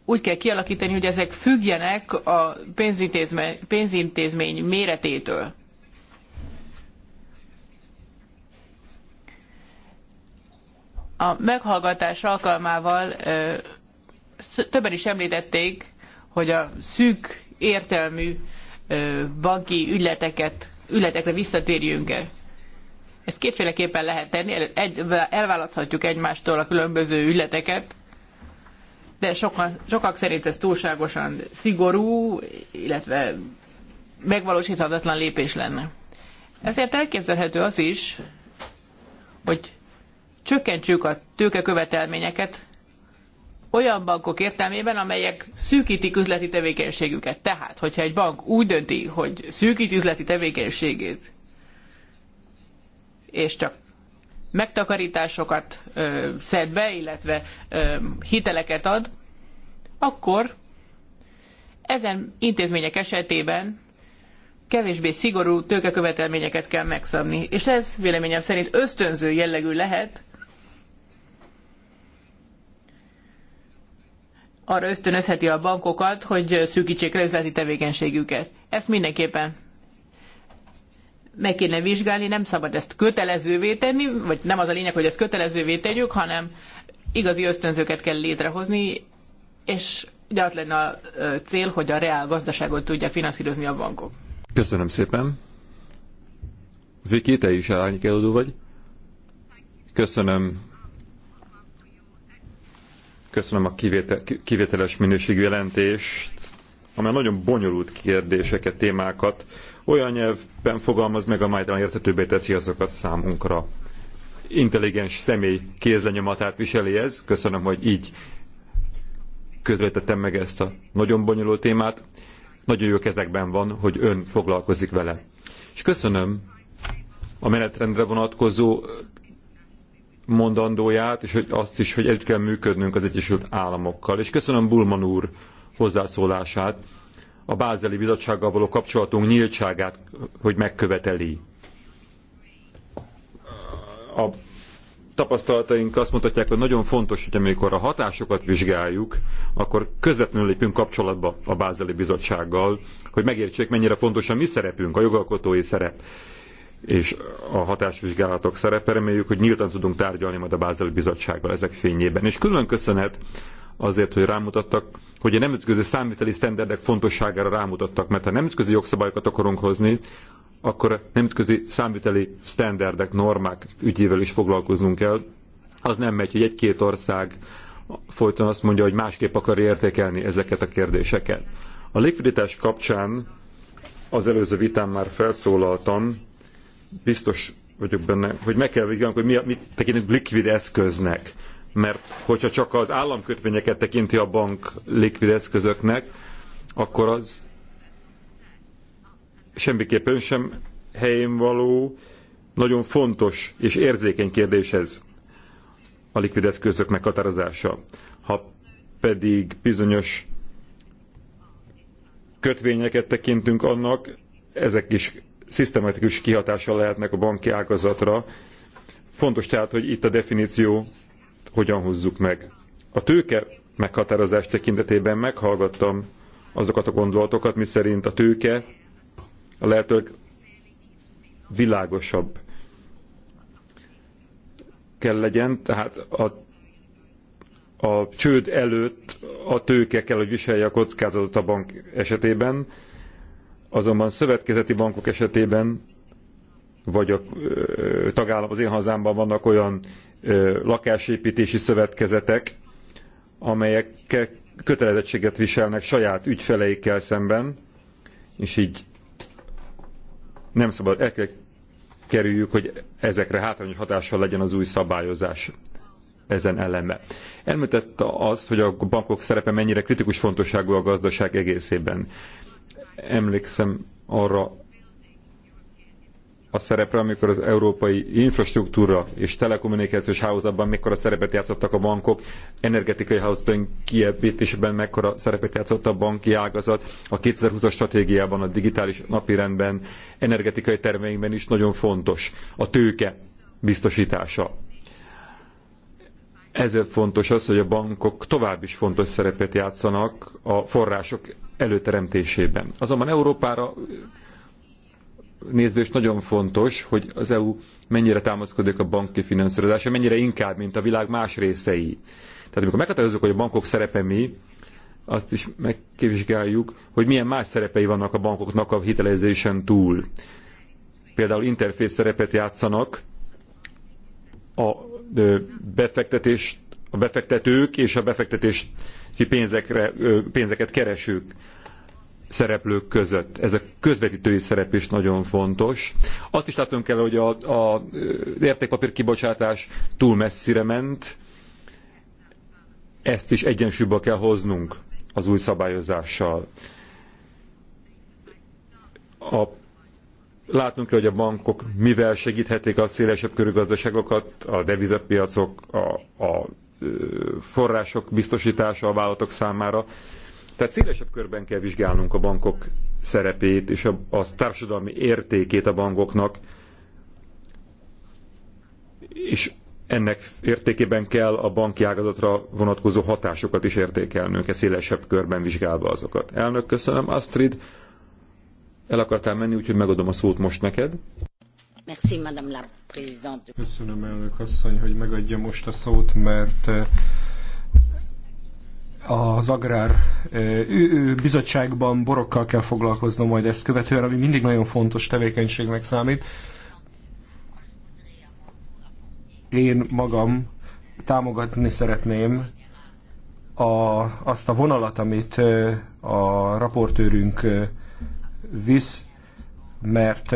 úgy kell kialakítani, hogy ezek függjenek a pénzintézmény, pénzintézmény méretétől. A meghallgatás alkalmával többen is említették, hogy a szűk értelmű banki ügyleteket, ügyletekre visszatérjünk-e. Ezt kétféleképpen lehet tenni, elválaszthatjuk egymástól a különböző ügyleteket, de sokan, sokak szerint ez túlságosan szigorú, illetve megvalósíthatatlan lépés lenne. Ezért elképzelhető az is, hogy csökkentsük a tőkekövetelményeket olyan bankok értelmében, amelyek szűkítik üzleti tevékenységüket. Tehát, hogyha egy bank úgy dönti, hogy szűkít üzleti tevékenységét, és csak megtakarításokat ö, szed be, illetve ö, hiteleket ad, akkor ezen intézmények esetében kevésbé szigorú tőkekövetelményeket kell megszabni. És ez véleményem szerint ösztönző jellegű lehet, arra ösztönözheti a bankokat, hogy szűkítsék le üzleti tevékenységüket. Ezt mindenképpen meg kéne vizsgálni, nem szabad ezt kötelezővé tenni, vagy nem az a lényeg, hogy ezt kötelezővé tegyük, hanem igazi ösztönzőket kell létrehozni, és ugye az lenne a cél, hogy a reál gazdaságot tudja finanszírozni a bankok.
Köszönöm szépen. Viki, te is elárnyékelődő vagy. Köszönöm. Köszönöm a kivétel, kivételes minőségű jelentést, amely nagyon bonyolult kérdéseket, témákat olyan nyelvben fogalmaz meg, amely talán értetőbbé teszi azokat számunkra. Intelligens személy kézlenyomatát viseli ez. Köszönöm, hogy így közvetettem meg ezt a nagyon bonyolult témát. Nagyon jó kezekben van, hogy ön foglalkozik vele. És köszönöm a menetrendre vonatkozó mondandóját, és hogy azt is, hogy együtt kell működnünk az Egyesült Államokkal. És köszönöm Bulman úr hozzászólását, a Bázeli Bizottsággal való kapcsolatunk nyíltságát, hogy megköveteli. A tapasztalataink azt mutatják, hogy nagyon fontos, hogy amikor a hatásokat vizsgáljuk, akkor közvetlenül lépünk kapcsolatba a Bázeli Bizottsággal, hogy megértsék, mennyire fontos a mi szerepünk, a jogalkotói szerep és a hatásvizsgálatok szerepe. Reméljük, hogy nyíltan tudunk tárgyalni majd a Bázeli Bizottsággal ezek fényében. És külön köszönet azért, hogy rámutattak, hogy a nemzetközi számviteli sztenderdek fontosságára rámutattak, mert ha nemzetközi jogszabályokat akarunk hozni, akkor a nemzetközi számviteli sztenderdek, normák ügyével is foglalkoznunk kell. Az nem megy, hogy egy-két ország folyton azt mondja, hogy másképp akar értékelni ezeket a kérdéseket. A likviditás kapcsán az előző vitán már felszólaltam, biztos vagyok benne, hogy meg kell vizsgálnunk, hogy mi, mit tekintünk likvid eszköznek mert hogyha csak az államkötvényeket tekinti a bank likvid eszközöknek, akkor az semmiképpen sem helyén való, nagyon fontos és érzékeny kérdés ez a likvid eszközök meghatározása. Ha pedig bizonyos kötvényeket tekintünk annak, ezek is szisztematikus kihatással lehetnek a banki ágazatra. Fontos tehát, hogy itt a definíció hogyan hozzuk meg. A tőke meghatározás tekintetében meghallgattam azokat a gondolatokat, miszerint a tőke a lehetőleg világosabb kell legyen, tehát a, a csőd előtt a tőke kell, hogy viselje a kockázatot a bank esetében, azonban szövetkezeti bankok esetében vagy a tagállam, az én hazámban vannak olyan lakásépítési szövetkezetek, amelyek kötelezettséget viselnek saját ügyfeleikkel szemben, és így nem szabad, el kell kerüljük, hogy ezekre hátrányos hatással legyen az új szabályozás ezen eleme. Elmutatta az, hogy a bankok szerepe mennyire kritikus fontosságú a gazdaság egészében. Emlékszem arra, a szerepre, amikor az európai infrastruktúra és telekommunikációs hálózatban mekkora szerepet játszottak a bankok, energetikai hálózaton mikor mekkora szerepet játszott a banki ágazat, a 2020-as stratégiában, a digitális napirendben, energetikai termékben is nagyon fontos a tőke biztosítása. Ezért fontos az, hogy a bankok tovább is fontos szerepet játszanak a források előteremtésében. Azonban Európára nézve is nagyon fontos, hogy az EU mennyire támaszkodik a banki finanszírozásra, mennyire inkább, mint a világ más részei. Tehát amikor meghatározzuk, hogy a bankok szerepe mi, azt is megkivizsgáljuk, hogy milyen más szerepei vannak a bankoknak a hitelezésen túl. Például interfész szerepet játszanak a befektetés, a befektetők és a befektetési pénzekre, pénzeket keresők szereplők között. Ez a közvetítői szerep is nagyon fontos. Azt is látunk kell, hogy a, értékpapír kibocsátás túl messzire ment, ezt is egyensúlyba kell hoznunk az új szabályozással. A, látunk kell, hogy a bankok mivel segíthetik a szélesebb körű gazdaságokat, a devizapiacok, a, a források biztosítása a vállalatok számára. Tehát szélesebb körben kell vizsgálnunk a bankok szerepét és a, a társadalmi értékét a bankoknak, és ennek értékében kell a banki ágazatra vonatkozó hatásokat is értékelnünk, ezt szélesebb körben vizsgálva azokat. Elnök, köszönöm. Astrid, el akartál menni, úgyhogy megadom a szót most neked.
Merci, Madame la Présidente. Köszönöm, elnök asszony, hogy megadja most a szót, mert az Agrár Bizottságban borokkal kell foglalkoznom majd ezt követően, ami mindig nagyon fontos tevékenységnek számít. Én magam támogatni szeretném a, azt a vonalat, amit a raportőrünk visz, mert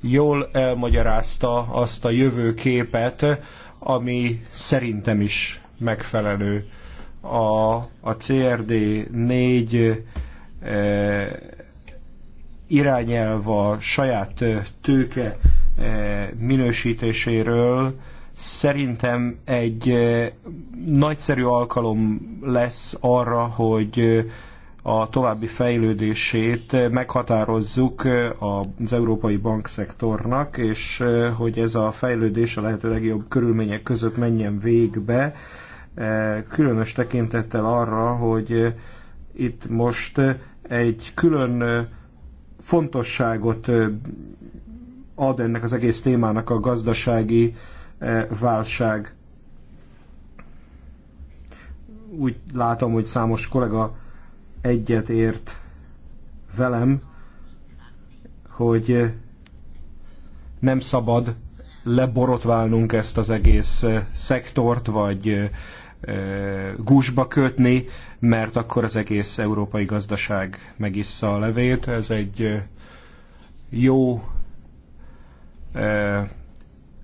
jól elmagyarázta azt a jövőképet, ami szerintem is megfelelő. A, a CRD 4 e, eh, irányelv a saját eh, tőke e, minősítéséről szerintem egy nagyszerű alkalom lesz arra, hogy a további fejlődését meghatározzuk az európai bankszektornak, és hogy ez a fejlődés a lehető legjobb körülmények között menjen végbe különös tekintettel arra, hogy eh, itt most eh, egy külön eh, fontosságot ad ennek az egész témának a gazdasági válság. Úgy látom, hogy számos kollega egyet ért velem, hogy nem szabad leborotválnunk ezt az egész szektort, vagy gúzsba kötni, mert akkor az egész európai gazdaság megissza a levét. Ez egy jó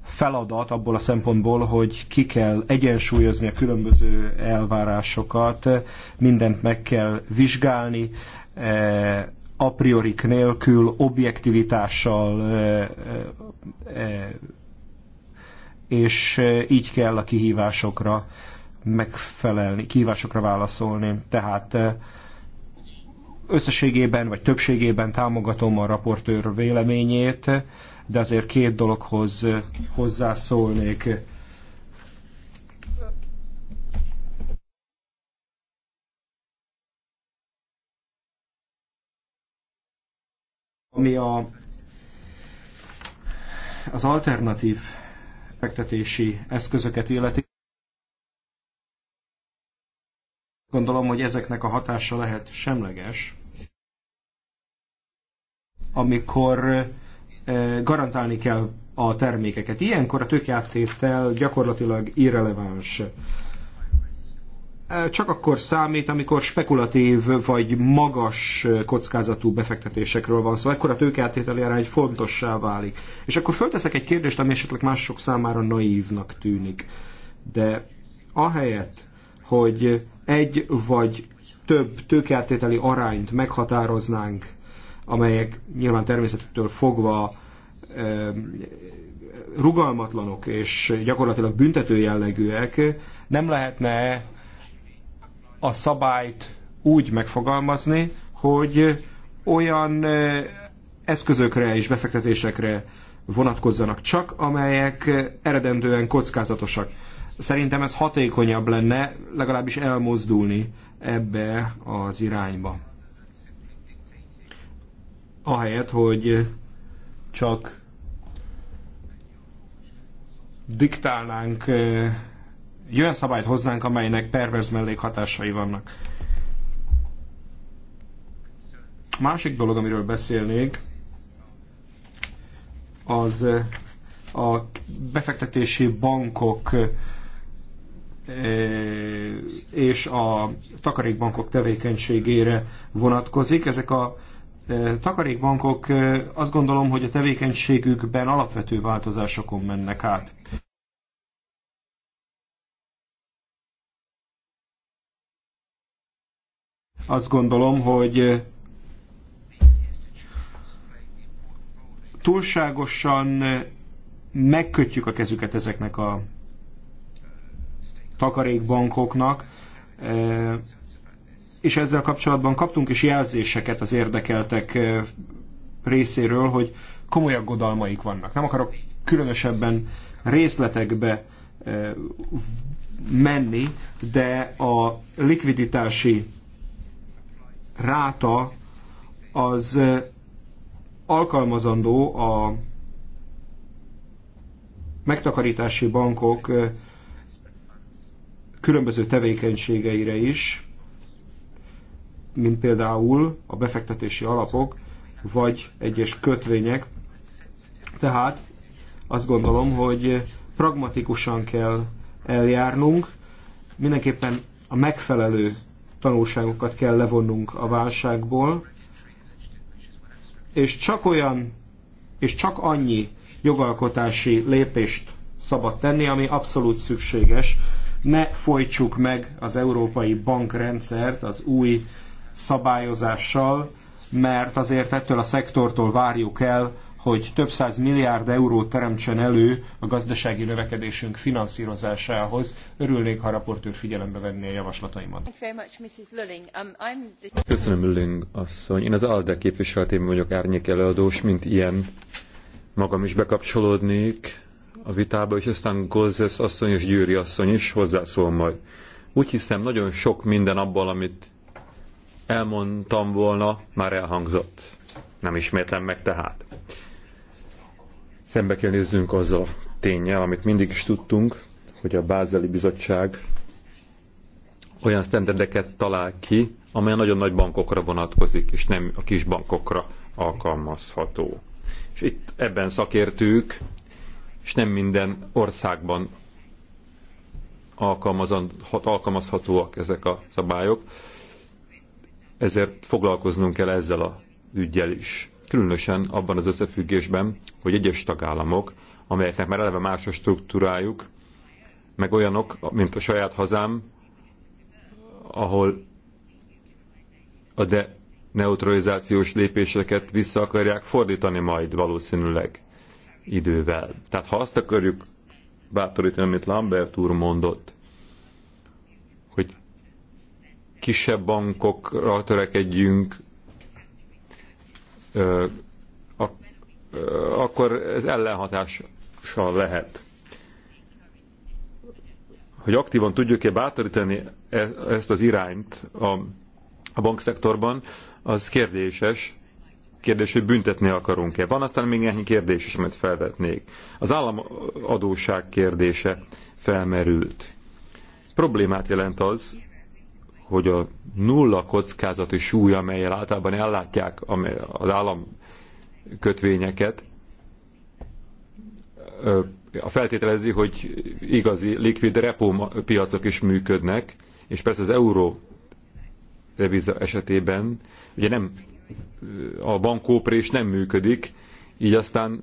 feladat abból a szempontból, hogy ki kell egyensúlyozni a különböző elvárásokat, mindent meg kell vizsgálni, a priorik nélkül, objektivitással, és így kell a kihívásokra megfelelni, kívásokra válaszolni. Tehát összességében vagy többségében támogatom a raportőr véleményét, de azért két dologhoz hozzászólnék. Ami a, az alternatív fektetési eszközöket illeti, Gondolom, hogy ezeknek a hatása lehet semleges, amikor eh, garantálni kell a termékeket. Ilyenkor a tőkeáttétel gyakorlatilag irreleváns. Eh, csak akkor számít, amikor spekulatív vagy magas kockázatú befektetésekről van szó. Szóval ekkor a tőkeáttételi egy fontossá válik. És akkor fölteszek egy kérdést, ami esetleg mások számára naívnak tűnik. De ahelyett, hogy egy vagy több tőkeáttételi arányt meghatároznánk, amelyek nyilván természetüktől fogva rugalmatlanok és gyakorlatilag büntető jellegűek, nem lehetne a szabályt úgy megfogalmazni, hogy olyan eszközökre és befektetésekre vonatkozzanak csak, amelyek eredendően kockázatosak. Szerintem ez hatékonyabb lenne legalábbis elmozdulni ebbe az irányba. Ahelyett, hogy csak diktálnánk, egy olyan szabályt hoznánk, amelynek perverz mellékhatásai vannak. Másik dolog, amiről beszélnék, az a befektetési bankok Eh, és a takarékbankok tevékenységére vonatkozik. Ezek a eh, takarékbankok eh, azt gondolom, hogy a tevékenységükben alapvető változásokon mennek át. Azt gondolom, hogy túlságosan megkötjük a kezüket ezeknek a takarékbankoknak, és ezzel kapcsolatban kaptunk is jelzéseket az érdekeltek részéről, hogy komoly aggodalmaik vannak. Nem akarok különösebben részletekbe menni, de a likviditási ráta az alkalmazandó a megtakarítási bankok különböző tevékenységeire is, mint például a befektetési alapok, vagy egyes kötvények. Tehát azt gondolom, hogy pragmatikusan kell eljárnunk, mindenképpen a megfelelő tanulságokat kell levonnunk a válságból, és csak olyan, és csak annyi jogalkotási lépést szabad tenni, ami abszolút szükséges ne folytsuk meg az európai bankrendszert az új szabályozással, mert azért ettől a szektortól várjuk el, hogy több száz milliárd eurót teremtsen elő a gazdasági növekedésünk finanszírozásához. Örülnék, ha a raportőr figyelembe venné a javaslataimat.
Um, Köszönöm,
Lulling asszony. Én az ALDE képviseletében vagyok árnyék előadós, mint ilyen magam is bekapcsolódnék a vitába, és aztán Gozes asszony és Győri asszony is hozzászól majd. Úgy hiszem, nagyon sok minden abban, amit elmondtam volna, már elhangzott. Nem ismétlem meg tehát. Szembe kell nézzünk azzal a tényel, amit mindig is tudtunk, hogy a Bázeli Bizottság olyan sztenderdeket talál ki, amely nagyon nagy bankokra vonatkozik, és nem a kis bankokra alkalmazható. És itt ebben szakértők és nem minden országban alkalmazhatóak ezek a szabályok, ezért foglalkoznunk kell ezzel a ügyel is. Különösen abban az összefüggésben, hogy egyes tagállamok, amelyeknek már eleve más a struktúrájuk, meg olyanok, mint a saját hazám, ahol a de neutralizációs lépéseket vissza akarják fordítani majd valószínűleg idővel. Tehát ha azt akarjuk bátorítani, amit Lambert úr mondott, hogy kisebb bankokra törekedjünk, akkor ez ellenhatással lehet. Hogy aktívan tudjuk-e bátorítani e-, ezt az irányt a, a bankszektorban, az kérdéses, kérdés, hogy büntetni akarunk-e. Van aztán még néhány kérdés is, amit felvetnék. Az államadóság kérdése felmerült. Problémát jelent az, hogy a nulla kockázati súly, amelyel általában ellátják az állam kötvényeket, a feltételezi, hogy igazi likvid repo piacok is működnek, és persze az euró deviza esetében ugye nem a bankóprés nem működik, így aztán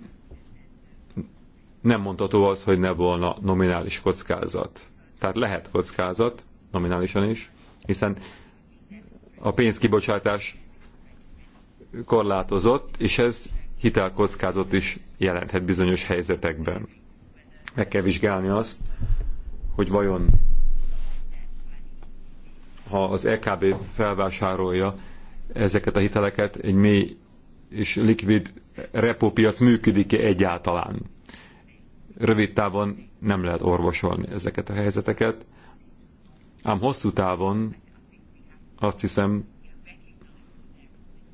nem mondható az, hogy ne volna nominális kockázat. Tehát lehet kockázat, nominálisan is, hiszen a pénzkibocsátás korlátozott, és ez hitelkockázat is jelenthet bizonyos helyzetekben. Meg kell vizsgálni azt, hogy vajon ha az EKB felvásárolja ezeket a hiteleket egy mély és likvid repópiac működik-e egyáltalán. Rövid távon nem lehet orvosolni ezeket a helyzeteket, ám hosszú távon azt hiszem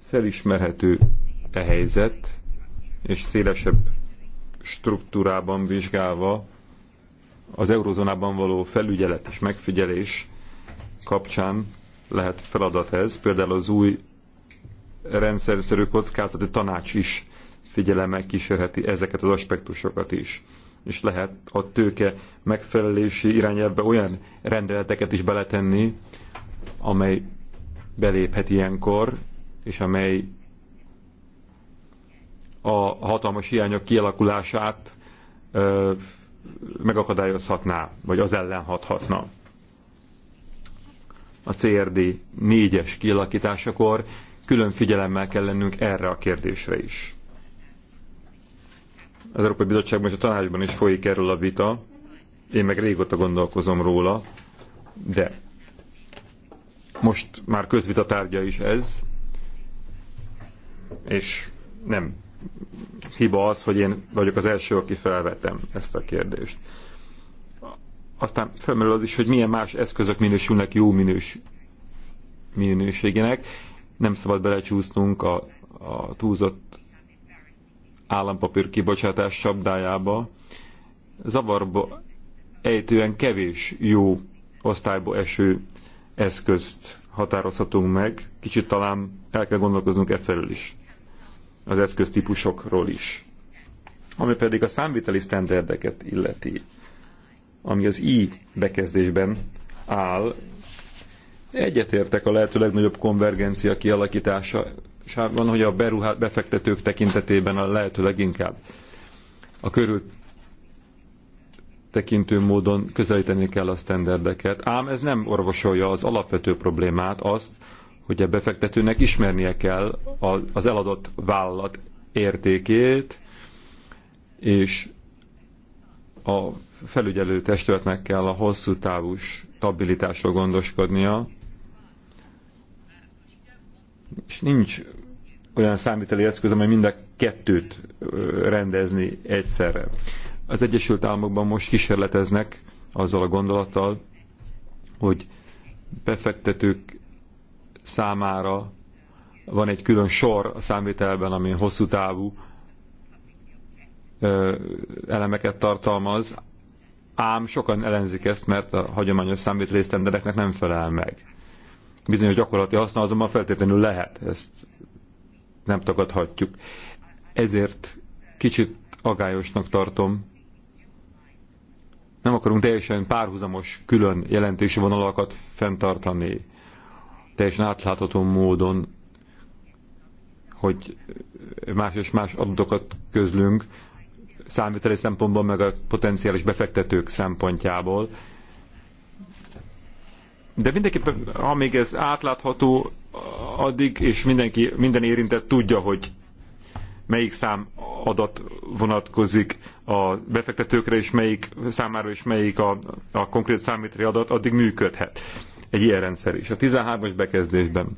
felismerhető a e helyzet, és szélesebb struktúrában vizsgálva az eurozónában való felügyelet és megfigyelés kapcsán lehet feladat ez, például az új rendszerszerű kockázati tanács is figyelemmel kísérheti ezeket az aspektusokat is. És lehet a tőke megfelelési irányába olyan rendeleteket is beletenni, amely beléphet ilyenkor, és amely a hatalmas hiányok kialakulását ö, megakadályozhatná, vagy az ellen hathatna. A CRD 4-es kialakításakor külön figyelemmel kell lennünk erre a kérdésre is. Az Európai Bizottságban és a tanácsban is folyik erről a vita, én meg régóta gondolkozom róla, de most már közvita tárgya is ez, és nem hiba az, hogy én vagyok az első, aki felvetem ezt a kérdést. Aztán felmerül az is, hogy milyen más eszközök minősülnek jó minős, minőségének, nem szabad belecsúsznunk a, a túlzott állampapír kibocsátás csapdájába. Zavarba ejtően kevés jó osztályba eső eszközt határozhatunk meg. Kicsit talán el kell gondolkoznunk e felül is. Az eszköztípusokról is. Ami pedig a számviteli sztenderdeket illeti, ami az I bekezdésben áll, Egyetértek a lehető legnagyobb konvergencia kialakításában, hogy a beruhát befektetők tekintetében a lehető leginkább a körül tekintő módon közelíteni kell a sztenderdeket, ám ez nem orvosolja az alapvető problémát, azt, hogy a befektetőnek ismernie kell az eladott vállalat értékét, és a felügyelő testületnek kell a hosszú távú stabilitásra gondoskodnia, és nincs olyan számíteli eszköz, amely mind a kettőt rendezni egyszerre. Az Egyesült Államokban most kísérleteznek azzal a gondolattal, hogy befektetők számára van egy külön sor a számvitelben, ami hosszú távú elemeket tartalmaz, ám sokan ellenzik ezt, mert a hagyományos számvételi nem felel meg bizonyos gyakorlati haszna azonban feltétlenül lehet, ezt nem tagadhatjuk. Ezért kicsit agályosnak tartom. Nem akarunk teljesen párhuzamos, külön jelentési vonalakat fenntartani, teljesen átlátható módon, hogy más és más adatokat közlünk, számviteli szempontból, meg a potenciális befektetők szempontjából de mindenképpen, amíg ez átlátható, addig, és mindenki, minden érintett tudja, hogy melyik szám adat vonatkozik a befektetőkre, és melyik számára, és melyik a, a konkrét számítri adat, addig működhet. Egy ilyen rendszer is. A 13-as bekezdésben,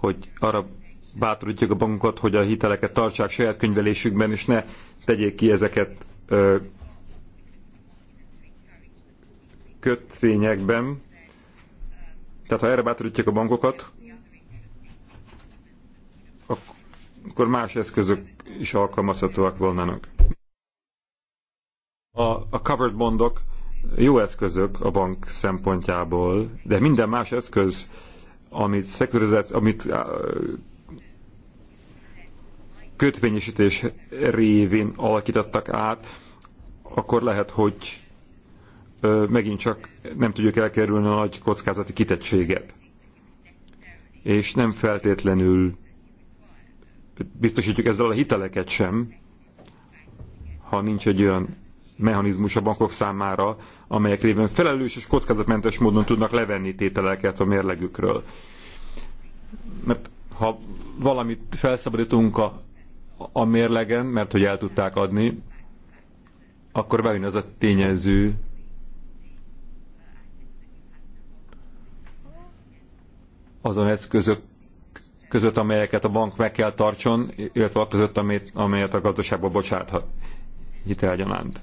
hogy arra bátorítjuk a bankokat, hogy a hiteleket tartsák saját könyvelésükben, és ne tegyék ki ezeket kötvényekben, tehát ha erre bátorítják a bankokat, akkor más eszközök is alkalmazhatóak volnának. A, a covered bondok jó eszközök a bank szempontjából, de minden más eszköz, amit szekurizáció, amit kötvényesítés révén alakítottak át, akkor lehet, hogy megint csak nem tudjuk elkerülni a nagy kockázati kitettséget. És nem feltétlenül biztosítjuk ezzel a hiteleket sem, ha nincs egy olyan mechanizmus a bankok számára, amelyek révén felelős és kockázatmentes módon tudnak levenni tételeket a mérlegükről. Mert ha valamit felszabadítunk a, a mérlegen, mert hogy el tudták adni, akkor bejön az a tényező, azon eszközök között, amelyeket a bank meg kell tartson, illetve a között, amelyet, amelyet a gazdaságba bocsáthat hitelgyanánt.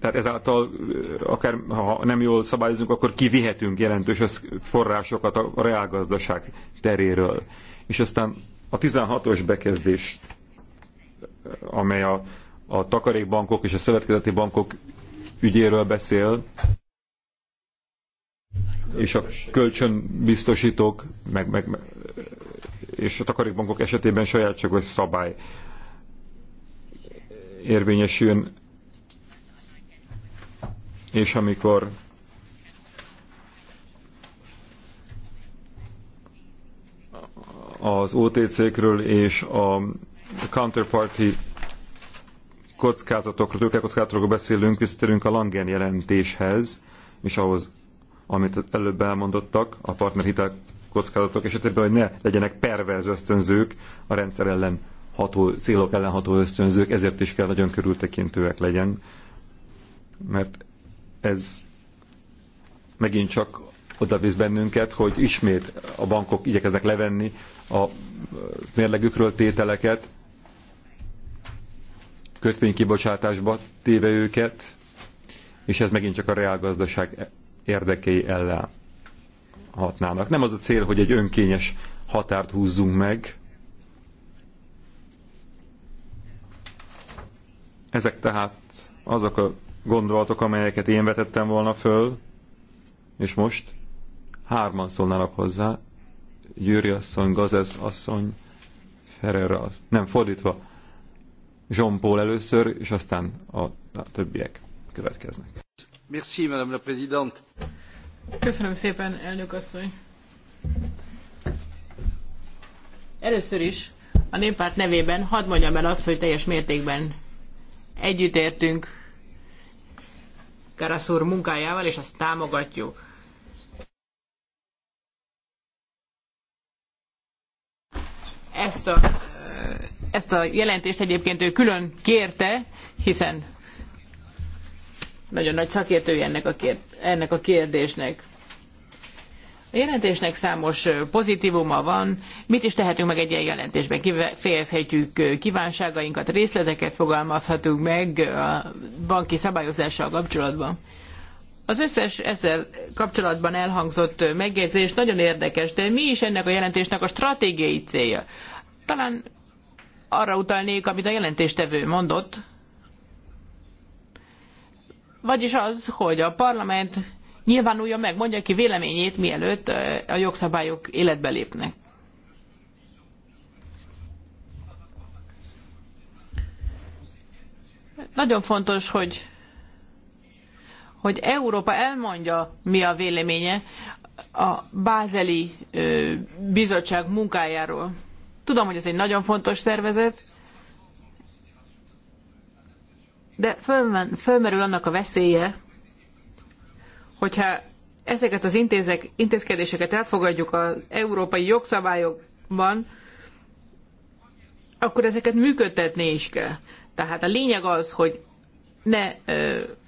Tehát ezáltal, akár ha nem jól szabályozunk, akkor kivihetünk jelentős forrásokat a reálgazdaság teréről. És aztán a 16-os bekezdés, amely a, a takarékbankok és a szövetkezeti bankok ügyéről beszél, és a kölcsönbiztosítók, meg, meg, meg és a takarékbankok esetében saját csak sajátságos szabály érvényesüljön, és amikor az OTC-kről és a counterparty kockázatokról, tőkekockázatokról beszélünk, visszatérünk a Langen jelentéshez, és ahhoz amit az előbb elmondottak a partnerhitel hitelkockázatok esetében, hogy ne legyenek perverz ösztönzők a rendszer ellen ható, célok ellen ható ösztönzők, ezért is kell nagyon körültekintőek legyen, mert ez megint csak oda visz bennünket, hogy ismét a bankok igyekeznek levenni a mérlegükről tételeket, kötvénykibocsátásba téve őket, és ez megint csak a reálgazdaság érdekei ellen hatnának. Nem az a cél, hogy egy önkényes határt húzzunk meg. Ezek tehát azok a gondolatok, amelyeket én vetettem volna föl, és most hárman szólnának hozzá. Győri asszony, Gazesz asszony, Ferrer, nem fordítva, Jean Paul először, és aztán a, a többiek
következnek.
Köszönöm szépen, elnök asszony. Először is a néppárt nevében hadd mondjam el azt, hogy teljes mértékben együttértünk karas úr munkájával, és azt támogatjuk. Ezt a, ezt a jelentést egyébként ő külön kérte, hiszen nagyon nagy szakértője ennek a, kér, ennek a kérdésnek. A jelentésnek számos pozitívuma van. Mit is tehetünk meg egy ilyen jelentésben? Kifejezhetjük kívánságainkat, részleteket fogalmazhatunk meg a banki szabályozással kapcsolatban. Az összes ezzel kapcsolatban elhangzott megjegyzés nagyon érdekes, de mi is ennek a jelentésnek a stratégiai célja? Talán arra utalnék, amit a jelentéstevő mondott, vagyis az, hogy a parlament nyilvánulja meg, mondja ki véleményét, mielőtt a jogszabályok életbe lépnek. Nagyon fontos, hogy, hogy Európa elmondja, mi a véleménye a Bázeli Bizottság munkájáról. Tudom, hogy ez egy nagyon fontos szervezet, de fölmen, fölmerül annak a veszélye, hogyha ezeket az intézek, intézkedéseket elfogadjuk az európai jogszabályokban, akkor ezeket működtetni is kell. Tehát a lényeg az, hogy ne,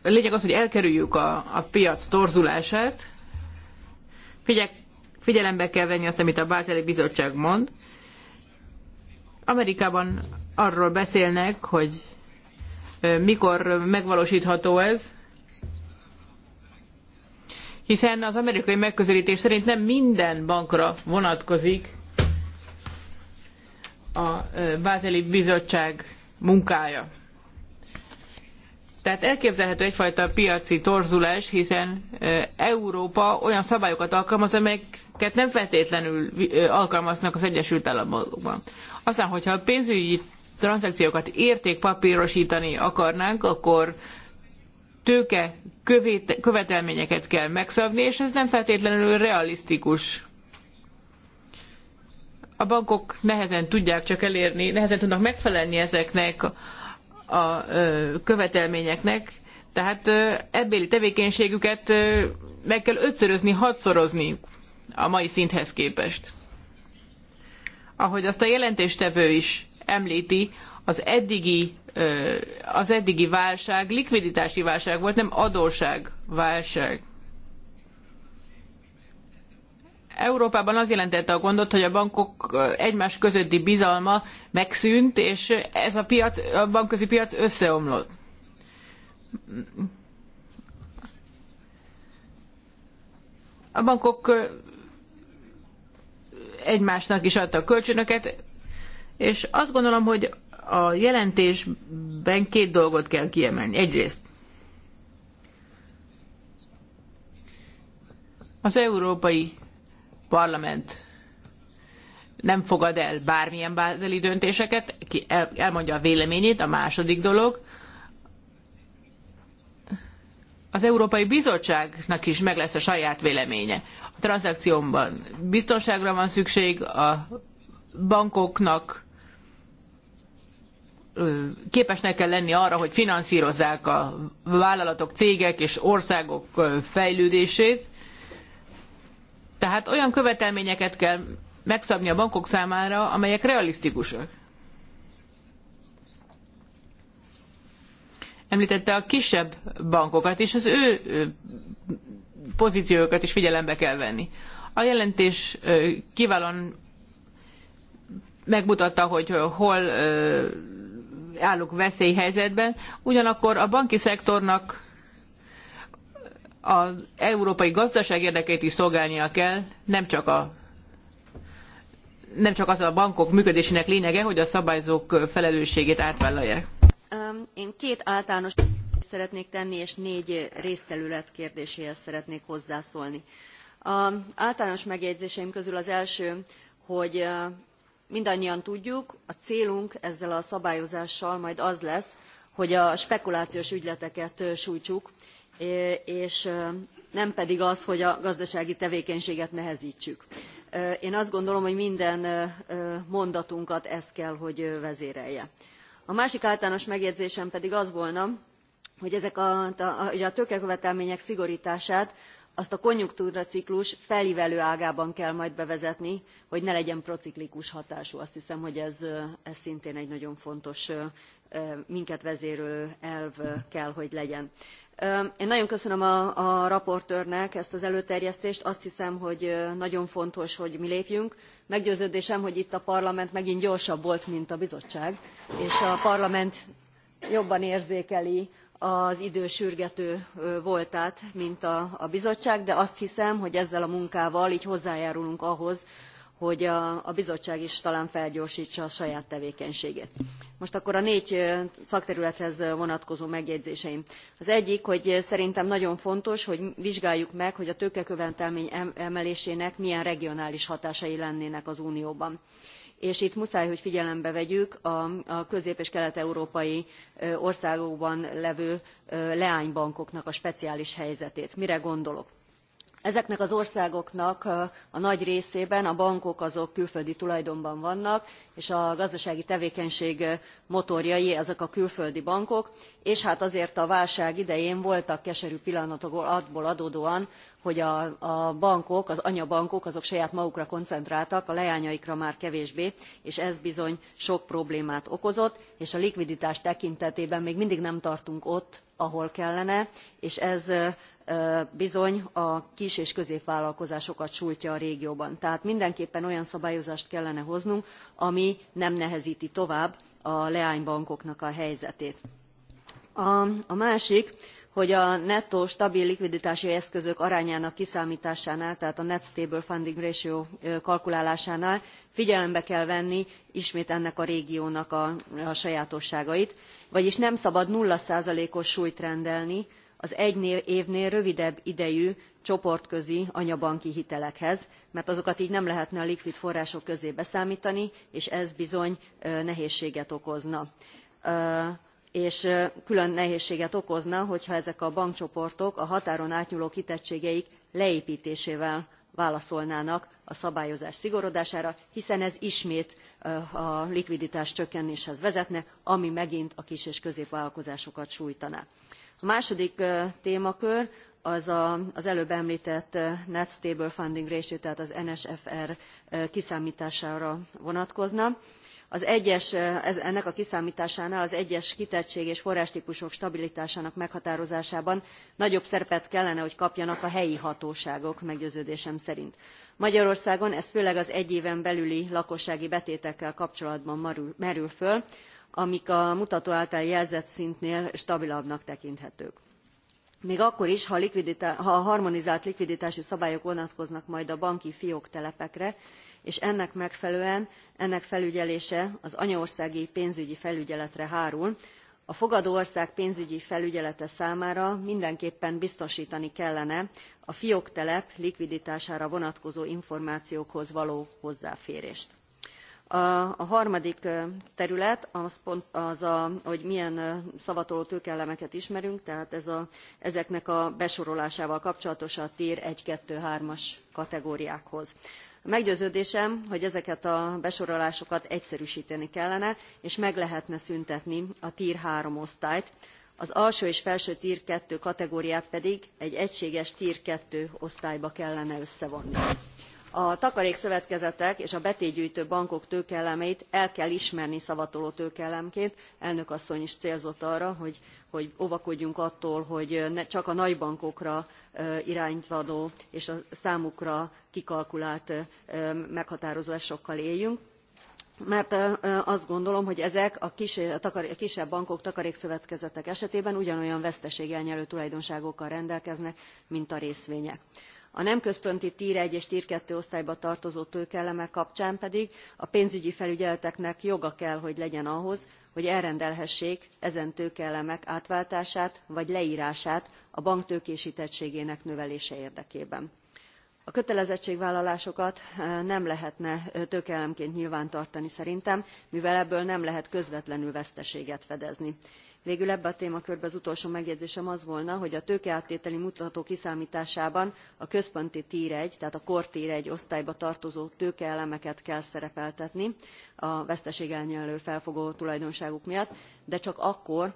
a lényeg az, hogy elkerüljük a, a piac torzulását, Figye, figyelembe kell venni azt, amit a Bázeli Bizottság mond. Amerikában arról beszélnek, hogy mikor megvalósítható ez, hiszen az amerikai megközelítés szerint nem minden bankra vonatkozik a Bázeli Bizottság munkája. Tehát elképzelhető egyfajta piaci torzulás, hiszen Európa olyan szabályokat alkalmaz, amelyeket nem feltétlenül alkalmaznak az Egyesült Államokban. Aztán, hogyha a pénzügyi tranzakciókat értékpapírosítani akarnánk, akkor tőke követelményeket kell megszabni, és ez nem feltétlenül realisztikus. A bankok nehezen tudják csak elérni, nehezen tudnak megfelelni ezeknek a követelményeknek, tehát ebbéli tevékenységüket meg kell ötszörözni, hatszorozni a mai szinthez képest. Ahogy azt a jelentéstevő is említi, az eddigi, az eddigi válság likviditási válság volt, nem adóság válság. Európában az jelentette a gondot, hogy a bankok egymás közötti bizalma megszűnt, és ez a, piac, a bankközi piac összeomlott. A bankok egymásnak is adtak kölcsönöket, és azt gondolom, hogy a jelentésben két dolgot kell kiemelni. Egyrészt az Európai Parlament nem fogad el bármilyen bázeli döntéseket, ki elmondja a véleményét, a második dolog. Az Európai Bizottságnak is meg lesz a saját véleménye. A tranzakcióban biztonságra van szükség, a bankoknak képesnek kell lenni arra, hogy finanszírozzák a vállalatok, cégek és országok fejlődését. Tehát olyan követelményeket kell megszabni a bankok számára, amelyek realisztikusak. Említette a kisebb bankokat, és az ő pozíciókat is figyelembe kell venni. A jelentés kiválóan megmutatta, hogy hol állunk veszélyhelyzetben, ugyanakkor a banki szektornak az európai gazdaság érdekeit is szolgálnia kell, nem csak a nem csak az a bankok működésének lényege, hogy a szabályzók felelősségét átvállalják.
Én két általános szeretnék tenni, és négy részterület kérdéséhez szeretnék hozzászólni. A általános megjegyzéseim közül az első, hogy mindannyian tudjuk a célunk ezzel a szabályozással majd az lesz hogy a spekulációs ügyleteket sújtsuk és nem pedig az hogy a gazdasági tevékenységet neheztsük. én azt gondolom hogy minden mondatunkat ez kell hogy vezérelje. a másik általános megjegyzésem pedig az volna hogy ezek a, a tőkekövetelmények szigortását azt a konjunktúraciklus felvelő ágában kell majd bevezetni hogy ne legyen prociklikus hatású azt hiszem hogy ez, szintén egy nagyon fontos minket vezérlő elv kell hogy legyen. én nagyon köszönöm a, a raportőrnek ezt az előterjesztést azt hiszem hogy nagyon fontos hogy mi lépjünk meggyőződésem hogy itt a parlament megint gyorsabb volt mint a bizottság és a parlament jobban érzékeli az idő sürgető voltát mint a, bizottság de azt hiszem hogy ezzel a munkával gy hozzájárulunk ahhoz hogy a, a bizottság is talán felgyorstsa a saját tevékenységét. most akkor a négy szakterülethez vonatkozó megjegyzéseim. az egyik hogy szerintem nagyon fontos hogy vizsgáljuk meg hogy a tőkekövetelmény emelésének milyen regionális hatásai lennének az unióban és itt muszáj hogy figyelembe vegyük a közép és kelet európai országokban levő leánybankoknak a speciális helyzetét. mire gondolok? ezeknek az országoknak a nagy részében a bankok azok külföldi tulajdonban vannak és a gazdasági tevékenység motorjai ezek a külföldi bankok és hát azért a válság idején voltak keserű pillanatok abból adódóan hogy a, a bankok az anyabankok azok saját magukra koncentráltak a leányaikra már kevésbé és ez bizony sok problémát okozott és a likviditás tekintetében még mindig nem tartunk ott ahol kellene és ez bizony a kis és középvállalkozásokat sújtja a régióban. tehát mindenképpen olyan szabályozást kellene hoznunk ami nem nehezti tovább a leánybankoknak a helyzetét. a, a másik hogy a nettó stabil likviditási eszközök arányának kiszámtásánál tehát a net stable funding ratio kalkulálásánál figyelembe kell venni ismét ennek a régiónak a, a sajátosságait vagyis nem szabad nulla százalékos súlyt rendelni az egy évnél rövidebb idejű csoportközi anyabanki hitelekhez mert azokat gy nem lehetne a likvid források közé beszámtani és ez bizony nehézséget okozna és külön nehézséget okozna hogyha ezek a bankcsoportok a határon átnyúló kitettségeik leéptésével válaszolnának a szabályozás szigorodására hiszen ez ismét a likviditás csökkenéshez vezetne ami megint a kis és középvállalkozásokat sújtaná a második témakör az az előbb emltett net stable funding ratio tehát az nsfr kiszámtására vonatkozna. Az egyes, ennek a kiszámtásánál az egyes kitettség és forrástpusok stabilitásának meghatározásában nagyobb szerepet kellene hogy kapjanak a helyi hatóságok meggyőződésem szerint. magyarországon ez főleg az egy éven belüli lakossági betétekkel kapcsolatban merül föl amik a mutató által jelzett szintnél stabilabbnak tekinthetők még akkor is ha a harmonizált likviditási szabályok vonatkoznak majd a banki fióktelepekre és ennek megfelelően ennek felügyelése az anyaországi pénzügyi felügyeletre hárul a fogadó ország pénzügyi felügyelete számára mindenképpen biztostani kellene a fióktelep likviditására vonatkozó információkhoz való hozzáférést a harmadik terület az, hogy milyen szavatoló tőkeelemeket ismerünk tehát ezeknek a besorolásával kapcsolatos a tier one two three as kategóriákhoz. meggyőződésem hogy ezeket a besorolásokat egyszerűsteni kellene és meg lehetne szüntetni a tier three osztályt az alsó és felső tier two kategóriát pedig egy egységes tier two osztályba kellene összevonni a takarékszövetkezetek és a betétgyűjtő bankok tőkeelemeit el kell ismerni szavatoló tőkeelemként elnök asszony is célzott arra hogy, óvakodjunk attól hogy ne csak a nagybankokra iránytvadó és a számukra kikalkulált meghatározásokkal éljünk mert azt gondolom hogy ezek a kisebb bankok takarékszövetkezetek esetében ugyanolyan veszteségelnyelő tulajdonságokkal rendelkeznek mint a részvények a nem központi tr one és tr two osztályba tartozó tőkeelemek kapcsán pedig a pénzügyi felügyeleteknek joga kell hogy legyen ahhoz hogy elrendelhessék ezen tőkeelemek átváltását vagy lerását a bank tőkéstettségének növelése érdekében. a kötelezettségvállalásokat eh, nem lehetne eh, tőkeelemként nyilvántartani szerintem mivel ebből nem lehet közvetlenül veszteséget fedezni végül ebbe a témakörbe az utolsó megjegyzésem az volna hogy a tőkeáttételi mutató kiszámtásában a központi tier one tehát a core tier one osztályba tartozó tőkeelemeket kell szerepeltetni a veszteségelnyelő felfogó tulajdonságuk miatt de csak akkor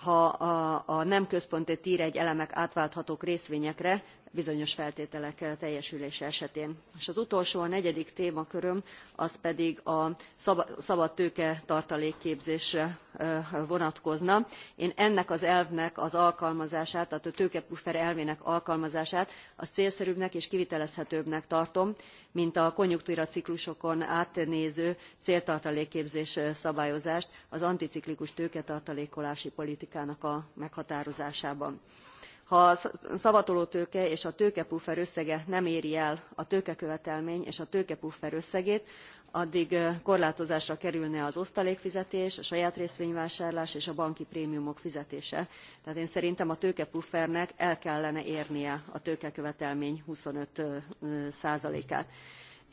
ha a, a nem központi tier one elemek átválthatók részvényekre bizonyos feltételek eh, teljesülése esetén. és az utolsó a negyedik témaköröm az pedig a szabad tőke tartalékképzésre eh, vonatkozna. én ennek az elvnek az alkalmazását tehát a tőkepuffer elvének alkalmazását azt célszerűbbnek és kivitelezhetőbbnek tartom mint a konjunktúraciklusokon átnéző céltartalékképzés eh, szabályozást az anticiklikus tőketartalékolási politikának a meghatározásában ha a szavatoló tőke és a tőkepuffer összege nem éri el a tőkekövetelmény és a tőkepuffer összegét addig korlátozásra kerülne az osztalékfizetés a saját részvényvásárlás és a banki prémiumok fizetése tehát én szerintem a tőkepuffernek el kellene érnie a tőkekövetelmény twenty five át.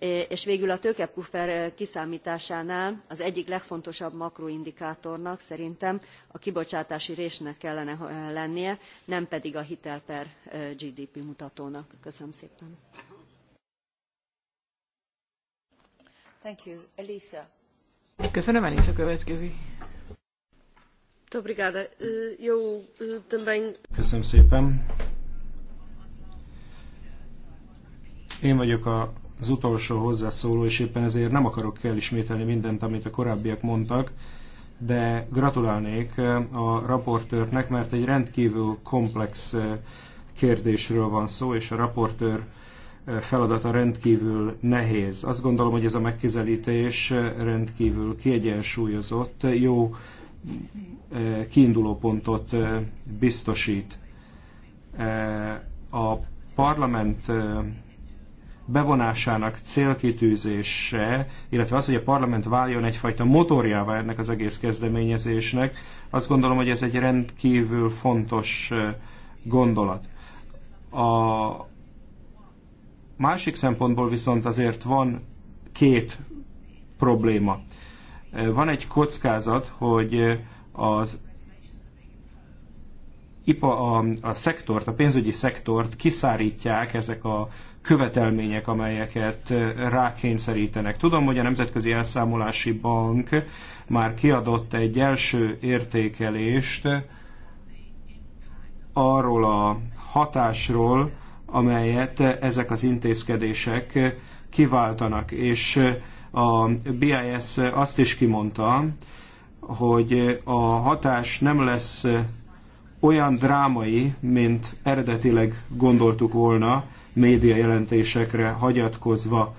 Eh, és végül a tőkepuffer eh, kiszámtásánál az egyik legfontosabb makroindikátornak szerintem a kibocsátási résnek kellene eh, lennie nem pedig a hitel per gdp mutatónak. köszönöm szépen.
Thank you. Elisa.
Köszönöm, Elisa következik. Köszönöm szépen.
Én vagyok a az utolsó hozzászóló, és éppen ezért nem akarok elismételni mindent, amit a korábbiak mondtak, de gratulálnék a raportőrnek, mert egy rendkívül komplex kérdésről van szó, és a raportőr feladata rendkívül nehéz. Azt gondolom, hogy ez a megközelítés rendkívül kiegyensúlyozott, jó kiindulópontot biztosít. A parlament bevonásának célkitűzése, illetve az, hogy a parlament váljon egyfajta motorjává ennek az egész kezdeményezésnek, azt gondolom, hogy ez egy rendkívül fontos gondolat. A másik szempontból viszont azért van két probléma. Van egy kockázat, hogy az IPA, a, a szektort, a pénzügyi szektort kiszárítják ezek a követelmények, amelyeket rákényszerítenek. Tudom, hogy a Nemzetközi Elszámolási Bank már kiadott egy első értékelést arról a hatásról, amelyet ezek az intézkedések kiváltanak. És a BIS azt is kimondta, hogy a hatás nem lesz olyan drámai, mint eredetileg gondoltuk volna, média jelentésekre hagyatkozva.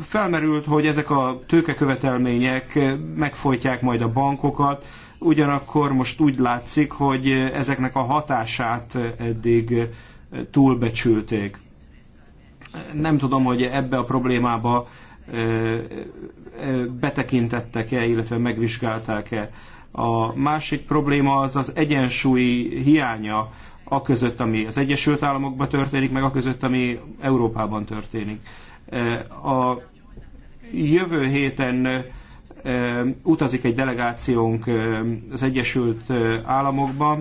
Felmerült, hogy ezek a tőkekövetelmények megfojtják majd a bankokat, ugyanakkor most úgy látszik, hogy ezeknek a hatását eddig túlbecsülték. Nem tudom, hogy ebbe a problémába betekintettek-e, illetve megvizsgálták-e. A másik probléma az az egyensúly hiánya a között, ami az Egyesült Államokban történik, meg a között, ami Európában történik. A jövő héten utazik egy delegációnk az Egyesült Államokba,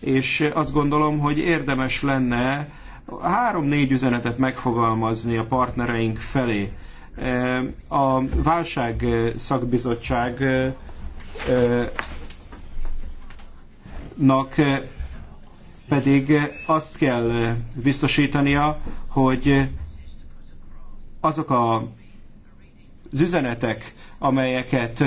és azt gondolom, hogy érdemes lenne három-négy üzenetet megfogalmazni a partnereink felé. A válság szakbizottságnak pedig eh, azt kell eh, biztosítania, hogy eh, azok a, az üzenetek, amelyeket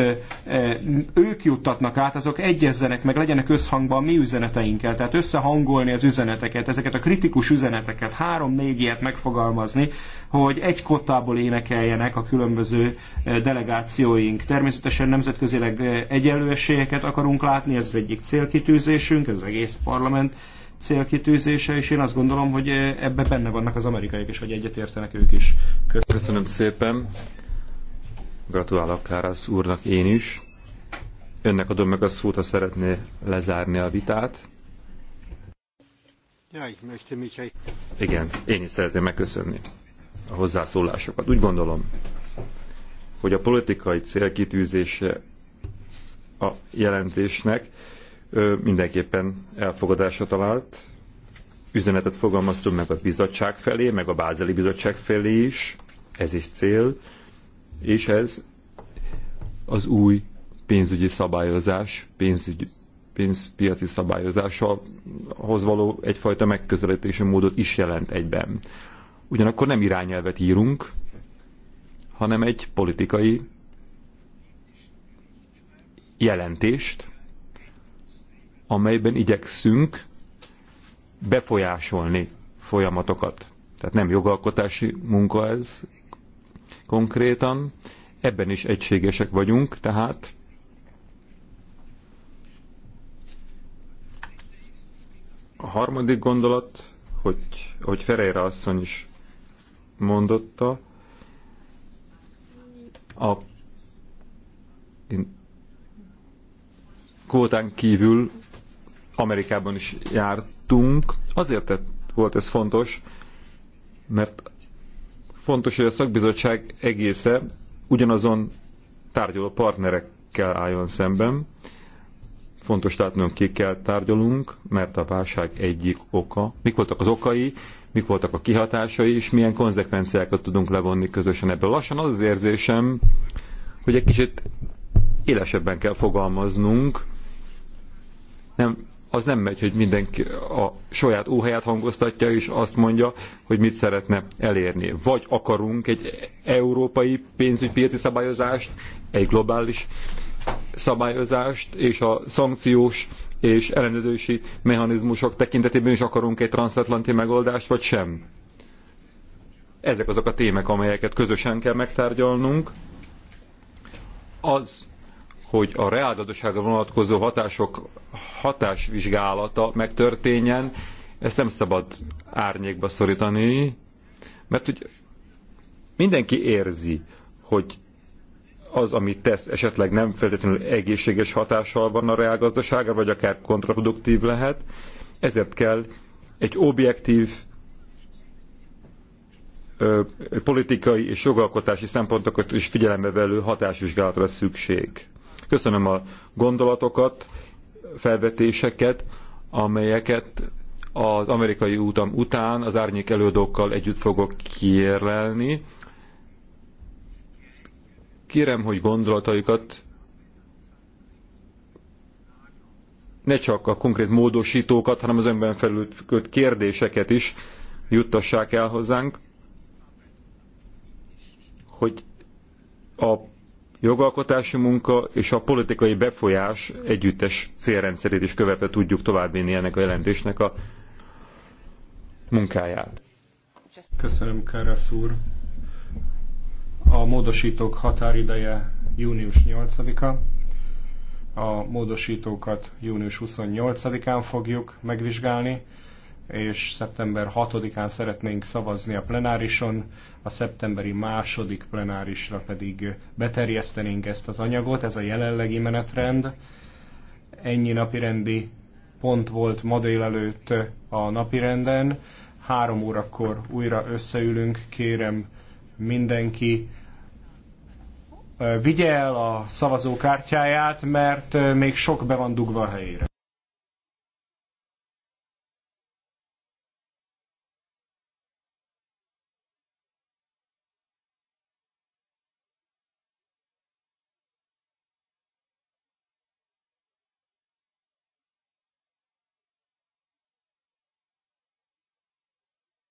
ők juttatnak át, azok egyezzenek meg, legyenek összhangban a mi üzeneteinkkel. Tehát összehangolni az üzeneteket, ezeket a kritikus üzeneteket, három-négy ilyet megfogalmazni, hogy egy kottából énekeljenek a különböző delegációink. Természetesen nemzetközileg esélyeket akarunk látni, ez az egyik célkitűzésünk, ez az egész parlament célkitűzése, és én azt gondolom, hogy ebbe benne vannak az amerikaiak is, vagy egyetértenek ők is. Köszönöm,
Köszönöm szépen. Gratulálok Kárasz úrnak én is. Önnek adom meg a szót, ha szeretné lezárni a vitát.
Jaj, ich
Igen, én is szeretném megköszönni a hozzászólásokat. Úgy gondolom, hogy a politikai célkitűzése a jelentésnek mindenképpen elfogadásra talált. Üzenetet fogalmaztunk meg a bizottság felé, meg a Bázeli bizottság felé is, ez is cél, és ez az új pénzügyi szabályozás, pénzügyi, pénzpiaci szabályozáshoz való egyfajta megközelítési módot is jelent egyben. Ugyanakkor nem irányelvet írunk, hanem egy politikai jelentést, amelyben igyekszünk befolyásolni folyamatokat. Tehát nem jogalkotási munka ez konkrétan, ebben is egységesek vagyunk, tehát a harmadik gondolat, hogy, hogy Ferreira asszony is mondotta, a kvótán kívül Amerikában is jártunk. Azért tett, volt ez fontos, mert fontos, hogy a szakbizottság egésze ugyanazon tárgyaló partnerekkel álljon szemben. Fontos látnunk, kikkel tárgyalunk, mert a válság egyik oka. Mik voltak az okai, mik voltak a kihatásai, és milyen konzekvenciákat tudunk levonni közösen ebből. Lassan az az érzésem, hogy egy kicsit élesebben kell fogalmaznunk, nem az nem megy, hogy mindenki a saját óhelyát hangoztatja, és azt mondja, hogy mit szeretne elérni. Vagy akarunk egy európai pénzügypiaci szabályozást, egy globális szabályozást, és a szankciós és ellenőrzési mechanizmusok tekintetében is akarunk egy transatlanti megoldást, vagy sem. Ezek azok a témák, amelyeket közösen kell megtárgyalnunk. Az hogy a reálgazdaságra vonatkozó hatások hatásvizsgálata megtörténjen, ezt nem szabad árnyékba szorítani, mert hogy mindenki érzi, hogy az, amit tesz, esetleg nem feltétlenül egészséges hatással van a reálgazdaságra, vagy akár kontraproduktív lehet, ezért kell egy objektív ö, politikai és jogalkotási szempontokat is figyelembe velő hatásvizsgálatra szükség. Köszönöm a gondolatokat, felvetéseket, amelyeket az amerikai útam után az árnyék előadókkal együtt fogok kérlelni. Kérem, hogy gondolataikat ne csak a konkrét módosítókat, hanem az önben felült kérdéseket is juttassák el hozzánk, hogy a jogalkotási munka és a politikai befolyás együttes célrendszerét is követve tudjuk továbbvinni ennek a jelentésnek a munkáját.
Köszönöm, Kárász úr. A módosítók határideje június 8-a. A módosítókat június 28-án fogjuk megvizsgálni és szeptember 6-án szeretnénk szavazni a plenárison, a szeptemberi második plenárisra pedig beterjesztenénk ezt az anyagot, ez a jelenlegi menetrend. Ennyi napirendi pont volt ma délelőtt a napirenden. Három órakor újra összeülünk, kérem mindenki vigye el a szavazókártyáját, mert még sok be van dugva a helyére.